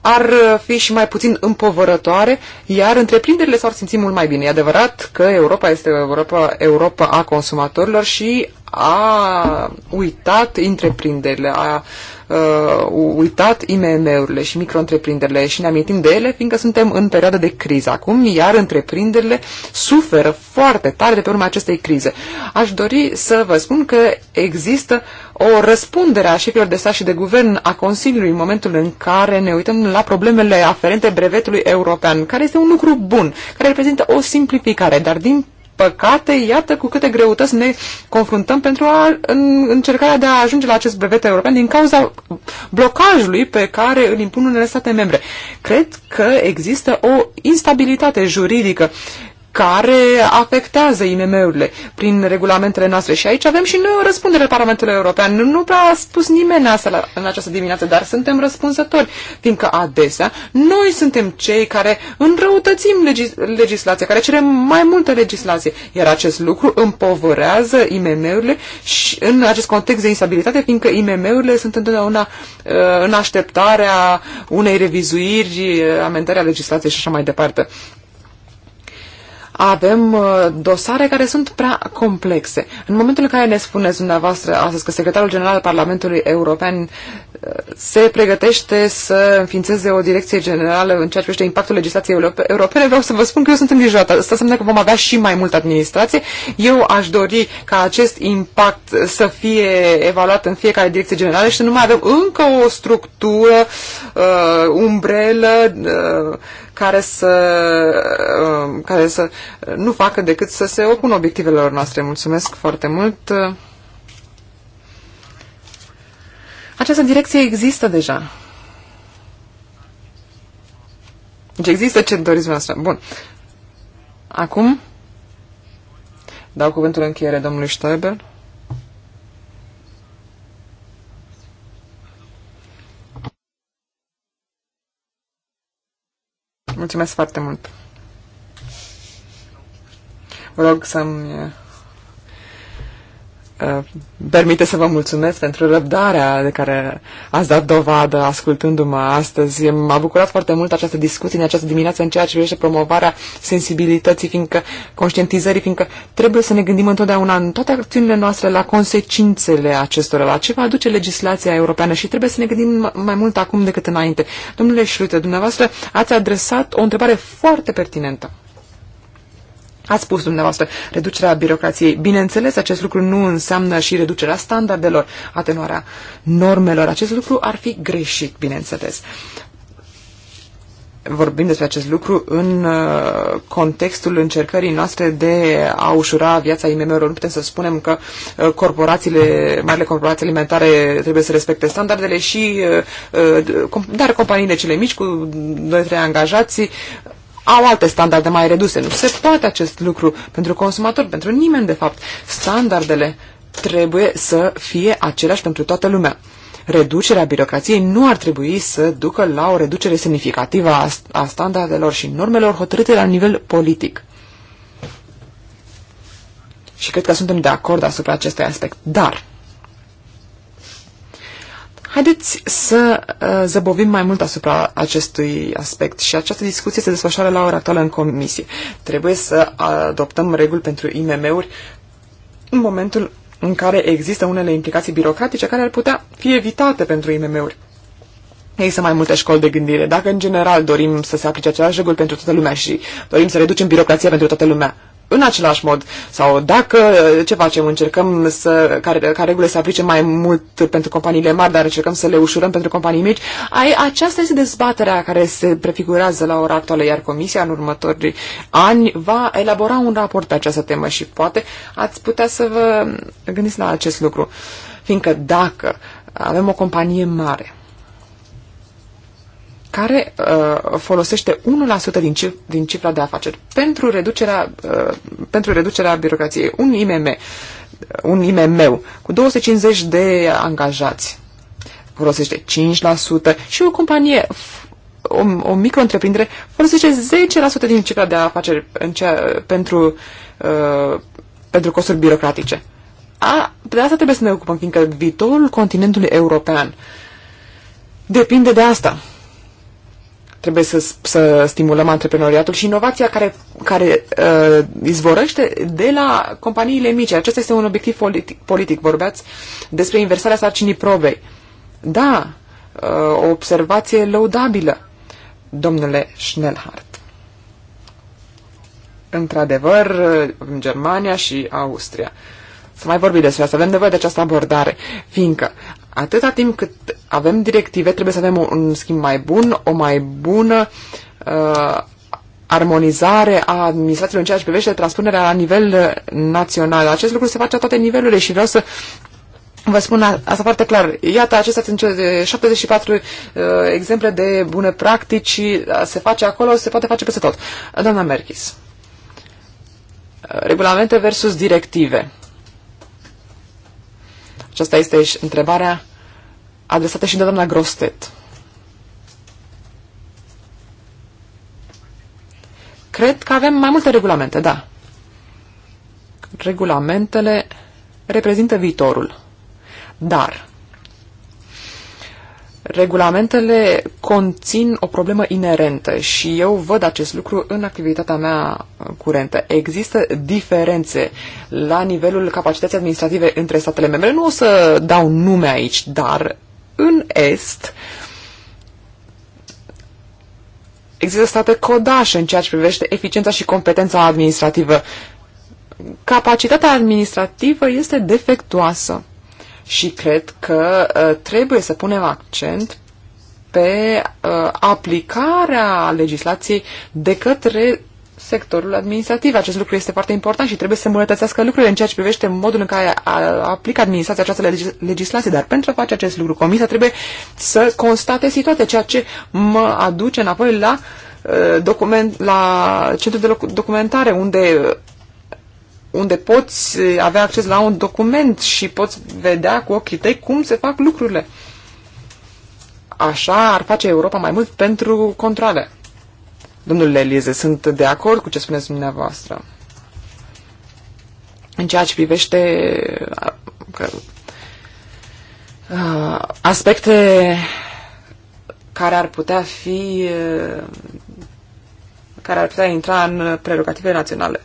S1: ar fi și mai puțin împovărătoare, iar întreprinderile s-ar simți mult mai bine. E adevărat că Europa este Europa, Europa a consumatorilor și a uitat întreprinderile, a uh, uitat IMM-urile și micro-întreprinderile și ne amintim de ele, fiindcă suntem în perioadă de criză acum, iar întreprinderile suferă foarte tare de pe urma acestei crize. Aș dori să vă spun că există o răspundere a șefilor de stat și de guvern a Consiliului în momentul în care ne uităm la problemele aferente brevetului european, care este un lucru bun, care reprezintă o simplificare, dar din păcate, iată cu câte greutăți ne confruntăm pentru a, în încercarea de a ajunge la acest brevet european din cauza blocajului pe care îl impun unele state membre. Cred că există o instabilitate juridică care afectează IMM-urile prin regulamentele noastre. Și aici avem și noi o răspundere Parlamentului European. Nu, nu prea a spus nimeni asta la, în această dimineață, dar suntem răspunzători, fiindcă adesea noi suntem cei care înrăutățim legis- legislația, care cerem mai multă legislație. Iar acest lucru împovărează IMM-urile și în acest context de instabilitate, fiindcă IMM-urile sunt întotdeauna uh, în așteptarea unei revizuiri, uh, amendarea legislației și așa mai departe avem uh, dosare care sunt prea complexe. În momentul în care ne spuneți dumneavoastră astăzi că secretarul general al Parlamentului European uh, se pregătește să înființeze o direcție generală în ceea ce privește impactul legislației europene, vreau să vă spun că eu sunt îngrijorată. Asta înseamnă că vom avea și mai multă administrație. Eu aș dori ca acest impact să fie evaluat în fiecare direcție generală și să nu mai avem încă o structură, uh, umbrelă, uh, care să, um, care să nu facă decât să se opună obiectivelor noastre. Mulțumesc foarte mult! Această direcție există deja. Deci există ce doriți noastră. Bun. Acum dau cuvântul încheiere domnului Stoiber. Mulțumesc foarte mult. Vă rog să-mi permite să vă mulțumesc pentru răbdarea de care ați dat dovadă ascultându-mă astăzi. M-a bucurat foarte mult această discuție în această dimineață în ceea ce privește promovarea sensibilității, fiindcă conștientizării, fiindcă trebuie să ne gândim întotdeauna în toate acțiunile noastre la consecințele acestora, la ce va aduce legislația europeană și trebuie să ne gândim mai mult acum decât înainte. Domnule Șrute, dumneavoastră ați adresat o întrebare foarte pertinentă. Ați spus dumneavoastră reducerea birocrației. Bineînțeles, acest lucru nu înseamnă și reducerea standardelor, atenuarea normelor. Acest lucru ar fi greșit, bineînțeles. Vorbim despre acest lucru în uh, contextul încercării noastre de a ușura viața IMM-urilor. Nu putem să spunem că uh, corporațiile, marile corporații alimentare trebuie să respecte standardele și uh, dar companiile cele mici cu 2-3 angajați au alte standarde mai reduse. Nu se poate acest lucru pentru consumator, pentru nimeni de fapt. Standardele trebuie să fie aceleași pentru toată lumea. Reducerea birocrației nu ar trebui să ducă la o reducere semnificativă a, standardelor și normelor hotărâte la nivel politic. Și cred că suntem de acord asupra acestui aspect. Dar Haideți să uh, zăbovim mai mult asupra acestui aspect și această discuție se desfășoară la ora actuală în comisie. Trebuie să adoptăm reguli pentru IMM-uri în momentul în care există unele implicații birocratice care ar putea fi evitate pentru IMM-uri. Ei sunt mai multe școli de gândire. Dacă în general dorim să se aplice aceleași reguli pentru toată lumea și dorim să reducem birocrația pentru toată lumea, în același mod sau dacă uh, ce facem, încercăm să, ca, ca regulile să aplice mai mult pentru companiile mari, dar încercăm să le ușurăm pentru companii mici, ai, aceasta este dezbaterea care se prefigurează la ora actuală, iar Comisia în următorii ani va elabora un raport pe această temă și poate ați putea să vă gândiți la acest lucru. Fiindcă dacă avem o companie mare care uh, folosește 1% din, cif- din cifra de afaceri pentru reducerea, uh, pentru reducerea birocrației. Un IMM, un IMM cu 250 de angajați folosește 5% și o companie o, o mică întreprindere folosește 10% din cifra de afaceri în cea, pentru, uh, pentru costuri birocratice. A, de asta trebuie să ne ocupăm, fiindcă viitorul continentului european depinde de asta. Trebuie să, să stimulăm antreprenoriatul și inovația care, care uh, izvorăște de la companiile mici. Acesta este un obiectiv politic. politic. Vorbeați despre inversarea sarcinii probei. Da, uh, o observație lăudabilă, domnule Schnellhardt. Într-adevăr, în uh, Germania și Austria. Să mai vorbim despre asta. Avem nevoie de această abordare, fiindcă Atâta timp cât avem directive, trebuie să avem un schimb mai bun, o mai bună uh, armonizare a administrațiilor în ceea ce privește transpunerea la nivel național. Acest lucru se face la toate nivelurile și vreau să Vă spun asta foarte clar. Iată, acestea sunt 74 uh, exemple de bune practici. Uh, se face acolo, se poate face peste tot. Doamna Merchis. Uh, regulamente versus directive. Și asta este și întrebarea adresată și de doamna Grostet. Cred că avem mai multe regulamente, da. Regulamentele reprezintă viitorul. Dar regulamentele conțin o problemă inerentă și eu văd acest lucru în activitatea mea curentă. Există diferențe la nivelul capacității administrative între statele membre. Nu o să dau nume aici, dar în Est există state codașe în ceea ce privește eficiența și competența administrativă. Capacitatea administrativă este defectuoasă și cred că uh, trebuie să punem accent pe uh, aplicarea legislației de către sectorul administrativ. Acest lucru este foarte important și trebuie să îmbunătățească lucrurile în ceea ce privește modul în care aplică administrația această legislație. Dar pentru a face acest lucru, comisia trebuie să constate situația, ceea ce mă aduce înapoi la uh, document, la centrul de documentare, unde unde poți eh, avea acces la un document și poți vedea cu ochii tăi cum se fac lucrurile. Așa ar face Europa mai mult pentru controle. Domnule Elize, sunt de acord cu ce spuneți dumneavoastră. În ceea ce privește eh, eh, aspecte care ar putea fi care ar putea intra în prerogative naționale.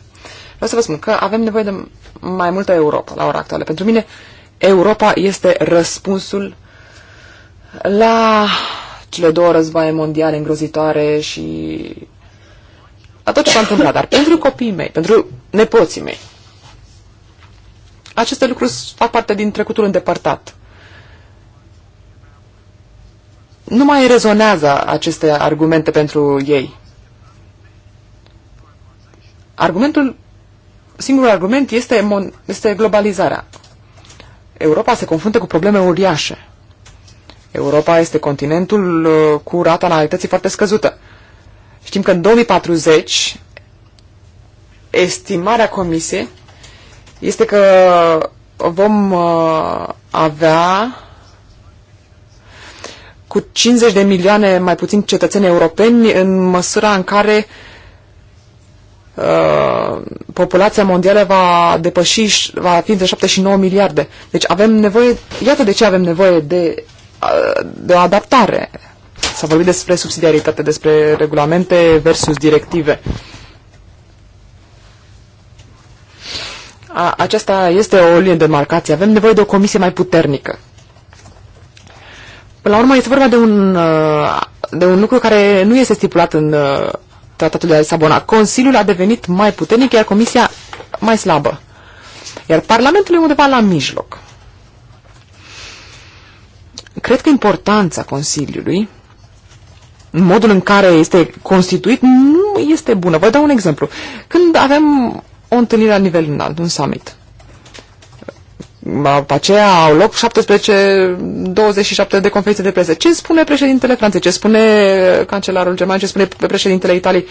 S1: Vreau să vă spun că avem nevoie de mai multă Europa la ora actuală. Pentru mine, Europa este răspunsul la cele două războaie mondiale îngrozitoare și la tot ce s-a întâmplat. Dar pentru copiii mei, pentru nepoții mei, aceste lucruri fac parte din trecutul îndepărtat. Nu mai rezonează aceste argumente pentru ei. Argumentul singurul argument este, mon- este globalizarea. Europa se confruntă cu probleme uriașe. Europa este continentul uh, cu rata analității foarte scăzută. Știm că în 2040 estimarea comisiei este că vom uh, avea cu 50 de milioane mai puțin cetățeni europeni în măsura în care uh, uh, populația mondială va depăși, va fi între 7 și 9 miliarde. Deci avem nevoie, iată de ce avem nevoie de, uh, de o adaptare. S-a vorbit despre subsidiaritate, despre regulamente versus directive. A, aceasta este o linie de marcație. Avem nevoie de o comisie mai puternică. Până la urmă, este vorba de un, uh, de un lucru care nu este stipulat în uh, tratatul de la Lisabona. Consiliul a devenit mai puternic, iar Comisia mai slabă. Iar Parlamentul e undeva la mijloc. Cred că importanța Consiliului, modul în care este constituit, nu este bună. Vă dau un exemplu. Când avem o întâlnire la nivel înalt, un summit, după aceea au loc 17, 27 de conferințe de presă. Ce spune președintele Franței? Ce spune cancelarul german? Ce spune președintele Italiei?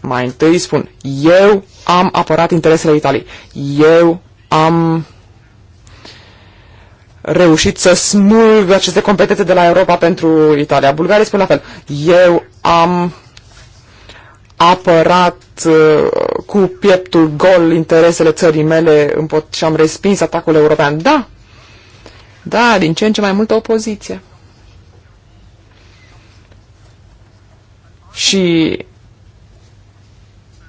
S1: Mai întâi spun, eu am apărat interesele Italiei. Eu am reușit să smulg aceste competențe de la Europa pentru Italia. Bulgarii spun la fel. Eu am apărat uh, cu pieptul gol interesele țării mele și am respins atacul european. Da, da, din ce în ce mai multă opoziție. Și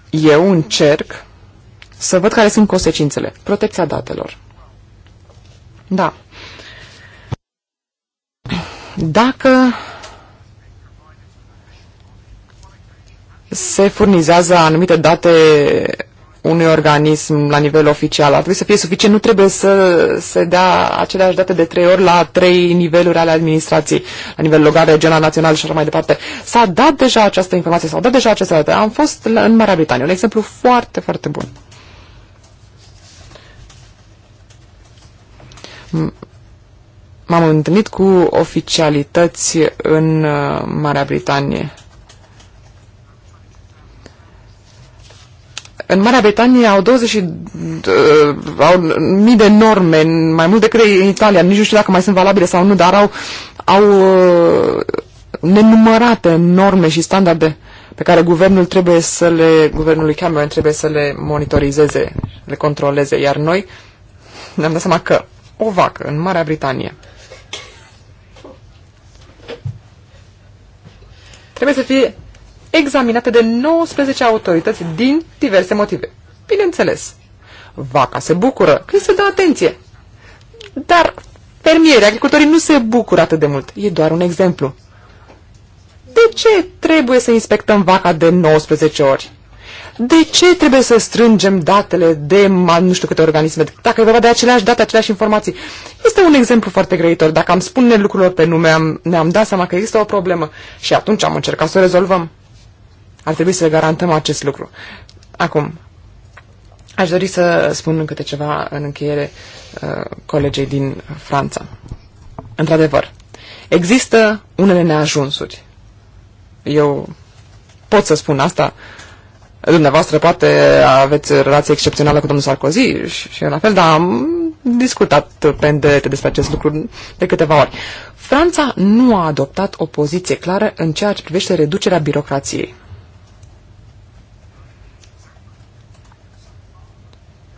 S1: eu încerc să văd care sunt consecințele. Protecția datelor. Da. Dacă se furnizează anumite date unui organism la nivel oficial. Ar trebui să fie suficient, nu trebuie să se dea aceleași date de trei ori la trei niveluri ale administrației, la nivel local, regional, național și așa mai departe. S-a dat deja această informație, s-au dat deja aceste date. Am fost în Marea Britanie, un exemplu foarte, foarte bun. M-am întâlnit cu oficialități în uh, Marea Britanie În Marea Britanie au 20 uh, au mii de norme, mai mult decât în Italia, nici nu știu dacă mai sunt valabile sau nu, dar au, au uh, nenumărate norme și standarde pe care guvernul trebuie să le, lui Cameron trebuie să le monitorizeze, le controleze, iar noi ne-am dat seama că o vacă în Marea Britanie trebuie să fie examinate de 19 autorități din diverse motive. Bineînțeles, vaca se bucură că se dă atenție. Dar fermierii, agricultorii nu se bucură atât de mult. E doar un exemplu. De ce trebuie să inspectăm vaca de 19 ori? De ce trebuie să strângem datele de nu știu câte organisme? Dacă e vorba de aceleași date, aceleași informații. Este un exemplu foarte greitor. Dacă am spune lucrurilor pe nume, am, ne-am dat seama că există o problemă și atunci am încercat să o rezolvăm. Ar trebui să le garantăm acest lucru. Acum, aș dori să spun câte ceva în încheiere uh, colegei din Franța. Într-adevăr, există unele neajunsuri. Eu pot să spun asta. Dumneavoastră poate aveți relație excepțională cu domnul Sarkozy și, și la fel, dar am discutat pe îndelete despre acest lucru de câteva ori. Franța nu a adoptat o poziție clară în ceea ce privește reducerea birocrației.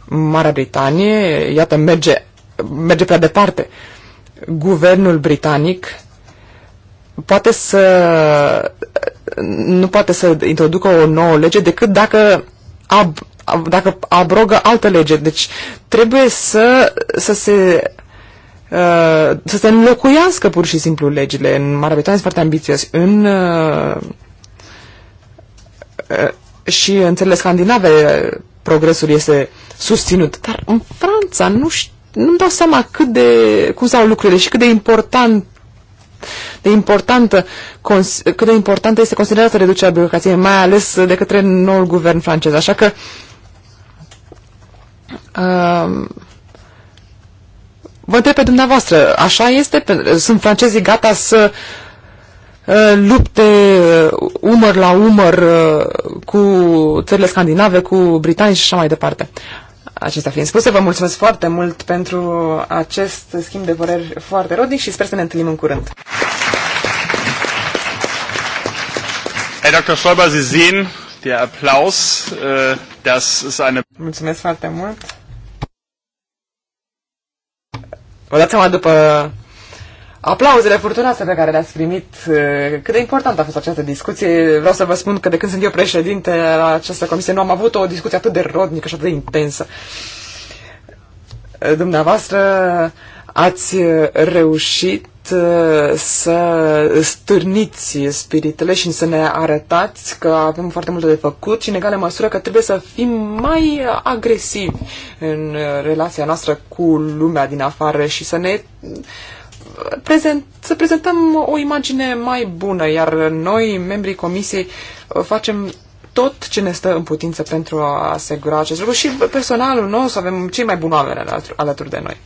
S1: Marea Britanie, iată, merge, merge prea departe. Guvernul britanic poate să nu poate să introducă o nouă lege decât dacă ab, dacă abrogă altă lege. Deci trebuie să, să se uh, să se înlocuiască pur și simplu legile. În Marea Britanie sunt foarte ambițios. În uh, uh, și în țările scandinave uh, progresul este susținut. Dar în Franța nu știu, nu-mi dau seama cât de, cum stau lucrurile și cât de important de importantă, cât de importantă este considerată reducerea birocrației, mai ales de către noul guvern francez. Așa că uh, vă întreb pe dumneavoastră, așa este? Sunt francezii gata să uh, lupte uh, umăr la umăr uh, cu țările scandinave, cu britanii și așa mai departe. Uh, Acestea fiind spuse, vă mulțumesc foarte mult pentru acest schimb de păreri foarte rodnic și sper să ne întâlnim în curând. Hey, Dr. Stoiber, Sie sehen, der Applaus, äh, das ist eine... Mulțumesc foarte mult. Vă dați seama după aplauzele furtunoase pe care le-ați primit. Cât de importantă a fost această discuție. Vreau să vă spun că de când sunt eu președinte la această comisie nu am avut o discuție atât de rodnică și atât de intensă. Dumneavoastră ați reușit să stârniți spiritele și să ne arătați că avem foarte multe de făcut și în egală măsură că trebuie să fim mai agresivi în relația noastră cu lumea din afară și să ne prezent, să prezentăm o imagine mai bună, iar noi, membrii comisiei, facem tot ce ne stă în putință pentru a asigura acest lucru și personalul nostru avem cei mai buni oameni alături de noi.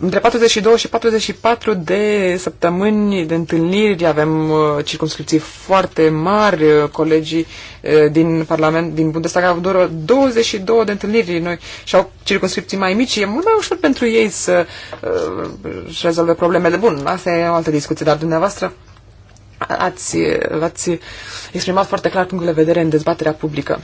S1: Între 42 și 44 de săptămâni de întâlniri avem uh, circunscripții foarte mari, uh, colegii uh, din Parlament, din Bundestag au doar 22 de întâlniri noi și au circunscripții mai mici. E mult mai ușor pentru ei să uh, rezolve problemele. Bun, asta e o altă discuție, dar dumneavoastră ați, ați exprimat foarte clar punctul de vedere în dezbaterea publică.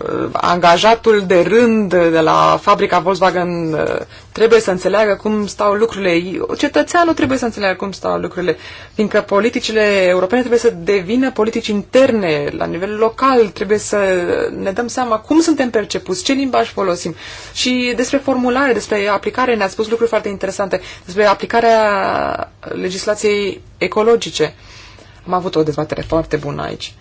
S1: Uh, angajatul de rând de la fabrica Volkswagen uh, trebuie să înțeleagă cum stau lucrurile. Cetățeanul trebuie să înțeleagă cum stau lucrurile, fiindcă politicile europene trebuie să devină politici interne, la nivel local, trebuie să ne dăm seama cum suntem percepuți, ce limbaj folosim. Și despre formulare, despre aplicare, ne-a spus lucruri foarte interesante, despre aplicarea legislației ecologice. Am avut o dezbatere foarte bună aici.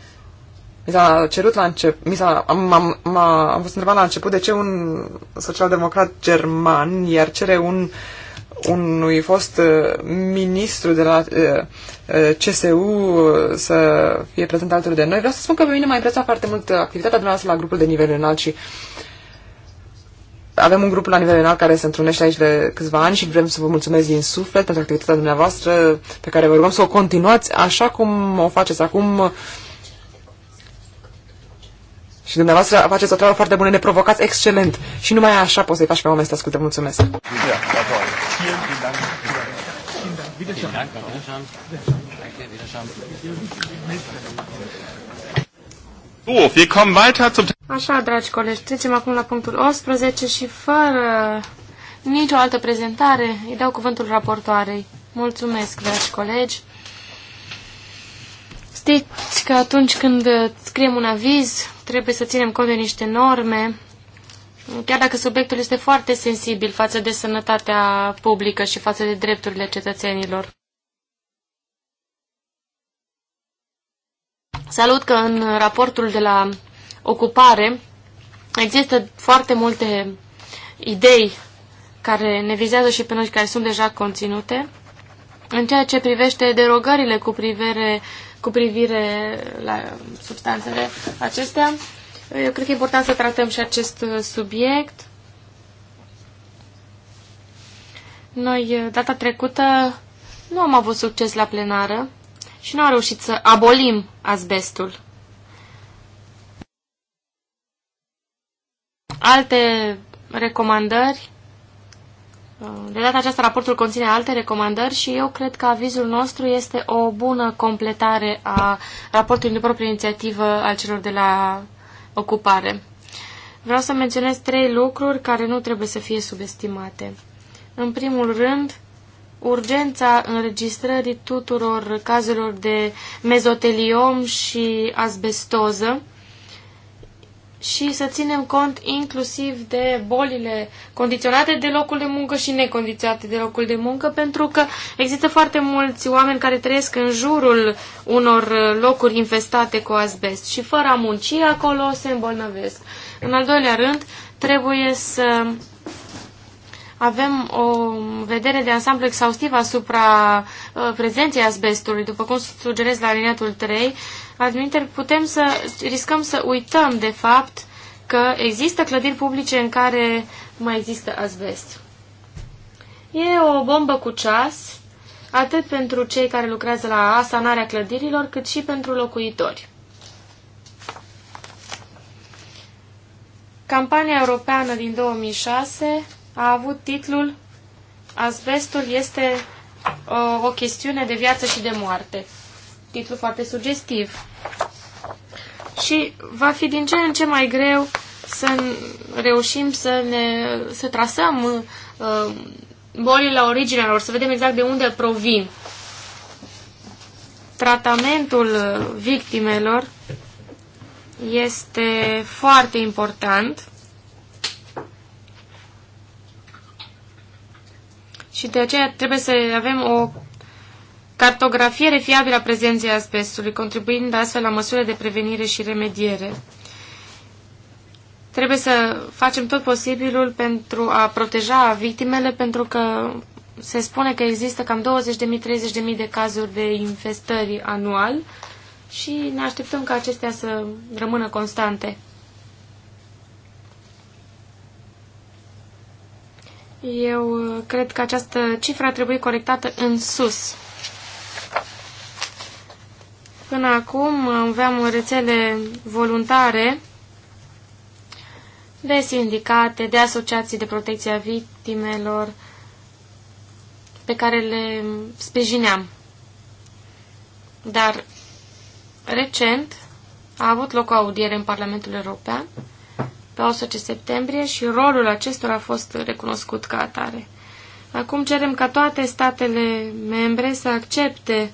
S1: Mi s-a cerut la început, mi s-a, am, am, am, am fost întrebat la început de ce un social-democrat german iar cere un unui fost uh, ministru de la uh, uh CSU uh, să fie prezent alături de noi. Vreau să spun că pe mine m-a impresionat foarte mult activitatea dumneavoastră la grupul de nivel înalt și avem un grup la nivel înalt care se întrunește aici de câțiva ani și vrem să vă mulțumesc din suflet pentru activitatea dumneavoastră pe care vă rugăm să o continuați așa cum o faceți acum și dumneavoastră faceți o treabă foarte bună, ne provocați excelent. Și numai așa poți să-i faci pe oameni să te asculte. Mulțumesc! Da, da.
S2: Așa, dragi colegi, trecem acum la punctul 11 și fără nicio altă prezentare îi dau cuvântul raportoarei. Mulțumesc, dragi colegi! Știți că atunci când scriem un aviz, Trebuie să ținem cont de niște norme, chiar dacă subiectul este foarte sensibil față de sănătatea publică și față de drepturile cetățenilor. Salut că în raportul de la ocupare există foarte multe idei care ne vizează și pe noi care sunt deja conținute. În ceea ce privește derogările cu privire uh, cu privire la substanțele acestea. Eu cred că e important să tratăm și acest subiect. Noi, eh, data trecută, nu am avut succes la plenară și nu am reușit să abolim azbestul. Alte recomandări de data aceasta raportul conține alte recomandări și eu cred că avizul nostru este o bună completare a raportului de proprie inițiativă al celor de la ocupare. Vreau să menționez trei lucruri care nu trebuie să fie subestimate. În primul rând, urgența înregistrării tuturor cazurilor de mezoteliom și asbestoză, și să ținem cont inclusiv de bolile condiționate de locul de muncă și necondiționate de locul de muncă, pentru că există foarte mulți oameni care trăiesc în jurul unor locuri infestate cu asbest și fără a munci acolo se îmbolnăvesc. În al doilea rând, trebuie să avem o vedere de ansamblu exhaustiv asupra uh, prezenței asbestului, după cum sugerez la alineatul 3, admiter, putem să riscăm să uităm, de fapt, că există clădiri publice în care mai există asbest. E o bombă cu ceas, atât pentru cei care lucrează la asanarea clădirilor, cât și pentru locuitori. Campania europeană din 2006 a avut titlul Asbestul este o, ă, o chestiune de viață și de moarte. Titlu foarte sugestiv. Și va fi din ce în ce mai greu să reușim să ne să trasăm uh, bolile la originea lor, să vedem exact de unde provin. Tratamentul ă, victimelor este foarte important și de aceea trebuie să avem o cartografiere fiabilă a prezenței asbestului, contribuind astfel la măsurile de prevenire și remediere. Trebuie să facem tot posibilul pentru a proteja victimele, pentru că se spune că există cam 20.000-30.000 de cazuri de infestări anual și ne așteptăm ca acestea să rămână constante. Eu uh, cred că această cifră a trebuit corectată în sus. Până acum aveam rețele voluntare de sindicate, de asociații de protecție a victimelor pe care le sprijineam. Dar recent a avut loc o audiere în Parlamentul European pe 11 septembrie și rolul acestora a fost recunoscut ca atare. Acum cerem ca toate statele membre să accepte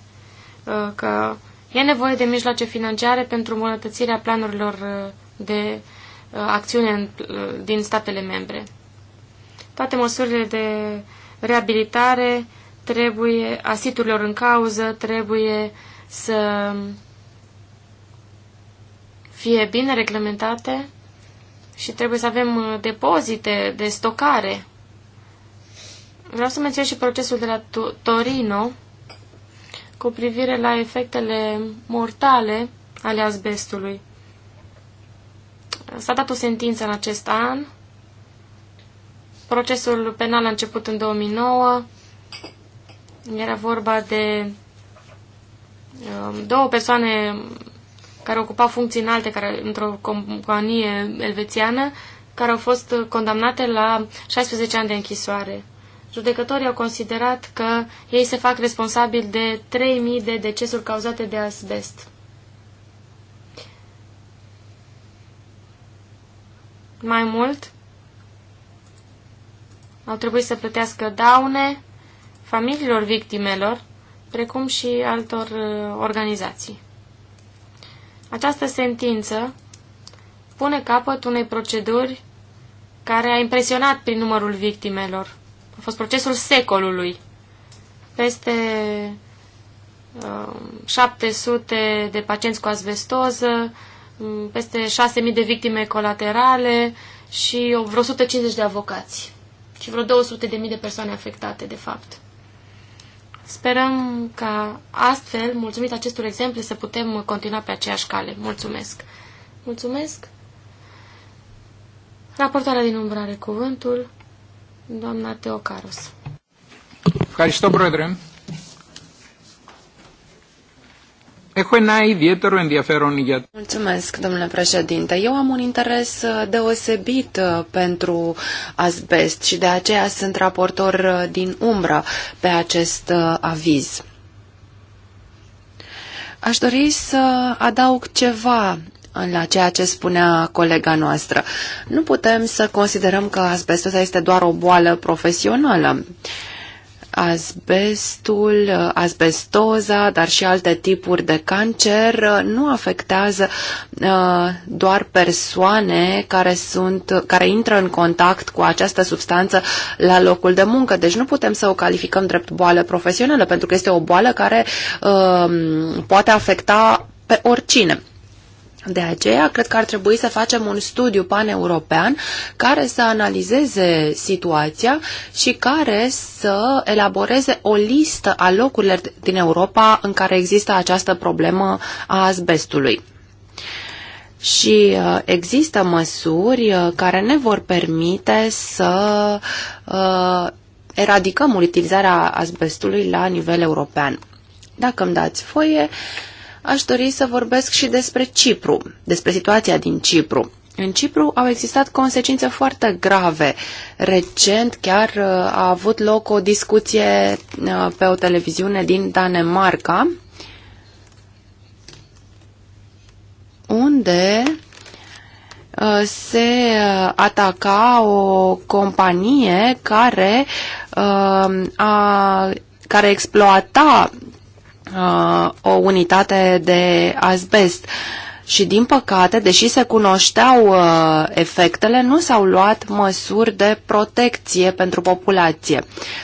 S2: uh, că e nevoie de mijloace financiare pentru îmbunătățirea planurilor uh, de uh, acțiune în, uh, din statele membre. Toate măsurile de reabilitare trebuie, a siturilor în cauză trebuie să fie bine reglementate și trebuie să avem uh, depozite de stocare. Vreau să menționez și procesul de la Torino cu privire la efectele mortale ale asbestului. S-a dat o sentință în acest an. Procesul penal a început în 2009. Era vorba de um, două persoane care ocupau funcții înalte care, într-o companie elvețiană, care au fost condamnate la 16 ani de închisoare. Judecătorii au considerat că ei se fac responsabili de 3.000 de decesuri cauzate de asbest. Mai mult, au trebuit să plătească daune familiilor victimelor, precum și altor uh, organizații. Această sentință pune capăt unei proceduri care a impresionat prin numărul victimelor. A fost procesul secolului. Peste uh, um, 700 de pacienți cu asbestoză, um, peste 6.000 de victime colaterale și vreo 150 de avocați și vreo 200.000 de persoane afectate, de fapt. Sperăm ca astfel, mulțumit acestor exemple, să putem continua pe aceeași cale. Mulțumesc! Mulțumesc! Raportarea din umbră are cuvântul doamna Teocaros.
S1: Ευχαριστώ, brădre, Έχω ένα ιδιαίτερο ενδιαφέρον για...
S3: Mulțumesc, domnule președinte. Eu am un interes uh, deosebit uh, pentru asbest și de aceea sunt raportor uh, din umbră pe acest aviz. Aș dori să adaug ceva la ceea ce spunea colega noastră. Nu putem să considerăm că asbestul este doar o boală profesională. Uh, Asbestul, asbestoza, dar și alte tipuri de cancer nu afectează uh, doar persoane care, sunt, care intră în contact cu această substanță la locul de muncă. Deci nu putem să o calificăm drept boală profesională, pentru că este o boală care uh, poate afecta pe oricine. De aceea, cred că ar trebui să facem un studiu paneuropean care să analizeze situația și care să elaboreze o listă a locurilor din Europa în care există această problemă a asbestului. Și uh, există măsuri uh, care ne vor permite să uh, eradicăm utilizarea asbestului la nivel european. Dacă îmi dați foie, uh, aș dori să vorbesc și despre Cipru, despre situația din Cipru. În Cipru au existat consecințe foarte grave. Recent chiar uh, a avut loc o discuție uh, pe o televiziune din Danemarca, unde uh, se ataca o companie care, a, care exploata uh, o unitate de asbest. Și din păcate, deși se cunoșteau uh, efectele, nu s-au luat măsuri de protecție pentru populație.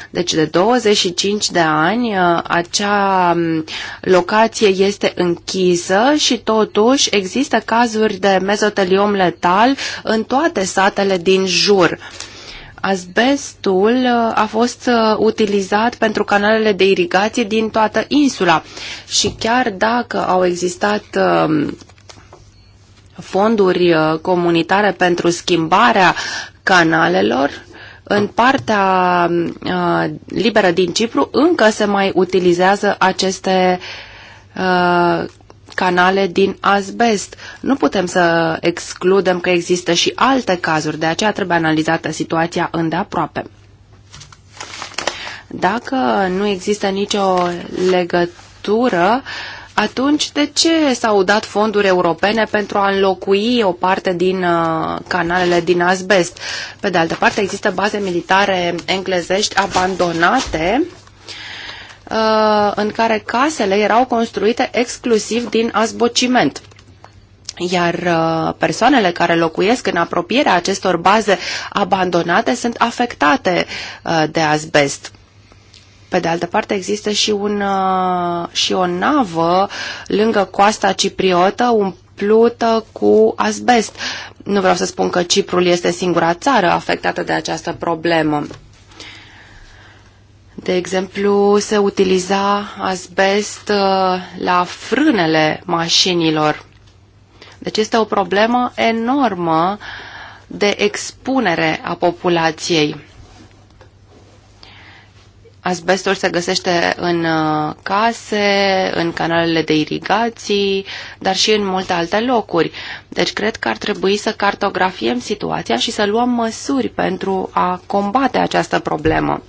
S3: Deci de 25 de ani uh, acea um, locație este închisă și totuși există cazuri de mezoteliom letal în toate satele din jur. Uh, Asbestul uh, a fost uh, utilizat pentru canalele de irigație din toată insula și chiar dacă au existat um, fonduri uh, comunitare pentru schimbarea canalelor, în partea um, uh, liberă din Cipru încă se mai utilizează aceste uh, canale din azbest. Nu putem să excludem că există și alte cazuri, de aceea trebuie analizată situația îndeaproape. Dacă nu există nicio legătură, atunci de ce s-au dat fonduri europene pentru a înlocui o parte din uh, canalele din azbest? Pe de altă parte, există baze militare englezești abandonate Uh, în care casele erau construite exclusiv din azbociment iar uh, persoanele care locuiesc în apropierea acestor baze abandonate sunt afectate uh, de azbest. Pe de altă parte, există și, un, și o navă lângă coasta cipriotă, umplută cu azbest. Nu vreau să spun că Ciprul este singura țară afectată de această problemă. De exemplu, se utiliza asbest uh, la frânele mașinilor. Deci este o problemă enormă de expunere a populației. Asbestul se găsește în uh, case, în canalele de irigații, dar și în multe alte locuri. Deci cred că ar trebui să cartografiem situația și să luăm măsuri pentru a combate această problemă.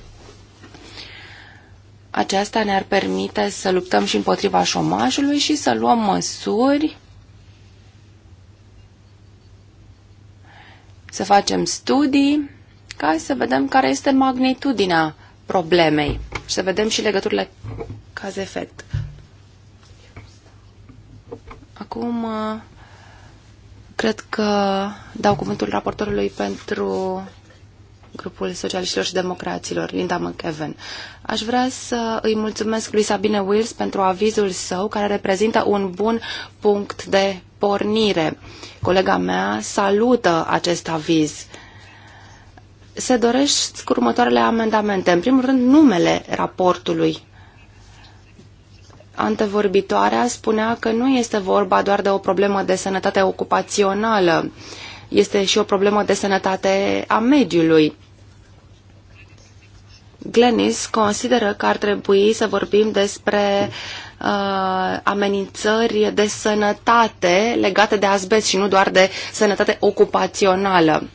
S3: Aceasta ne-ar permite să luptăm și împotriva șomajului și să luăm măsuri, să facem studii ca să vedem care este magnitudinea problemei și să vedem și legăturile caz-efect. Acum, uh, cred că dau cuvântul raportorului pentru grupul socialiștilor și democraților, Linda McEwen. Aș vrea să îi mulțumesc lui Sabine Wills pentru avizul său, care reprezintă un bun punct de pornire. Colega mea salută acest aviz se doresc următoarele amendamente. În primul rând, numele raportului. Antevorbitoarea spunea că nu este vorba doar de o problemă de sănătate ocupațională, este și o problemă de sănătate a mediului. Glenis consideră că ar trebui să vorbim despre uh, amenințări de sănătate legate de asbest și nu doar de sănătate ocupațională.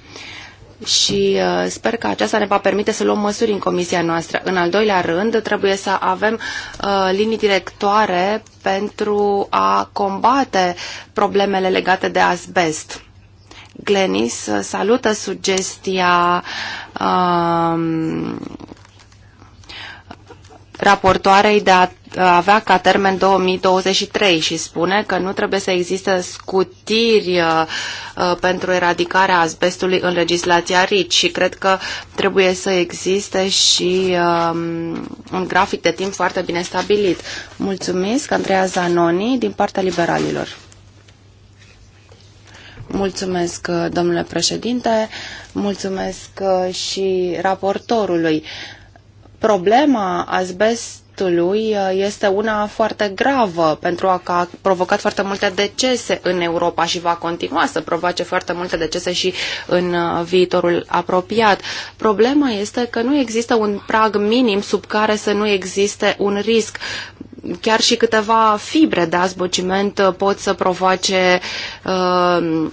S3: Și uh, sper că aceasta ne va permite să luăm măsuri în comisia noastră. În al doilea rând, trebuie să avem uh, linii directoare pentru a combate problemele legate de asbest. Glenis salută sugestia uh, raportoarei de a avea ca termen 2023 și spune că nu trebuie să existe scutiri uh, uh, pentru eradicarea azbestului în legislația RIC și cred că trebuie să existe și um, un grafic de timp foarte bine stabilit. Mulțumesc, Andreea Zanoni, din partea liberalilor. Mulțumesc, uh, domnule președinte, mulțumesc și raportorului. Problema asbestului uh, este una foarte gravă pentru a că a provocat foarte multe decese în Europa și va continua să provoace foarte multe decese și în uh, viitorul apropiat. Problema este că nu există un prag minim sub care să nu existe un risc chiar și câteva fibre de azbociment uh, pot să provoace uh,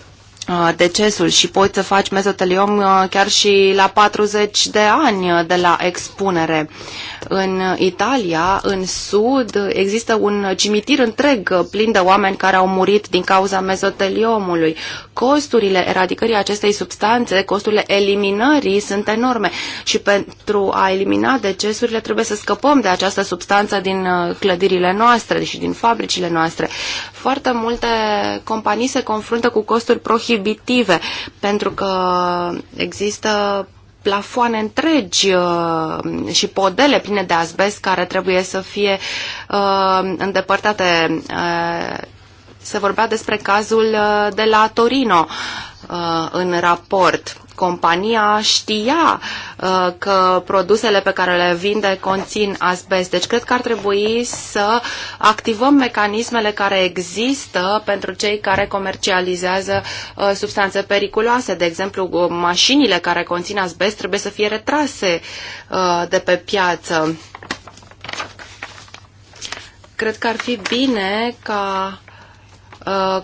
S3: Uh, decesul și poți să faci mezoteliom uh, chiar și la 40 de ani uh, de la expunere. În Italia, în sud, există un cimitir întreg plin de oameni care au murit din cauza mezoteliomului. Costurile eradicării acestei substanțe, costurile eliminării sunt enorme și pentru a elimina decesurile trebuie să scăpăm de această substanță din clădirile noastre și din fabricile noastre. Foarte multe companii se confruntă cu costuri prohibite prohibitive, pentru că există plafoane întregi uh, și podele pline de asbest care trebuie să fie uh, îndepărtate. Uh, se vorbea despre cazul de la Torino în raport compania știa uh, că produsele pe care le vinde conțin asbest. Deci cred că ar trebui să activăm mecanismele care există pentru cei care comercializează uh, substanțe periculoase. De exemplu, uh, mașinile care conțin asbest trebuie să fie retrase uh, de pe piață. Cred că ar fi bine ca uh,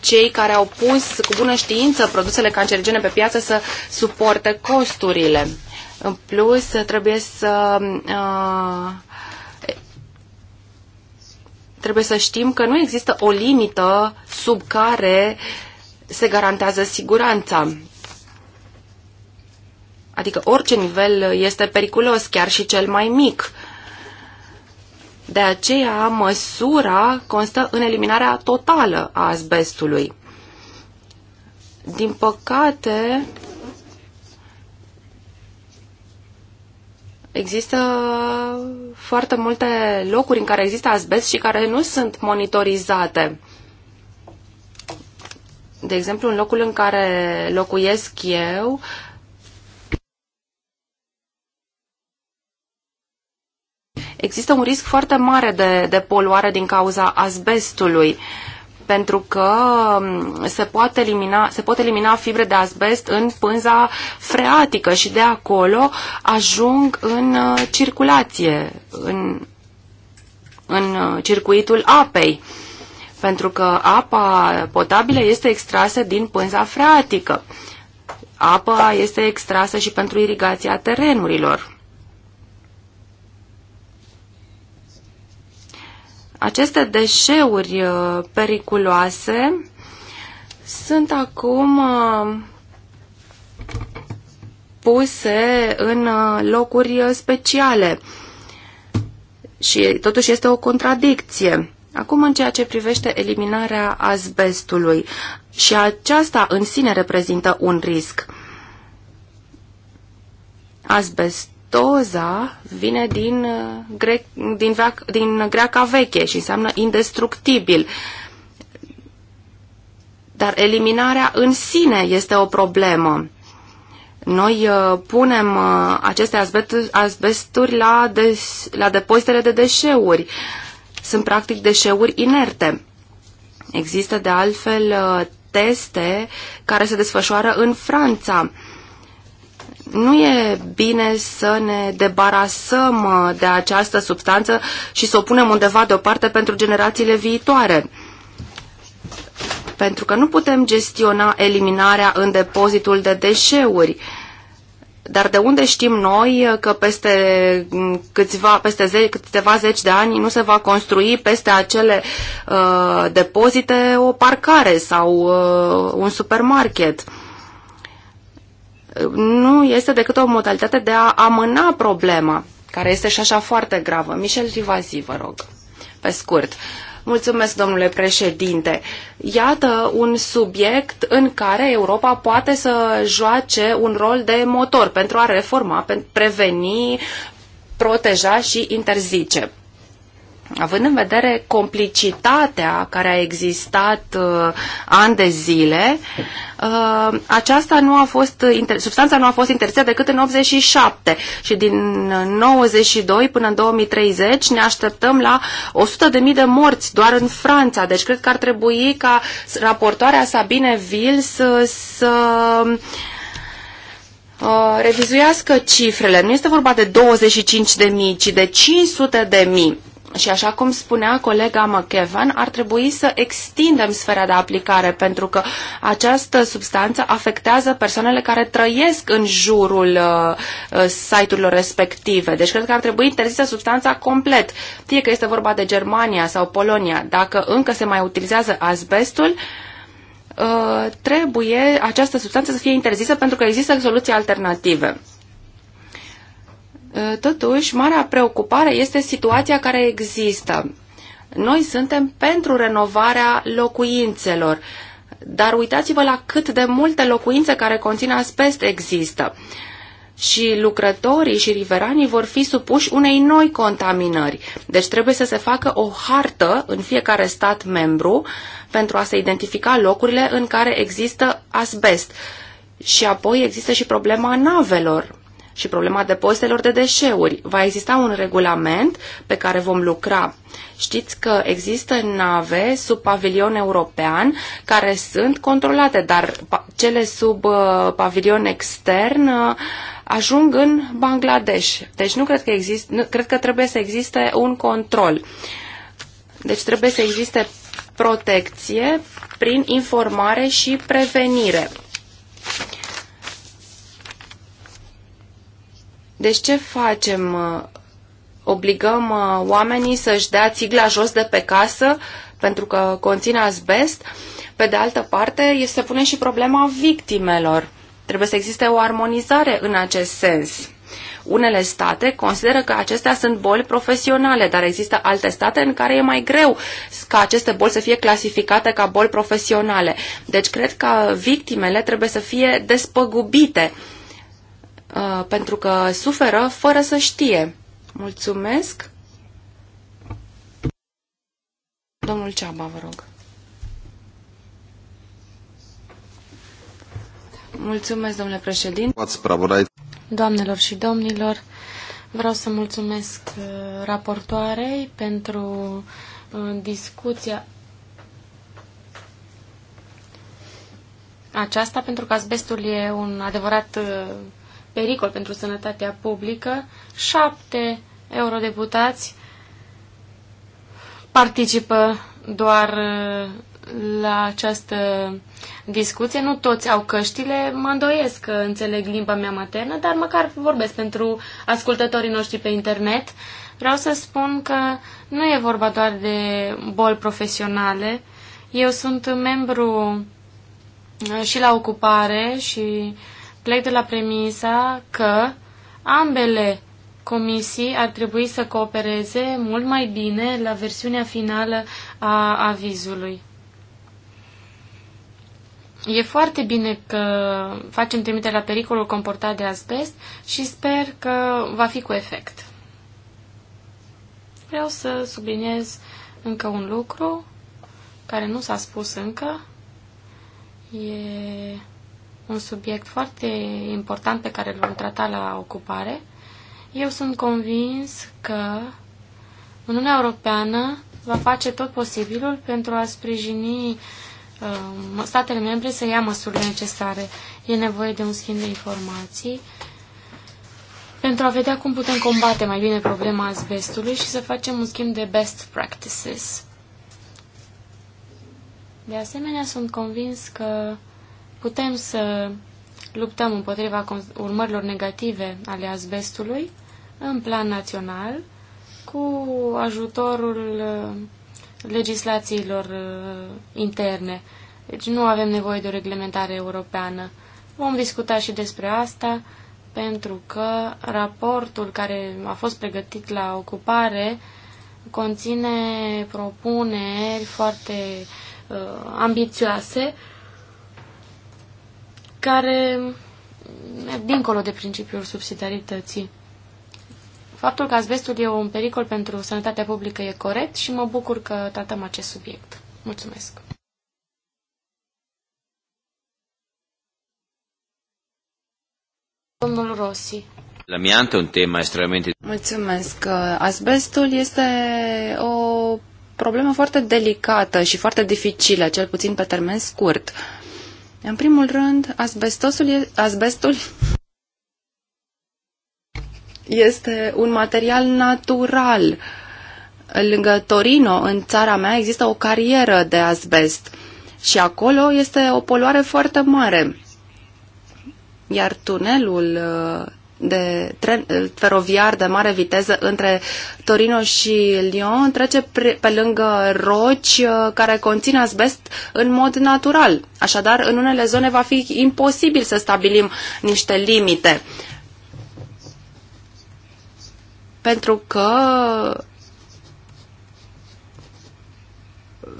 S3: cei care au pus cu bună știință produsele cancerigene pe piață să suporte costurile. În plus, trebuie să uh, trebuie să știm că nu există o limită sub care se garantează siguranța. Adică orice nivel este periculos, chiar și cel mai mic. De aceea, măsura constă în eliminarea totală a asbestului. Din păcate, există foarte multe locuri în care există asbest și care nu sunt monitorizate. De exemplu, în locul în care locuiesc eu, Există un risc foarte mare de, de poluare din cauza asbestului pentru că um, se, poate elimina, se pot elimina fibre de asbest în pânza freatică și de acolo ajung în uh, circulație, în, în uh, circuitul apei, pentru că apa potabilă este extrasă din pânza freatică. Apa este extrasă și pentru irigația terenurilor. Aceste deșeuri uh, periculoase sunt acum uh, puse în uh, locuri speciale și totuși este o contradicție. Acum în ceea ce privește eliminarea azbestului și aceasta în sine reprezintă un risc. Azbest Toza vine din, uh, gre- din, veac- din greaca veche și înseamnă indestructibil. Dar eliminarea în sine este o problemă. Noi uh, punem uh, aceste asbesturi, la, des, la depozitele de deșeuri. Sunt practic deșeuri inerte. Există de altfel uh, teste care se desfășoară în Franța. Uh, nu e bine să ne debarasăm uh, de această substanță și să o punem undeva deoparte pentru generațiile viitoare pentru că nu putem gestiona eliminarea în depozitul de deșeuri. Dar de unde știm noi că peste mm, câțiva, peste ze câteva zeci de ani nu se va construi peste acele uh, depozite o parcare sau uh, un supermarket? Uh, nu este decât o modalitate de a amâna problema, care este și așa foarte gravă. Michel Rivazi, vă rog, pe scurt. Mulțumesc, domnule președinte. Iată un subiect în care Europa poate să joace un rol de motor pentru a reforma, pentru a preveni, proteja și interzice având în vedere complicitatea care a existat uh, ani de zile, uh, aceasta nu a fost substanța nu a fost interzisă decât în 87 și din 92 uh, până în 2030 ne așteptăm la 100.000 de morți doar în Franța. Deci cred că ar trebui ca raportoarea Sabine Vil să, să Uh, revizuiască cifrele. Nu este vorba de 25 de mii, ci de 500 de mii. Și așa cum spunea colega McKevan, ar trebui să extindem sfera de aplicare, pentru că această substanță afectează persoanele care trăiesc în jurul uh, uh, site-urilor respective. Deci cred că ar trebui interzisă substanța complet. Fie că este vorba de Germania sau Polonia, dacă încă se mai utilizează asbestul, uh, trebuie această substanță să fie interzisă pentru că există soluții alternative. Totuși, marea preocupare este situația care există. Noi suntem pentru renovarea locuințelor, dar uitați-vă la cât de multe locuințe care conțin asbest există. Și lucrătorii și riveranii vor fi supuși unei noi contaminări. Deci trebuie să se facă o hartă în fiecare stat membru pentru a se identifica locurile în care există asbest. Și apoi există și problema navelor și problema depozitelor de deșeuri. Va exista un regulament pe care vom lucra. Știți că există nave sub pavilion european care sunt controlate, dar cele sub uh, pavilion extern uh, ajung în Bangladesh. Deci nu cred că există, nu, cred că trebuie să existe un control. Deci trebuie să existe protecție prin informare și prevenire. Deci ce facem? Obligăm uh, oamenii să-și dea țigla jos de pe casă pentru că conține asbest. Pe de altă parte, se pune și problema victimelor. Trebuie să existe o armonizare în acest sens. Unele state consideră că acestea sunt boli profesionale, dar există alte state în care e mai greu ca aceste boli să fie clasificate ca boli profesionale. Deci cred că victimele trebuie să fie despăgubite Uh, pentru că suferă fără să știe. Mulțumesc. Domnul Ceaba, vă rog. Mulțumesc, domnule
S2: președinte. Doamnelor și domnilor, vreau să mulțumesc uh, raportoarei pentru uh, discuția aceasta, pentru că asbestul e un adevărat pericol pentru sănătatea publică, șapte eurodeputați participă doar uh, la această discuție. Nu toți au căștile, mă îndoiesc că înțeleg limba mea maternă, dar măcar vorbesc pentru ascultătorii noștri pe internet. Vreau să spun că nu e vorba doar de boli profesionale. Eu sunt membru uh, și la ocupare și uh, Plec de la premisa că ambele comisii ar trebui să coopereze mult mai bine la versiunea finală a avizului. E foarte bine că facem trimitere la pericolul comportat de asbest și sper că va fi cu efect. Vreau să subliniez încă un lucru care nu s-a spus încă. E un subiect foarte important pe care îl vom trata la ocupare. Eu sunt convins că Uniunea Europeană va face tot posibilul pentru a sprijini uh, statele membre să ia măsurile necesare. E nevoie de un schimb de informații pentru a vedea cum putem combate mai bine problema asbestului și să facem un schimb de best practices. De asemenea, sunt convins că Putem să luptăm împotriva urmărilor negative ale azbestului în plan național cu ajutorul uh, legislațiilor uh, interne. Deci nu avem nevoie de o reglementare europeană. Vom discuta și despre asta pentru că raportul care a fost pregătit la ocupare conține propuneri foarte uh, ambițioase care merg dincolo de principiul subsidiarității. Faptul că asbestul e un pericol pentru sănătatea publică e corect și mă bucur că tratăm acest subiect. Mulțumesc!
S3: Domnul Rossi.
S2: L'amianto un tema estremamente...
S3: Mulțumesc! Asbestul este o problemă foarte delicată și foarte dificilă, cel puțin pe termen scurt. Uh, în primul rând, asbestosul e, asbestul este un material natural. Lângă Torino, în țara mea, există o carieră de asbest și acolo este o poluare foarte mare. Iar tunelul uh, de tren eh, feroviar de mare viteză între Torino și Lyon trece pe lângă roci eh, care conțin asbest în mod natural. Așadar, în unele zone va fi imposibil să stabilim niște limite. Pentru că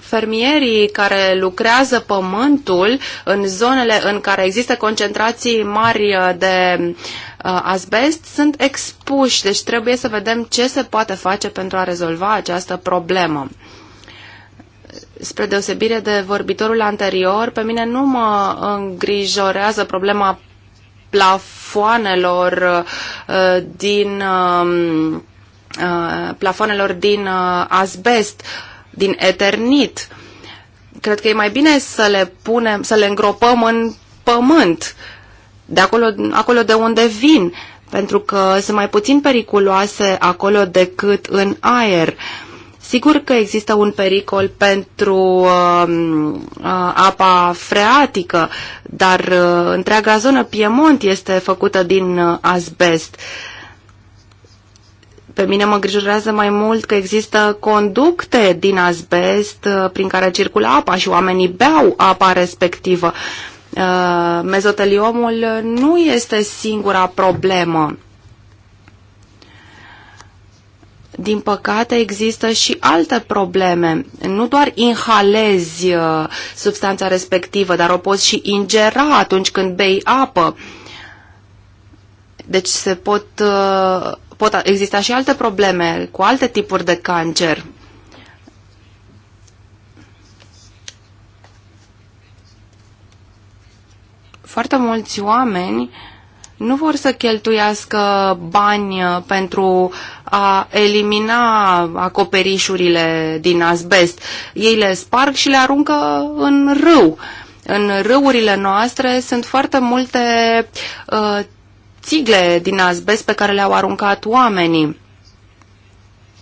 S3: fermierii care lucrează pământul în zonele în care există concentrații mari uh, de uh, asbest sunt expuși, deci trebuie să vedem ce se poate face pentru a rezolva această problemă spre deosebire de vorbitorul anterior, pe mine nu mă îngrijorează problema plafoanelor uh, din um, plafoanelor din asbest din eternit. Cred că e mai bine să le punem, să le îngropăm în pământ, de acolo, acolo de unde vin, pentru că sunt mai puțin periculoase acolo decât în aer. Sigur că există un pericol pentru uh, uh, apa freatică, dar uh, întreaga zonă Piemont este făcută din uh, asbest. Pe mine mă îngrijorează mai mult că există conducte din azbest uh, prin care circulă apa și oamenii beau apa respectivă. Uh, mezoteliomul nu este singura problemă. Din păcate, există și alte probleme. Nu doar inhalezi uh, substanța respectivă, dar o poți și ingera atunci când bei apă. Deci se pot pot exista și alte probleme cu alte tipuri de cancer. Foarte mulți oameni nu vor să cheltuiască bani uh, pentru a elimina acoperișurile din asbest. Ei le sparg și le aruncă în râu. În râurile noastre sunt foarte multe uh, țigle din azbest pe care le-au aruncat oamenii.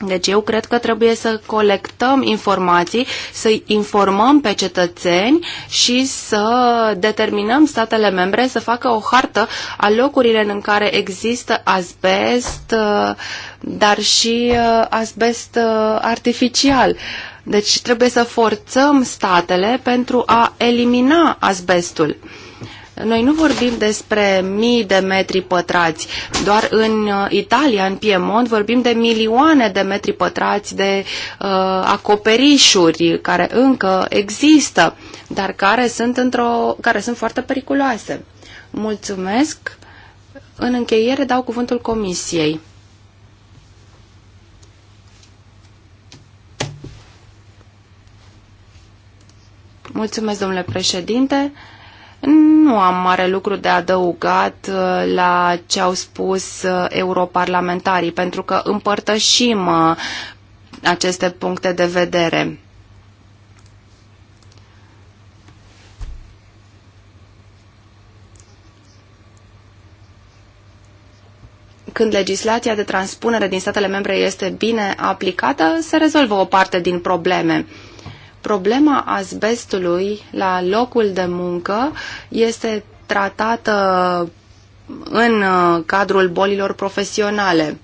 S3: Deci eu cred că trebuie să colectăm informații, să informăm pe cetățeni și să determinăm statele membre să facă o hartă a locurilor în care există azbest, uh, dar și uh, azbest uh, artificial. Deci trebuie să forțăm statele pentru a elimina azbestul. Noi nu vorbim despre mii de metri pătrați, doar în uh, Italia, în Piemont, vorbim de milioane de metri pătrați de uh, acoperișuri care încă există, dar care sunt, într-o, care sunt foarte periculoase. Mulțumesc. În încheiere dau cuvântul comisiei. Mulțumesc, domnule președinte. Nu am mare lucru de adăugat uh, la ce au spus uh, europarlamentarii, pentru că împărtășim uh, aceste puncte de vedere. când legislația de transpunere din statele membre este bine aplicată, se rezolvă o parte din probleme problema azbestului la locul de muncă este tratată în uh, cadrul bolilor profesionale.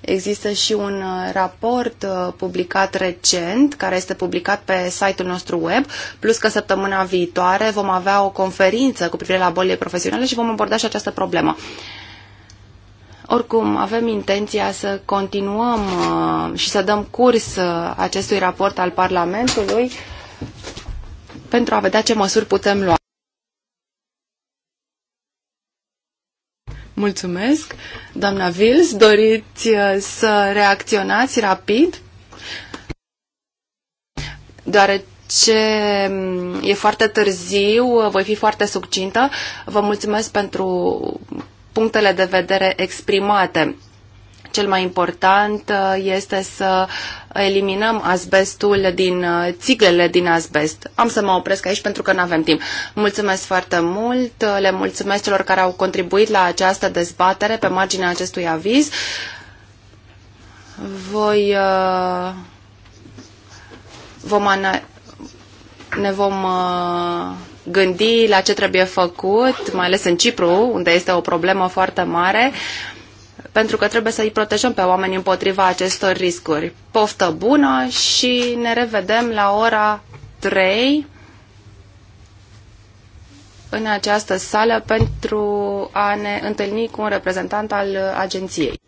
S3: Există și un uh, raport uh, publicat recent, care este publicat pe site-ul nostru web, plus că săptămâna viitoare vom avea o conferință cu privire la bolile profesionale și vom aborda și această problemă. Oricum, avem intenția să continuăm uh, și să dăm curs uh, acestui raport al Parlamentului pentru a vedea ce măsuri putem lua. Mulțumesc. Doamna Vils, doriți uh, să reacționați rapid? Deoarece ce mm, e foarte târziu, voi fi foarte succintă. Vă mulțumesc pentru punctele de vedere exprimate. Cel mai important uh, este să eliminăm asbestul din uh, țiglele din asbest. Am să mă opresc aici pentru că nu avem timp. Mulțumesc foarte mult, uh, le mulțumesc celor care au contribuit la această dezbatere pe marginea acestui aviz. Voi uh, vom ana- ne vom uh, gândi la ce trebuie făcut, mai ales în Cipru, unde este o problemă foarte mare, pentru că trebuie să îi protejăm pe oameni împotriva acestor riscuri. Poftă bună și ne revedem la ora 3 în această sală pentru a ne întâlni cu un reprezentant al agenției.